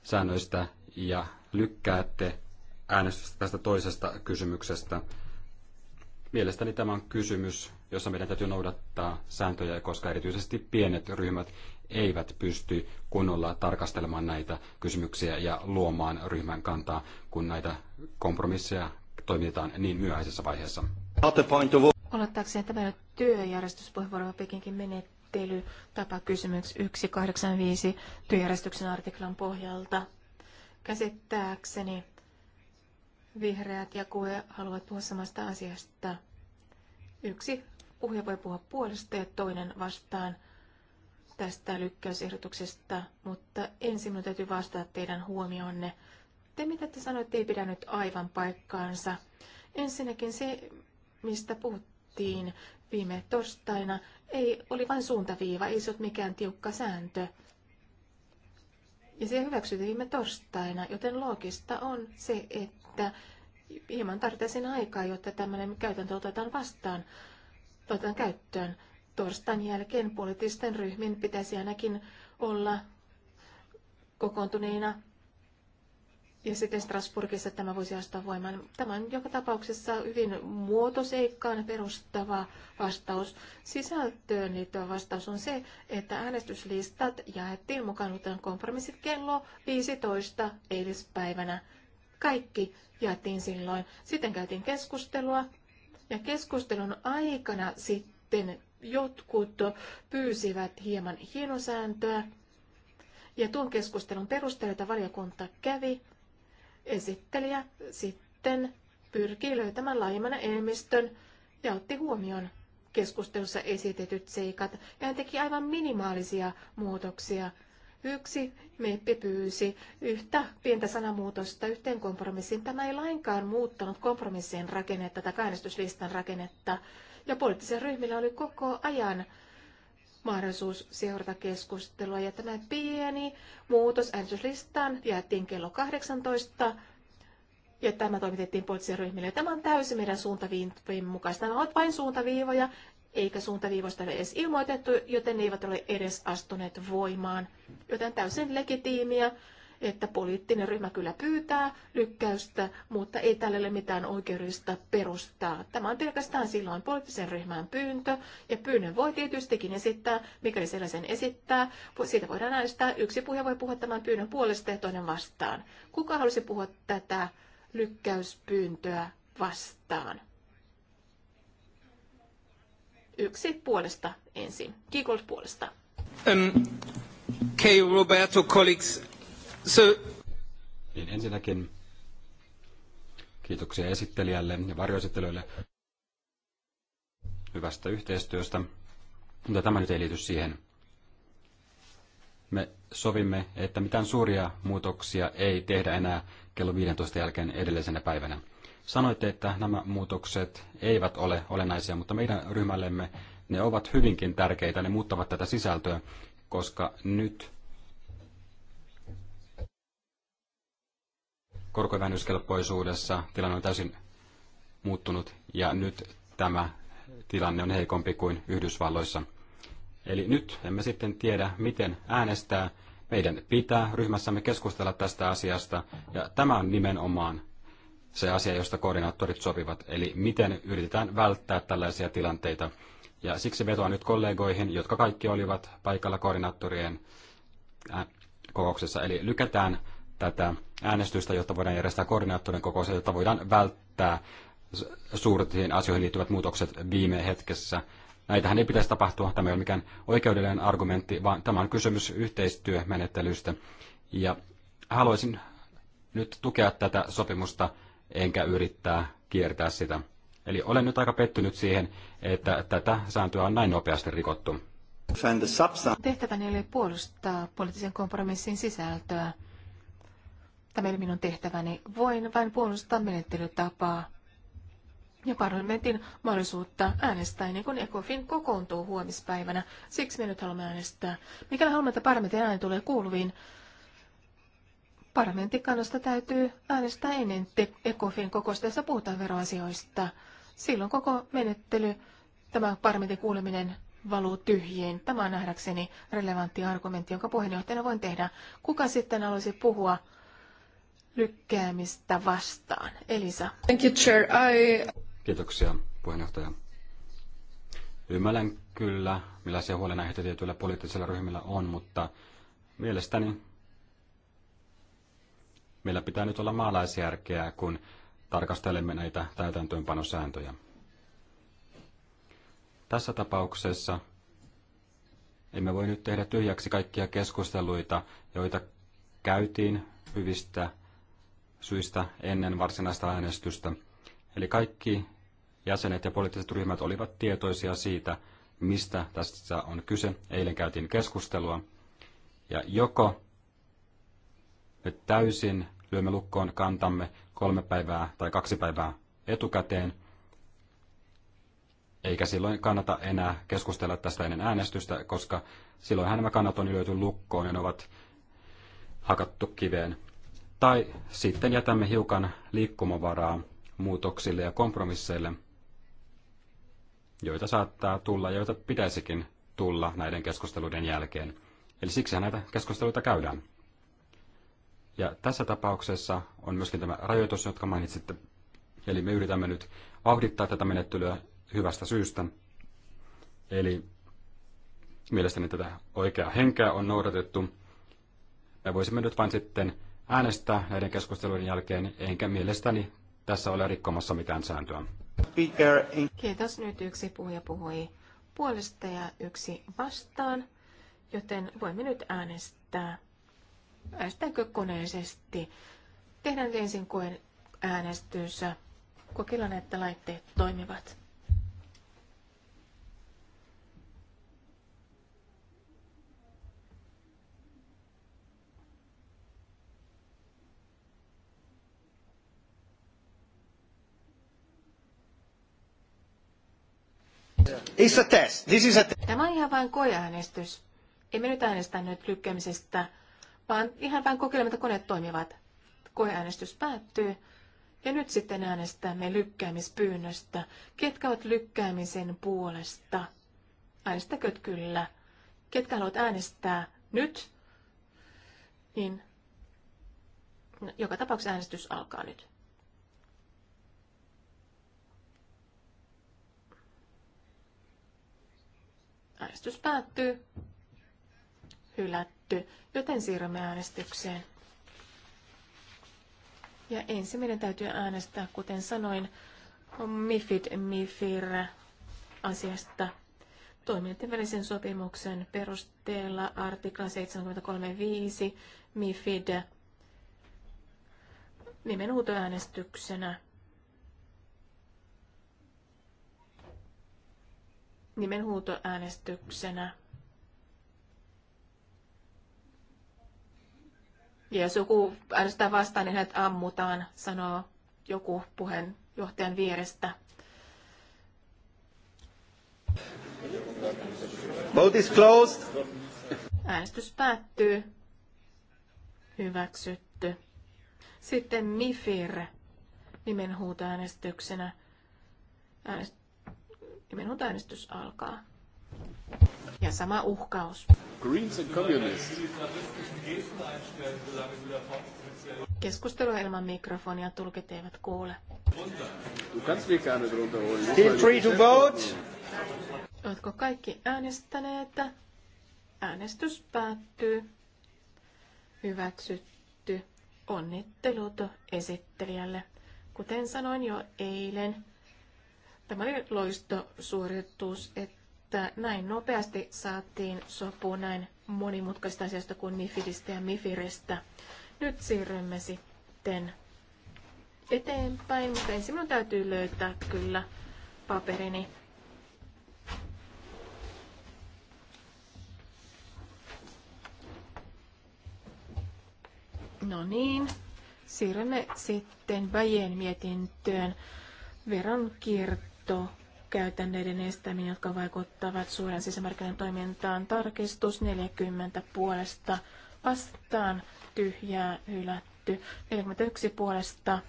säännöistä ja lykkäätte äänestystä tästä toisesta kysymyksestä. Mielestäni tämä on kysymys, jossa meidän täytyy noudattaa sääntöjä, koska erityisesti pienet ryhmät eivät pysty kunnolla tarkastelemaan näitä kysymyksiä ja luomaan ryhmän kantaa, kun näitä kompromisseja toimitetaan niin myöhäisessä vaiheessa. Olettaakseni tämä ei työjärjestyspuheenvuoro, vaan Pekinkin menettely tapa kysymyks 185 työjärjestyksen artiklan pohjalta. Käsittääkseni vihreät ja kue haluavat puhua samasta asiasta. Yksi puhuja voi puhua puolesta ja toinen vastaan tästä lykkäysehdotuksesta, mutta ensin minun täytyy vastata teidän huomioonne. Te, mitä te sanoitte, ei pidä nyt aivan paikkaansa. Ensinnäkin se, mistä puhutte, päätettiin viime torstaina, ei, oli vain suuntaviiva, ei se ollut mikään tiukka sääntö. Ja se hyväksyttiin viime torstaina, joten loogista on se, että hieman tarvitaan aikaa, jotta tämmöinen käytäntö otetaan vastaan, otetaan käyttöön. Torstain jälkeen poliittisten ryhmien pitäisi ainakin olla kokoontuneina ja sitten Strasburgissa tämä voisi astua voimaan. Tämä on joka tapauksessa hyvin muotoseikkaan perustava vastaus. Sisältöön liittyvä vastaus on se, että äänestyslistat jaettiin mukaan uuteen kompromissit kello 15 eilispäivänä. Kaikki jaettiin silloin. Sitten käytiin keskustelua ja keskustelun aikana sitten jotkut pyysivät hieman hienosääntöä. Ja tuon keskustelun perusteella, valiokunta kävi, esittelijä sitten pyrkii löytämään laajemman enemmistön ja otti huomioon keskustelussa esitetyt seikat ja hän teki aivan minimaalisia muutoksia. Yksi meppi pyysi yhtä pientä sanamuutosta yhteen kompromissiin. Tämä ei lainkaan muuttanut kompromissien rakennetta tai äänestyslistan rakennetta. Ja poliittisilla ryhmillä oli koko ajan mahdollisuus seurata keskustelua. Ja tämä pieni muutos äänestyslistaan jaettiin kello 18 ja tämä toimitettiin poliittisille ryhmille. Tämä on täysin meidän suuntaviivojen mukaista. Nämä ovat vain suuntaviivoja, eikä suuntaviivoista ole edes ilmoitettu, joten ne eivät ole edes astuneet voimaan. Joten täysin legitiimiä että poliittinen ryhmä kyllä pyytää lykkäystä, mutta ei tälle ole mitään oikeudellista perustaa. Tämä on pelkästään silloin poliittisen ryhmän pyyntö, ja pyynnön voi tietystikin esittää, mikäli sellaisen esittää. Siitä voidaan äänestää. Yksi puhuja voi puhua tämän pyynnön puolesta ja toinen vastaan. Kuka halusi puhua tätä lykkäyspyyntöä vastaan? Yksi puolesta ensin. Kiikolt puolesta. Um, K. Roberto, colleagues, So... Niin ensinnäkin kiitoksia esittelijälle ja varjoesittelijöille hyvästä yhteistyöstä, mutta tämä nyt ei liity siihen. Me sovimme, että mitään suuria muutoksia ei tehdä enää kello 15 jälkeen edellisenä päivänä. Sanoitte, että nämä muutokset eivät ole olennaisia, mutta meidän ryhmällemme ne ovat hyvinkin tärkeitä, ne muuttavat tätä sisältöä, koska nyt korkovähennyskelpoisuudessa tilanne on täysin muuttunut ja nyt tämä tilanne on heikompi kuin Yhdysvalloissa. Eli nyt emme sitten tiedä, miten äänestää. Meidän pitää ryhmässämme keskustella tästä asiasta ja tämä on nimenomaan se asia, josta koordinaattorit sopivat, eli miten yritetään välttää tällaisia tilanteita. Ja siksi vetoan nyt kollegoihin, jotka kaikki olivat paikalla koordinaattorien kokouksessa, eli lykätään tätä äänestystä, jotta voidaan järjestää koordinaattorin kokous, jotta voidaan välttää suurtiin asioihin liittyvät muutokset viime hetkessä. Näitähän ei pitäisi tapahtua, tämä ei ole mikään oikeudellinen argumentti, vaan tämä on kysymys yhteistyömenettelystä. Ja haluaisin nyt tukea tätä sopimusta, enkä yrittää kiertää sitä. Eli olen nyt aika pettynyt siihen, että tätä sääntöä on näin nopeasti rikottu. Tehtäväni oli puolustaa poliittisen kompromissin sisältöä Tämä ei minun tehtäväni. Voin vain puolustaa menettelytapaa ja parlamentin mahdollisuutta äänestää niin kuin ECOFIN kokoontuu huomispäivänä. Siksi me nyt haluamme äänestää. Mikäli haluamme, että parlamentin ääni tulee kuuluviin, kannasta täytyy äänestää ennen ECOFIN kokousta, jossa puhutaan veroasioista. Silloin koko menettely, tämä parlamentin kuuleminen valuu tyhjiin. Tämä on nähdäkseni relevantti argumentti, jonka puheenjohtajana voin tehdä. Kuka sitten haluaisi puhua lykkäämistä vastaan. Elisa. Thank you, Chair. I... Kiitoksia, puheenjohtaja. Ymmärrän kyllä, millaisia huolenaiheita tietyillä poliittisilla ryhmillä on, mutta mielestäni meillä pitää nyt olla maalaisjärkeä, kun tarkastelemme näitä täytäntöönpanosääntöjä. Tässä tapauksessa emme voi nyt tehdä tyhjäksi kaikkia keskusteluita, joita käytiin hyvistä syistä ennen varsinaista äänestystä. Eli kaikki jäsenet ja poliittiset ryhmät olivat tietoisia siitä, mistä tässä on kyse. Eilen käytiin keskustelua. Ja joko me täysin lyömme lukkoon kantamme kolme päivää tai kaksi päivää etukäteen, eikä silloin kannata enää keskustella tästä ennen äänestystä, koska silloinhan nämä kannat on lyöty lukkoon ja ne ovat hakattu kiveen tai sitten jätämme hiukan liikkumavaraa muutoksille ja kompromisseille, joita saattaa tulla ja joita pitäisikin tulla näiden keskusteluiden jälkeen. Eli siksi näitä keskusteluita käydään. Ja tässä tapauksessa on myöskin tämä rajoitus, jotka mainitsitte. Eli me yritämme nyt vauhdittaa tätä menettelyä hyvästä syystä. Eli mielestäni tätä oikeaa henkeä on noudatettu. Me voisimme nyt vain sitten äänestää näiden keskusteluiden jälkeen, enkä mielestäni tässä ole rikkomassa mitään sääntöä. Kiitos. Nyt yksi puhuja puhui puolesta ja yksi vastaan, joten voimme nyt äänestää. Äänestääkö koneisesti? Tehdään ensin koen äänestys. Kokeillaan, että laitteet toimivat. It's a test. This is a Tämä on ihan vain koeäänestys. Emme nyt äänestä nyt lykkäämisestä, vaan ihan vain kokeilemme, että koneet toimivat. Koeäänestys päättyy. Ja nyt sitten äänestämme lykkäämispyynnöstä. Ketkä ovat lykkäämisen puolesta? Äänestäkö kyllä. Ketkä haluat äänestää nyt? Niin, no, joka tapauksessa äänestys alkaa nyt. Äänestys päättyy. Hylätty, joten siirrymme äänestykseen. Ja ensin meidän täytyy äänestää, kuten sanoin, MIFID MIFIR asiasta toimijoiden välisen sopimuksen perusteella artikla 73.5 MIFID nimenhuutoäänestyksenä. nimenhuutoäänestyksenä. Ja jos joku äänestää vastaan, niin hänet ammutaan, sanoo joku puheenjohtajan vierestä. Vote is closed. Äänestys päättyy. Hyväksytty. Sitten MIFIR nimenhuutoäänestyksenä. Äänestys. Ja minun äänestys alkaa. Ja sama uhkaus. Greens and communists. ilman mikrofonia tulkit eivät kuule. Feel free to vote. Oletko kaikki äänestäneet? Äänestys päättyy. Hyväksytty. Onnittelut esittelijälle. Kuten sanoin jo eilen, Tämä oli loistosuoritus, että näin nopeasti saatiin sopua näin monimutkaista asiasta kuin Mifidistä ja Mifiristä. Nyt siirrymme sitten eteenpäin, mutta ensin minun täytyy löytää kyllä paperini. No niin, siirrymme sitten Bajen mietintöön veronkierto Käytännöiden käytänneiden estäminen, jotka vaikuttavat suuren sisämarkkinan toimintaan. Tarkistus 40 puolesta vastaan tyhjää hylätty. 41 puolesta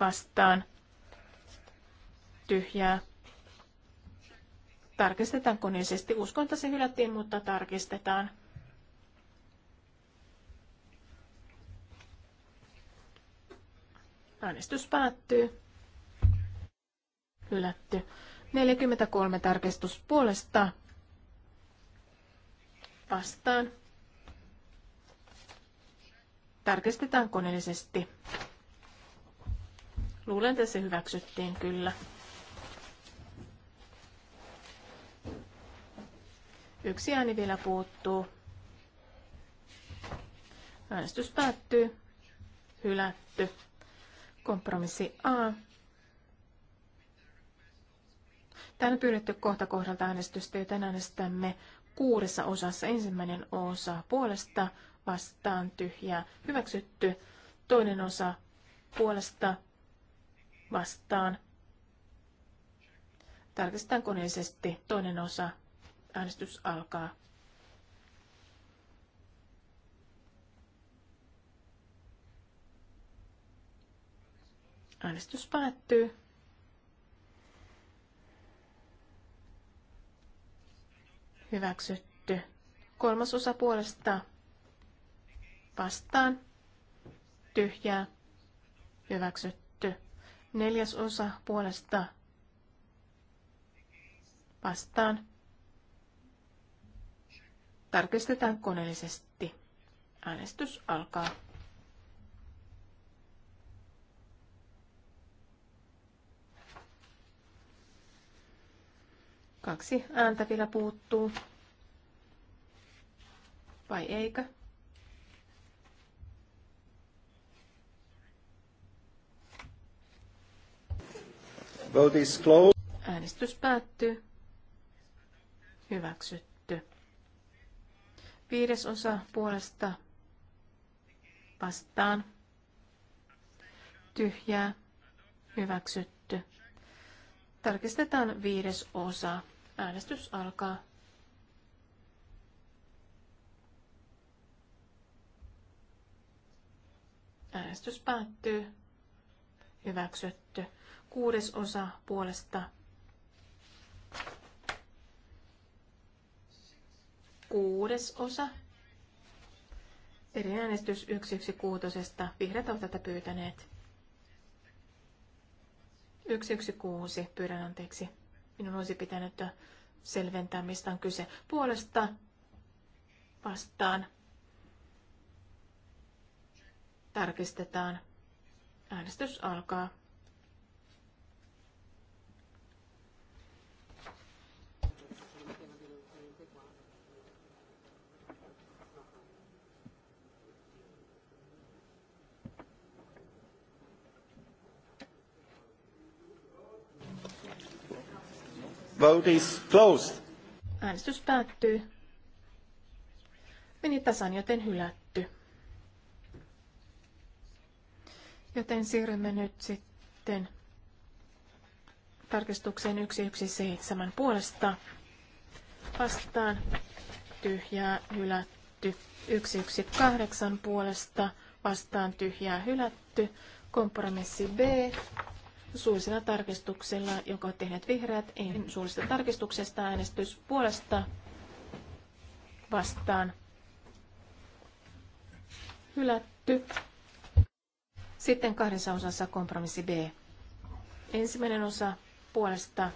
vastaan tyhjää. Tarkistetaan koneisesti. Uskon, että se hylättiin, mutta tarkistetaan. Äänestys päättyy hylätty. 43 tarkistus puolesta vastaan. Tarkistetaan koneellisesti. Luulen, että se hyväksyttiin kyllä. Yksi ääni vielä puuttuu. Äänestys päättyy. Hylätty. Kompromissi A Täällä on pyydetty kohta kohdalta äänestystä, joten äänestämme kuudessa osassa. Ensimmäinen osa puolesta vastaan tyhjää hyväksytty. Toinen osa puolesta vastaan. Tarkistetaan koneellisesti. Toinen osa. Äänestys alkaa. Äänestys päättyy. Hyväksytty. Kolmasosa puolesta vastaan. Tyhjää. Hyväksytty. osa puolesta vastaan. Tarkistetaan koneellisesti. Äänestys alkaa. Kaksi ääntä vielä puuttuu. Vai eikö? Vote is closed. Äänestys päättyy. Hyväksytty. Viides osa puolesta vastaan. Tyhjää. Hyväksytty. Tarkistetaan viides osa. Äänestys alkaa. Äänestys päättyy. Hyväksytty. Kuudes osa puolesta. Kuudes osa. Periäänestys 116. Vihreät ovat tätä pyytäneet. 116. Pyydän anteeksi. Minun olisi pitänyt selventää, mistä on kyse. Puolesta vastaan tarkistetaan. Äänestys alkaa. Vote is closed. Äänestys päättyy. Meni tasan, joten hylätty. Joten siirrymme nyt sitten tarkistukseen 117 puolesta. Vastaan tyhjää hylätty. 118 puolesta vastaan tyhjää hylätty. Kompromissi B suullisella tarkistuksella, jonka ovat tehneet vihreät. En suullisesta tarkistuksesta äänestys puolesta vastaan. Hylätty. Sitten kahdessa osassa kompromissi B. Ensimmäinen osa puolesta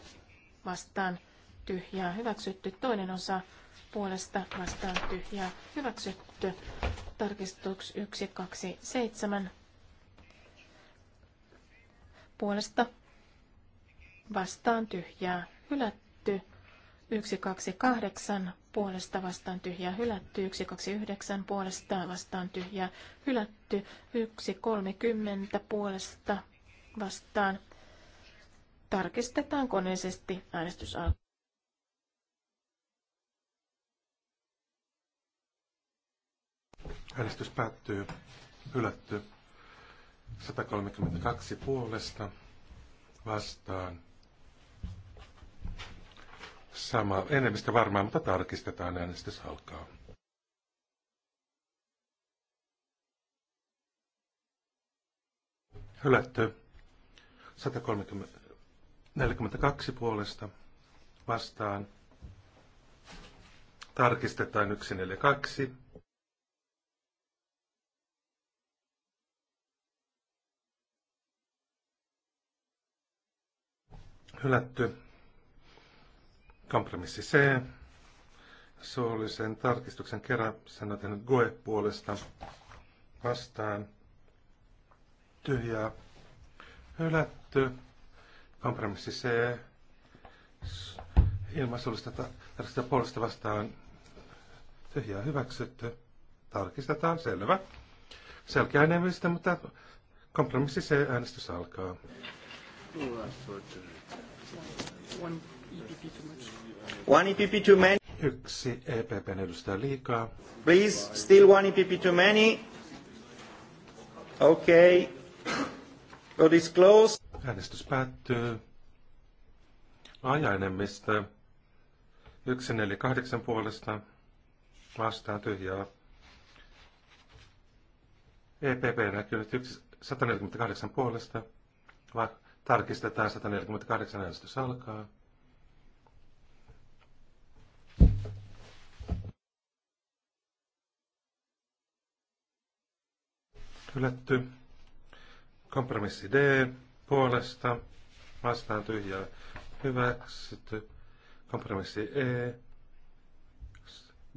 vastaan tyhjää hyväksytty. Toinen osa puolesta vastaan tyhjää hyväksytty. Tarkistus 1, 2, 7 puolesta vastaan tyhjää hylätty. 128 puolesta vastaan tyhjää hylätty, 129 puolesta vastaan tyhjää hylätty, 130 puolesta vastaan. Tarkistetaan koneisesti äänestys Äänestys päättyy. Hylätty. 132 puolesta vastaan. Sama enemmistö varmaan, mutta tarkistetaan äänestys alkaa. Hylätty. 142 puolesta vastaan. Tarkistetaan 142. Hylätty. Kompromissi C. Suullisen tarkistuksen kerran sanoi GOE puolesta vastaan. Tyhjää. Hylätty. Kompromissi C. Ilmaisuullista tarkistusta puolesta vastaan. Tyhjää hyväksytty. Tarkistetaan. Selvä. Selkeä enemmistö, mutta kompromissi C. Äänestys alkaa. Tuo, One EPP too many. Yksi e liikaa. Please, still one EPP too many. Okay. Vote is closed. Äänestys päättyy. neljä kahdeksan puolesta. Vastaan tyhjää. EPP näkyy nyt 148 puolesta. Va- Tarkistetaan 148 äänestys alkaa. Hylätty. Kompromissi D puolesta. Vastaan tyhjää. Hyväksytty. Kompromissi E.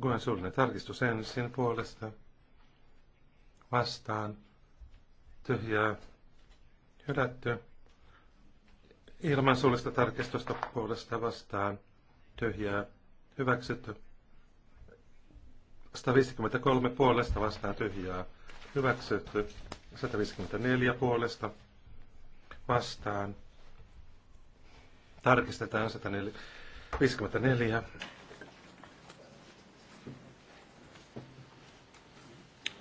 Guen suullinen tarkistus ensin puolesta. Vastaan. Tyhjää. Hylätty. Ilman suullista tarkistusta puolesta vastaan tyhjää hyväksytty. 153 puolesta vastaan tyhjää hyväksytty. 154 puolesta vastaan. Tarkistetaan 154.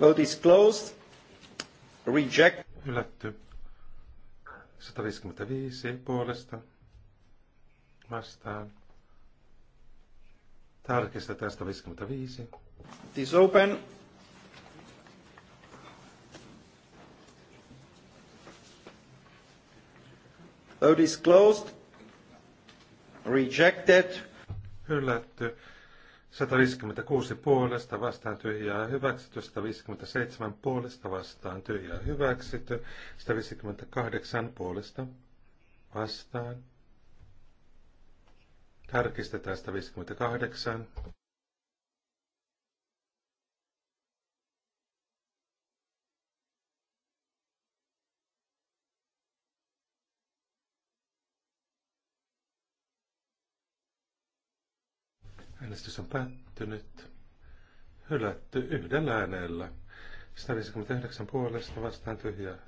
Vote is closed. Reject. Hylätty. 155 puolesta vastaan. Tarkistetaan 155. It is open. Vote is closed. Rejected. Hylätty. 156 puolesta vastaan tyhjää hyväksytty, 157 puolesta vastaan tyhjää hyväksytty, 158 puolesta vastaan. Tarkistetaan 158. Äänestys on päättynyt. Hylätty yhdellä äänellä. 159 puolesta vastaan tyhjä.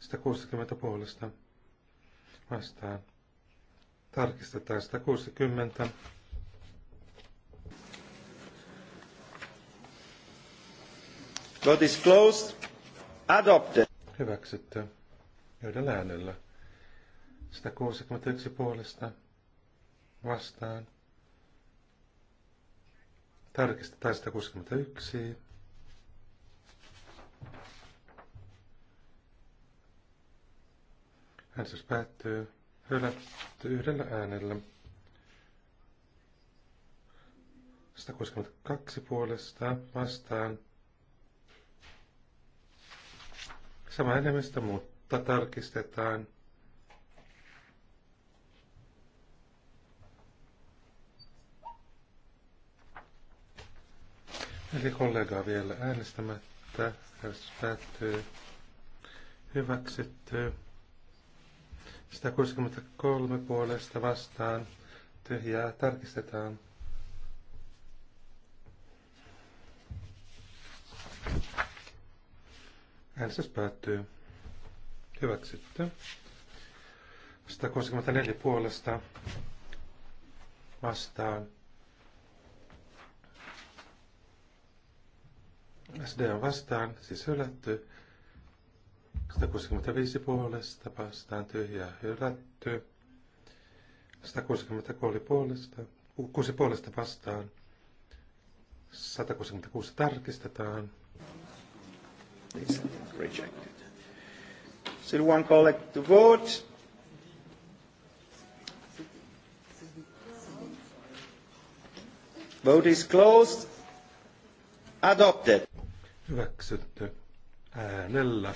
160 puolesta vastaan. Tarkistetaan 160. Vote is closed. Adopted. Hyväksytty. Yhdellä äänellä. 161 puolesta vastaan. Tarkistetaan 161. Äänestys päättyy. Hylätty yhdellä äänellä. 162 puolesta vastaan. Sama enemmistö, mutta tarkistetaan. Eli kollegaa vielä äänestämättä. Äänestys päättyy. Hyväksytty. 163 puolesta vastaan. Tyhjää tarkistetaan. Äänestys päättyy. Hyväksytty. 164 puolesta vastaan SD on vastaan, siis hylätty. 165 puolesta vastaan tyhjää hylätty. 163 puolesta, 6 puolesta vastaan. 166 tarkistetaan. Rejected. Still one collect to vote. Vote is closed. Adopted hyväksytty äänellä.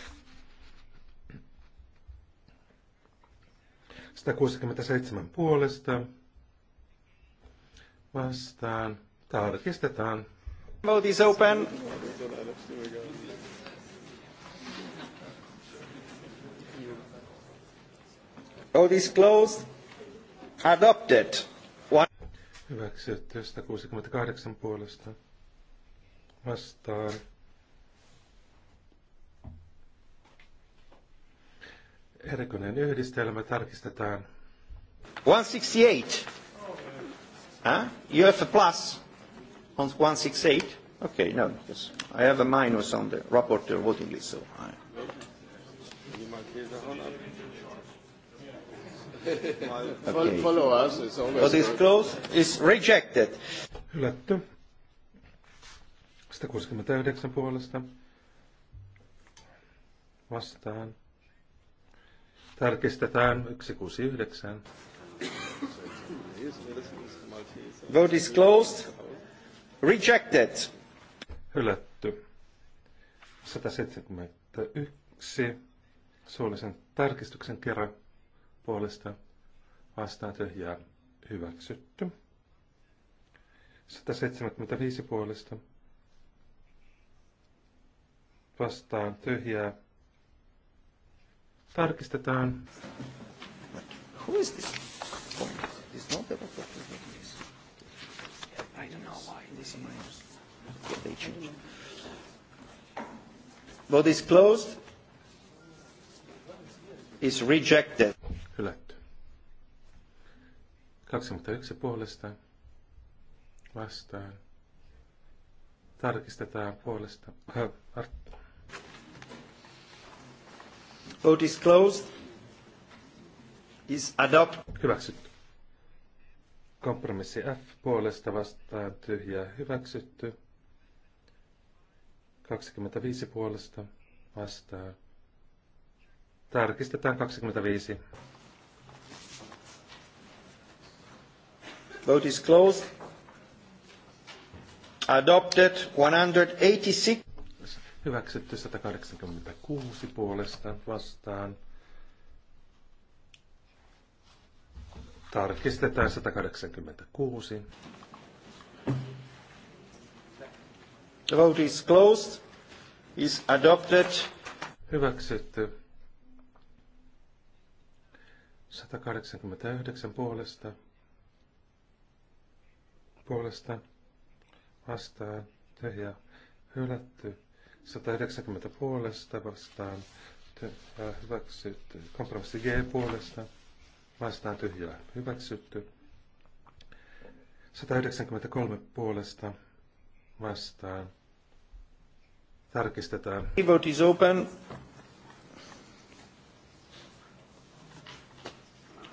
167 puolesta vastaan. Tarkistetaan. Vote is open. Vote is closed. Adopted. One. Hyväksytty 168 puolesta vastaan Herkunen yhdistelmä tarkistetaan. 168. Huh? You have a plus on 168? Okay, no, because I have a minus on the rapporteur voting list, so I... Okay. Follow us, it's always... But it's rejected. Hylätty. 169 puolesta. Vastaan. Tarkistetaan 169. Vote is closed. Rejected. Hylätty. 171. Suullisen tarkistuksen kerran puolesta vastaan tyhjää hyväksytty. 175 puolesta vastaan tyhjää Tarkistetaan. Who is this? It's not the report. I don't know why this is they change. What is closed. Is rejected. Hylätty. 21 puolesta. Vastaan. Tarkistetaan puolesta. Äh, Vote is closed. Is adopt. Hyväksytty. Kompromissi F puolesta vastaan tyhjää hyväksytty. 25 puolesta vastaan. Tarkistetaan 25. Vote is closed. Adopted 186. Hyväksytty 186 puolesta vastaan. Tarkistetaan 186. The vote is closed. Is adopted. Hyväksytty. 189 puolesta. Puolesta vastaan tyhjä hylätty. 190 puolesta vastaan äh, hyväksytty. Kompromissi G puolesta vastaan tyhjää hyväksytty. 193 puolesta vastaan. Tarkistetaan. Vote is open.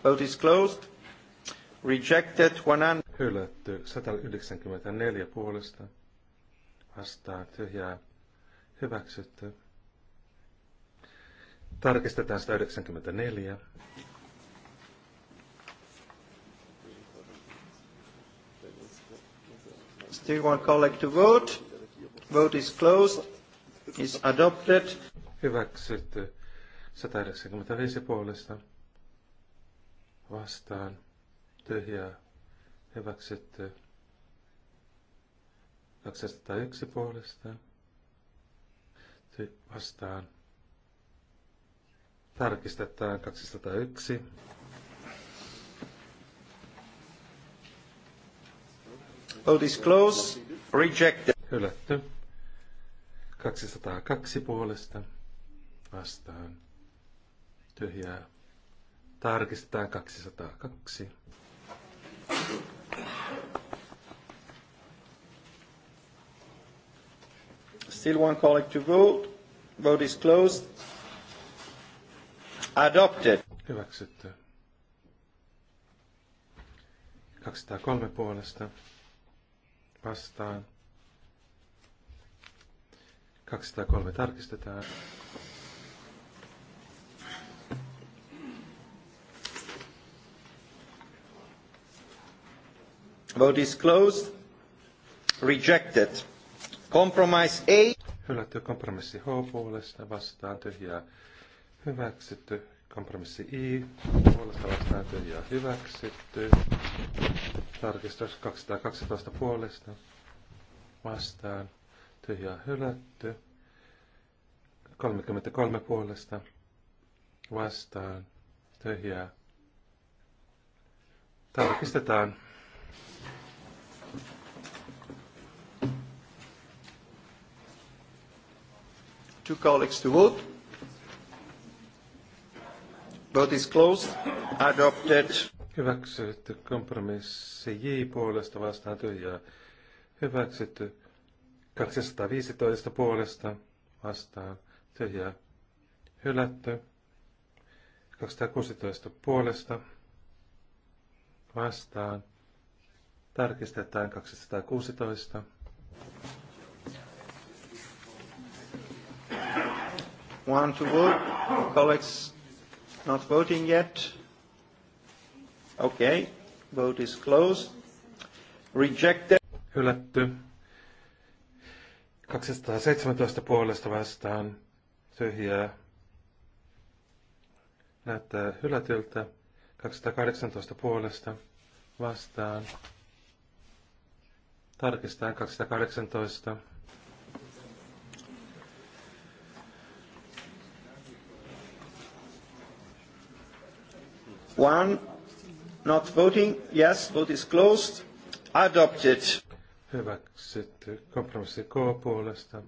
Vote is closed. Rejected one Hylätty 194 puolesta vastaan tyhjää Hyväksytty. Tarkistetaan 194. Still one colleague to vote. Vote is closed. Is adopted. Hyväksytty. 195 puolesta. Vastaan. Tyhjää. Hyväksytty. 201 puolesta sitten vastaan. Tarkistetaan 201. Vote is closed. Rejected. Hylätty. 202 puolesta vastaan. Tyhjää. Tarkistetaan 202. Still one colleague to vote. Vote is closed. Adopted. Hyväksytty. 203 puolesta vastaan. 203 tarkistetaan. Vote is closed. Rejected. Compromise A. Hylätty kompromissi H puolesta vastaan tyhjää hyväksytty. Kompromissi I puolesta vastaan tyhjää hyväksytty. Tarkistus 212 puolesta vastaan tyhjää hylätty. 33 puolesta vastaan tyhjää. Tarkistetaan. two colleagues to vote. Vote is closed. Adopted. Hyväksytty kompromissi J puolesta vastaan tyhjää. Hyväksytty 215 puolesta vastaan tyhjää. Hylätty 216 puolesta vastaan. Tarkistetaan 216. one to vote. Colleagues not voting yet. Okay. Vote is closed. Rejected. Hylätty. 217 puolesta vastaan tyhjää. Näyttää hylätyltä. 218 puolesta vastaan. Tarkistetaan 218. One, not voting. Yes, vote is closed. Adopted. Hyväksytty. Kompromissi K puolesta.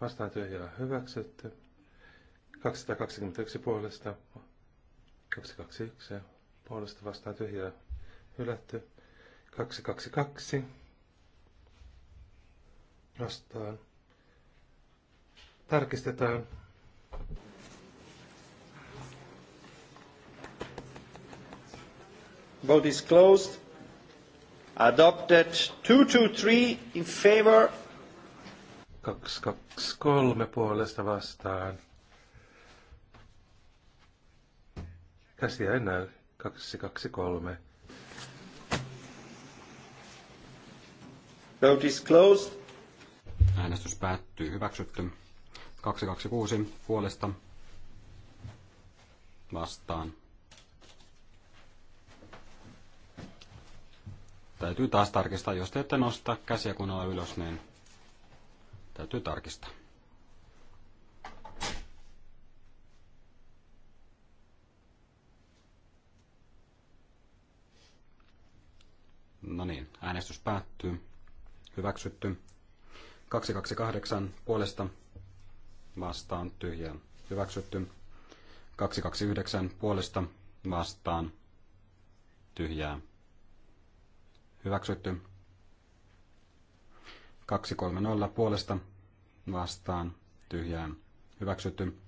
Vastaan tyhjää hyväksytty. 221 puolesta. 221 puolesta vastaan tyhjää hylätty. 222 vastaan. Tarkistetaan. Vote is closed. Adopted 223 in favor. 223 puolesta vastaan. Käsiä ei näy. 223. Vote is closed. Äänestys päättyy. Hyväksytty. 226 puolesta vastaan Täytyy taas tarkistaa, jos te ette nosta käsiä kunnolla ylös, niin täytyy tarkistaa. No niin, äänestys päättyy. Hyväksytty. 228 puolesta vastaan tyhjää. Hyväksytty. 229 puolesta vastaan tyhjää. Hyväksytty. 230 puolesta vastaan tyhjään Hyväksytty.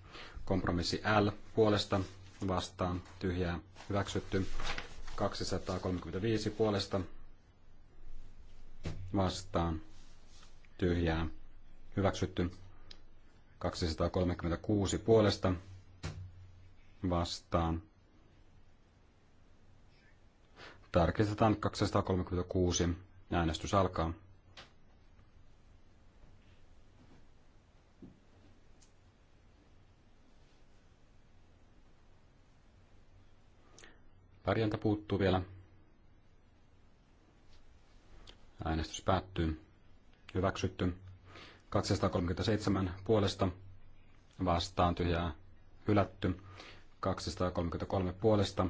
Kompromissi L puolesta vastaan tyhjään. Hyväksytty. 235 puolesta vastaan tyhjään. Hyväksytty. 236 puolesta vastaan Tarkistetaan 236. Äänestys alkaa. Pärjäntä puuttuu vielä. Äänestys päättyy. Hyväksytty. 237 puolesta vastaan tyhjää hylätty. 233 puolesta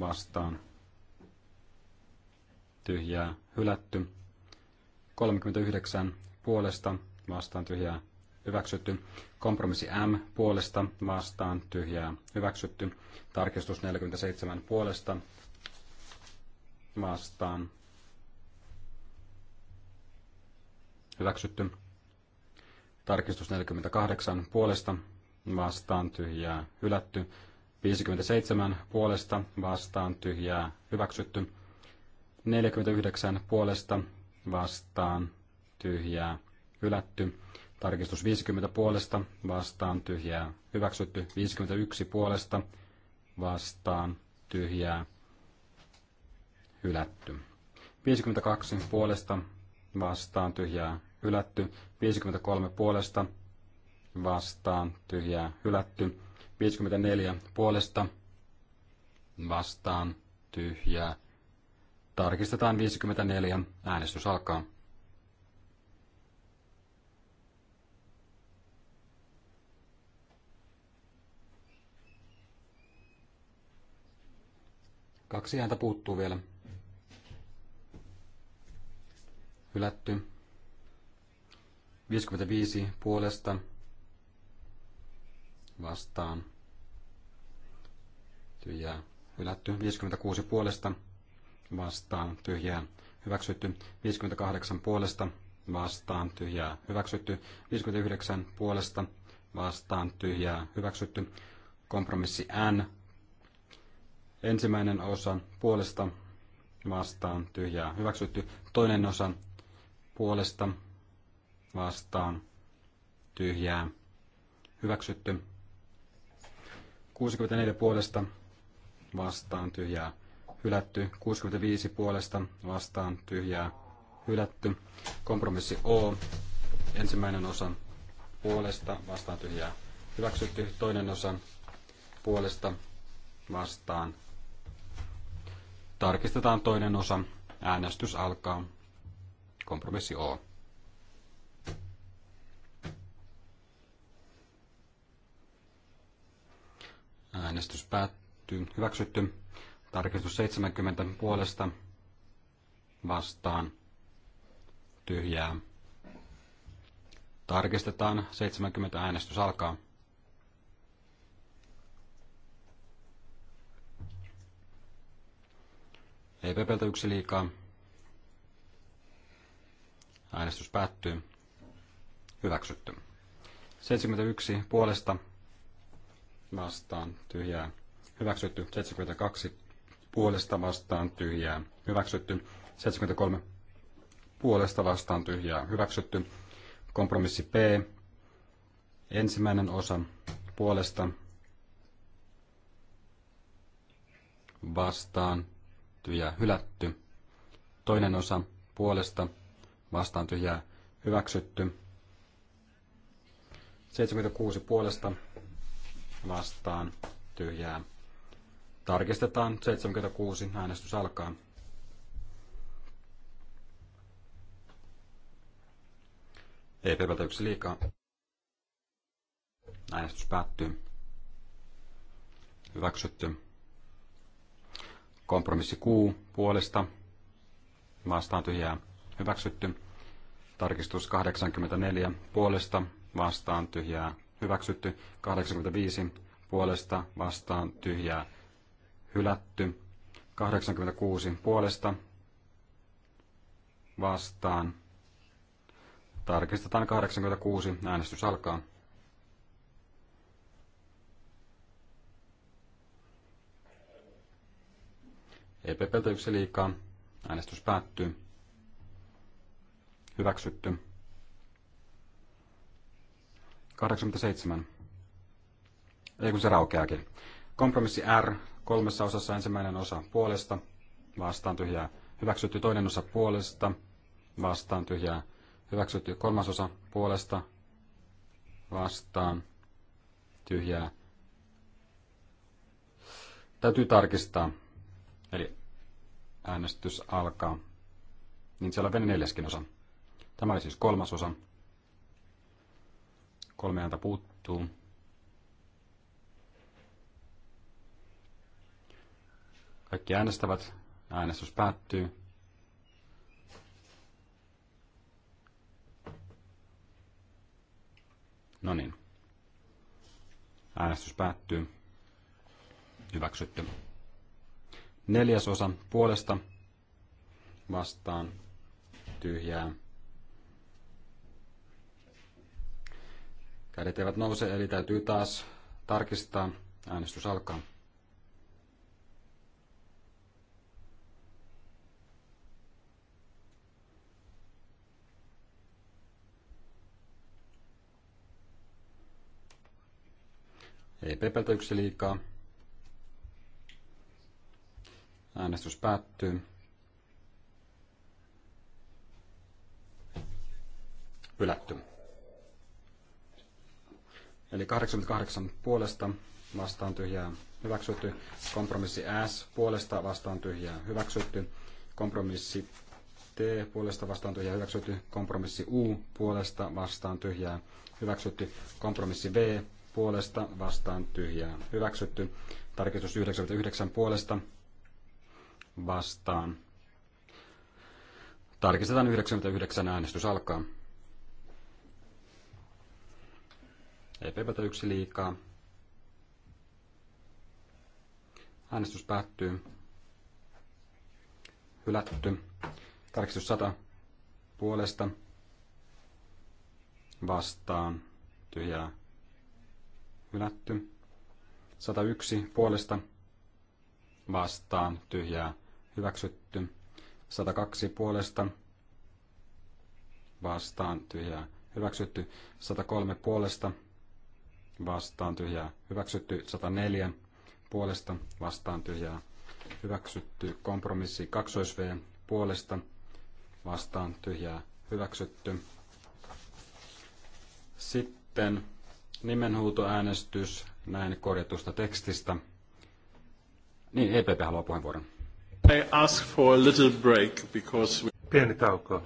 vastaan tyhjää hylätty. 39 puolesta vastaan tyhjää hyväksytty. Kompromissi M puolesta vastaan tyhjää hyväksytty. Tarkistus 47 puolesta vastaan hyväksytty. Tarkistus 48 puolesta vastaan tyhjää hylätty. 57 puolesta vastaan tyhjää hyväksytty. 49 puolesta vastaan tyhjää hylätty. Tarkistus 50 puolesta vastaan tyhjää hyväksytty. 51 puolesta vastaan tyhjää hylätty. 52 puolesta vastaan tyhjää hylätty. 53 puolesta vastaan tyhjää hylätty. 54 puolesta vastaan tyhjää Tarkistetaan 54. Äänestys alkaa. Kaksi ääntä puuttuu vielä. Hylätty. 55 puolesta vastaan. Tyhjää. Hylätty. 56 puolesta vastaan tyhjää hyväksytty, 58 puolesta vastaan tyhjää hyväksytty, 59 puolesta vastaan tyhjää hyväksytty, kompromissi N, ensimmäinen osa puolesta vastaan tyhjää hyväksytty, toinen osa puolesta vastaan tyhjää hyväksytty, 64 puolesta vastaan tyhjää hylätty, 65 puolesta vastaan tyhjää hylätty, kompromissi O, ensimmäinen osa puolesta vastaan tyhjää hyväksytty, toinen osa puolesta vastaan. Tarkistetaan toinen osa, äänestys alkaa, kompromissi O. Äänestys päättyy. Hyväksytty. Tarkistus 70 puolesta vastaan tyhjää. Tarkistetaan 70 äänestys alkaa. EPPltä yksi liikaa. Äänestys päättyy. Hyväksytty. 71 puolesta vastaan tyhjää. Hyväksytty. 72 puolesta vastaan tyhjää hyväksytty. 73 puolesta vastaan tyhjää hyväksytty. Kompromissi P ensimmäinen osa puolesta vastaan tyhjää hylätty. Toinen osa puolesta vastaan tyhjää hyväksytty. 76 puolesta vastaan tyhjää Tarkistetaan 76. Äänestys alkaa. Ei pepeltä yksi liikaa. Äänestys päättyy. Hyväksytty. Kompromissi Q puolesta. Vastaan tyhjää. Hyväksytty. Tarkistus 84 puolesta. Vastaan tyhjää. Hyväksytty. 85 puolesta. Vastaan tyhjää hylätty. 86 puolesta vastaan. Tarkistetaan 86. Äänestys alkaa. EPPltä yksi liikaa. Äänestys päättyy. Hyväksytty. 87. Ei kun se raukeakin. Kompromissi R kolmessa osassa ensimmäinen osa puolesta, vastaan tyhjää, hyväksytty toinen osa puolesta, vastaan tyhjää, hyväksytty kolmas osa puolesta, vastaan tyhjää. Täytyy tarkistaa, eli äänestys alkaa. Niin siellä on neljäskin osa. Tämä oli siis kolmas osa. Kolme ääntä puuttuu. Kaikki äänestävät. Äänestys päättyy. No niin. Äänestys päättyy. Hyväksytty. Neljäsosa puolesta vastaan tyhjää. Kädet eivät nouse, eli täytyy taas tarkistaa. Äänestys alkaa. Ei pepeltä yksi liikaa. Äänestys päättyy. Hylätty. Eli 88 puolesta vastaan tyhjää hyväksytty. Kompromissi S puolesta vastaan tyhjää hyväksytty. Kompromissi T puolesta vastaan tyhjää hyväksytty. Kompromissi U puolesta vastaan tyhjää hyväksytty. Kompromissi V puolesta vastaan tyhjää hyväksytty. Tarkistus 99 puolesta vastaan. Tarkistetaan 99 äänestys alkaa. Ei pepätä yksi liikaa. Äänestys päättyy. Hylätty. Tarkistus 100 puolesta vastaan tyhjää hylätty. 101 puolesta vastaan tyhjää hyväksytty. 102 puolesta vastaan tyhjää hyväksytty. 103 puolesta vastaan tyhjää hyväksytty. 104 puolesta vastaan tyhjää hyväksytty. Kompromissi 2 V puolesta vastaan tyhjää hyväksytty. Sitten Nimenhuutoäänestys näin korjatusta tekstistä. Niin, EPP haluaa puheenvuoron. I ask for a little break because we... Pieni tauko.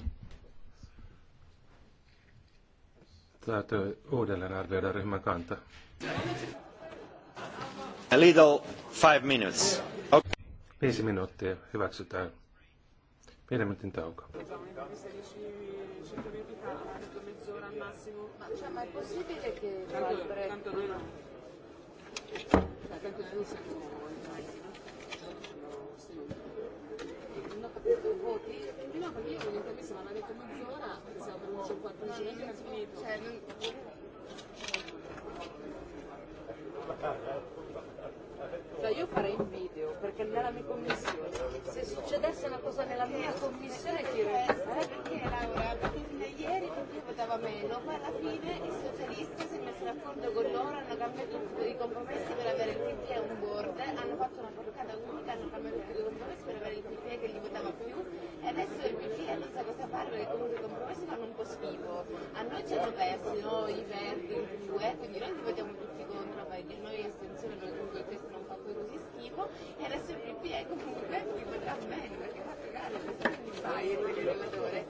Täytyy uudelleen arvioida ryhmän kanta. A little five minutes. Okay. Viisi minuuttia hyväksytään. Pienen minuutin tauko massimo. Ma, cioè, ma è possibile che tanto, il break... Tanto noi non... Tanto noi non siamo no? non ho capito i voti prima no, perché io volevo capire se mi hanno detto mezz'ora pensavo per un 50 minuti era finito cioè non Cioè io farei un video, perché nella mia commissione, se succedesse una cosa nella mia commissione ti Sai perché Laura? Perché ieri tutti votava meno, ma alla fine i socialisti si è messo d'accordo con loro, hanno cambiato tutti i compromessi per avere il PP e a un board, hanno fatto una portata unica, hanno cambiato tutti i compromessi per avere il PP e che li votava più e adesso il PP e non sa cosa fare perché comunque i compromessi fanno un po' schifo. A noi ci hanno persi, no? I verdi, il due, quindi noi li votiamo tutti contro, perché noi estensione per tutto il testo tempo era sempre pieno comunque di contrammeno perché Portogallo questo fai e il relatore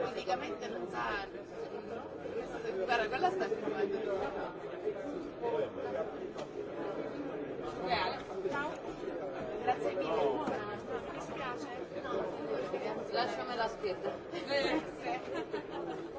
politicamente non sa guarda quella sta filmando ciao grazie mille mi dispiace lasciamela scritta grazie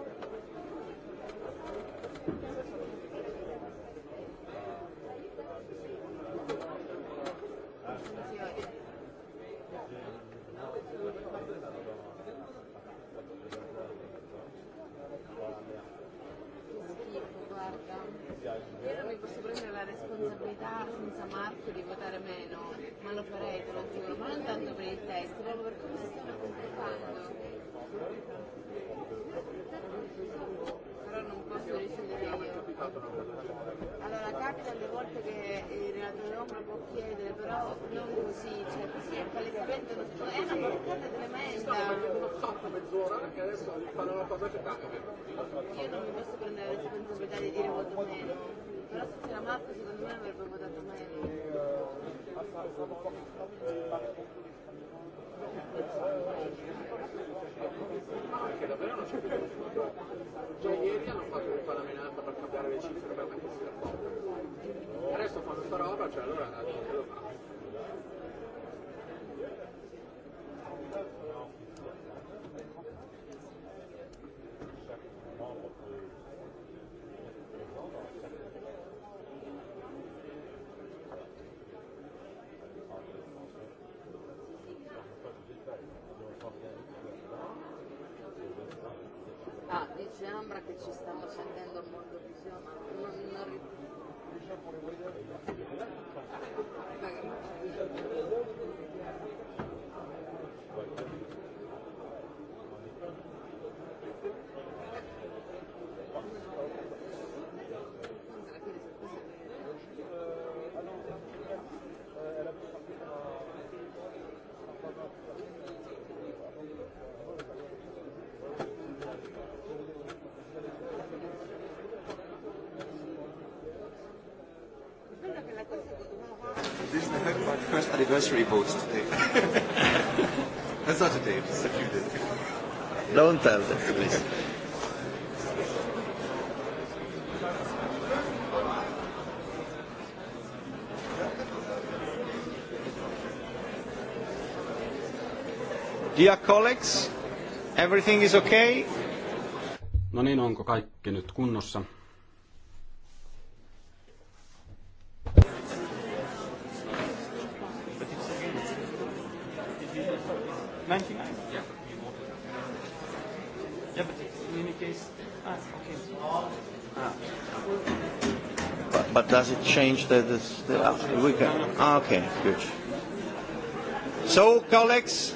fatto mezz'ora e adesso fanno una cosa accettabile. Io non mi posso prendere la responsabilità di dire voto meno, però se c'era Marco secondo me avrebbe votato meno. Ma perché davvero non c'è più nessuno? Già ieri hanno fatto un palamento per cambiare le cifre per mettersi d'accordo. Adesso fanno sta roba, cioè allora che lo fa? No. first anniversary boat today. That's not today, it's a few days. ago. Don't tell them, please. Dear colleagues, everything is okay? No niin, onko kaikki nyt kunnossa? change the, the, the uh, we can, ah, okay, good. So, colleagues,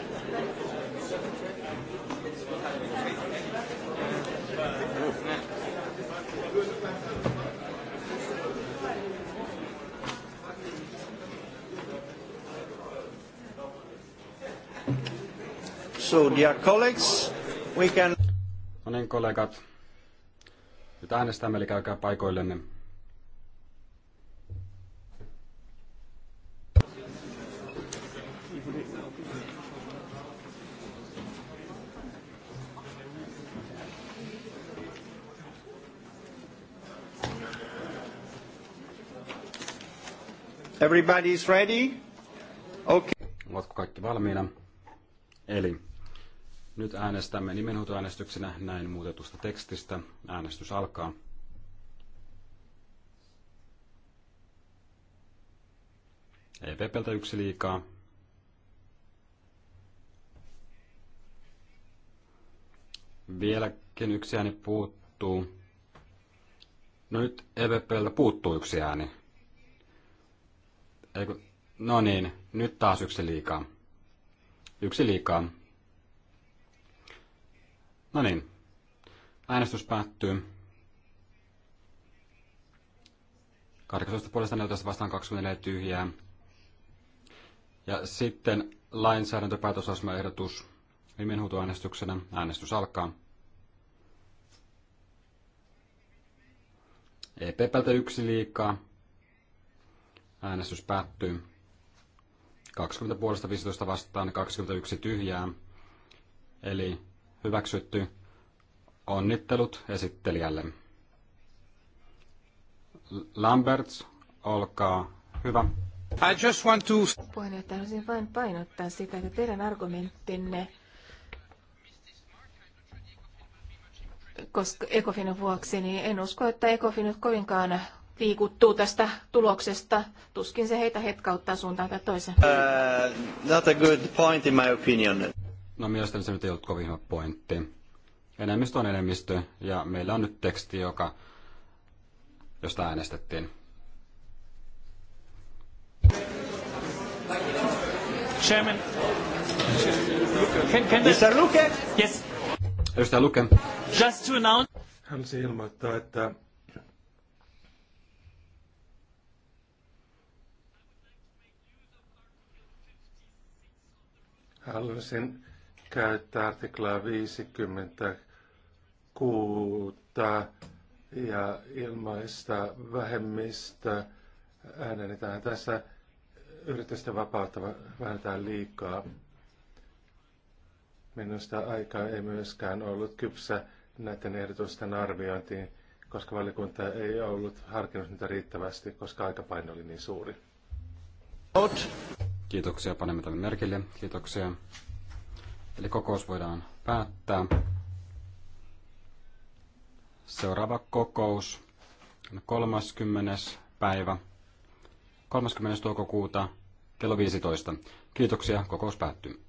So, dear colleagues, we can... No niin, kollegat. Nyt äänestämme, eli käykää paikoillenne. Everybody ready? Okay. Ovatko kaikki valmiina? Eli nyt äänestämme nimenhuutoäänestyksenä näin muutetusta tekstistä. Äänestys alkaa. EPPltä yksi liikaa. Vieläkin yksi ääni puuttuu. No nyt EPPltä puuttuu yksi ääni. Eiku, no niin, nyt taas yksi liikaa. Yksi liikaa. No niin, äänestys päättyy. 18 puolesta 14 vastaan 24 tyhjää. Ja sitten lainsäädäntöpäätösasmaehdotus nimenhuutoäänestyksenä. Äänestys alkaa. EPPltä yksi liikaa. Äänestys päättyy. 20 puolesta 15 vastaan, 21 tyhjää. Eli hyväksytty. Onnittelut esittelijälle. Lamberts, olkaa hyvä. I just want to... Puheenjohtaja, haluaisin vain painottaa sitä, että teidän argumenttinne koska Ecofinin vuoksi, niin en usko, että Ecofin nyt kovinkaan liikuttuu tästä tuloksesta. Tuskin se heitä hetkauttaa suuntaan tai toiseen. Uh, not a good point in my opinion. No mielestäni se nyt ei ollut kovin hyvä pointti. Enemmistö on enemmistö ja meillä on nyt teksti, joka, josta äänestettiin. Chairman. Can, can the... Mr. Luke? Yes. Edustaja Luke. Just to announce. Haluaisin siis ilmoittaa, että Haluaisin käyttää artiklaa 56 ja ilmaista vähemmistö ääneni tähän. Tässä yritysten vapautta vähentää liikaa. Minusta aika ei myöskään ollut kypsä näiden ehdotusten arviointiin, koska valikunta ei ollut harkinnut niitä riittävästi, koska aikapaino oli niin suuri. Ot. Kiitoksia, panemme tämän merkille. Kiitoksia. Eli kokous voidaan päättää. Seuraava kokous on 30. päivä, 30. toukokuuta kello 15. Kiitoksia, kokous päättyy.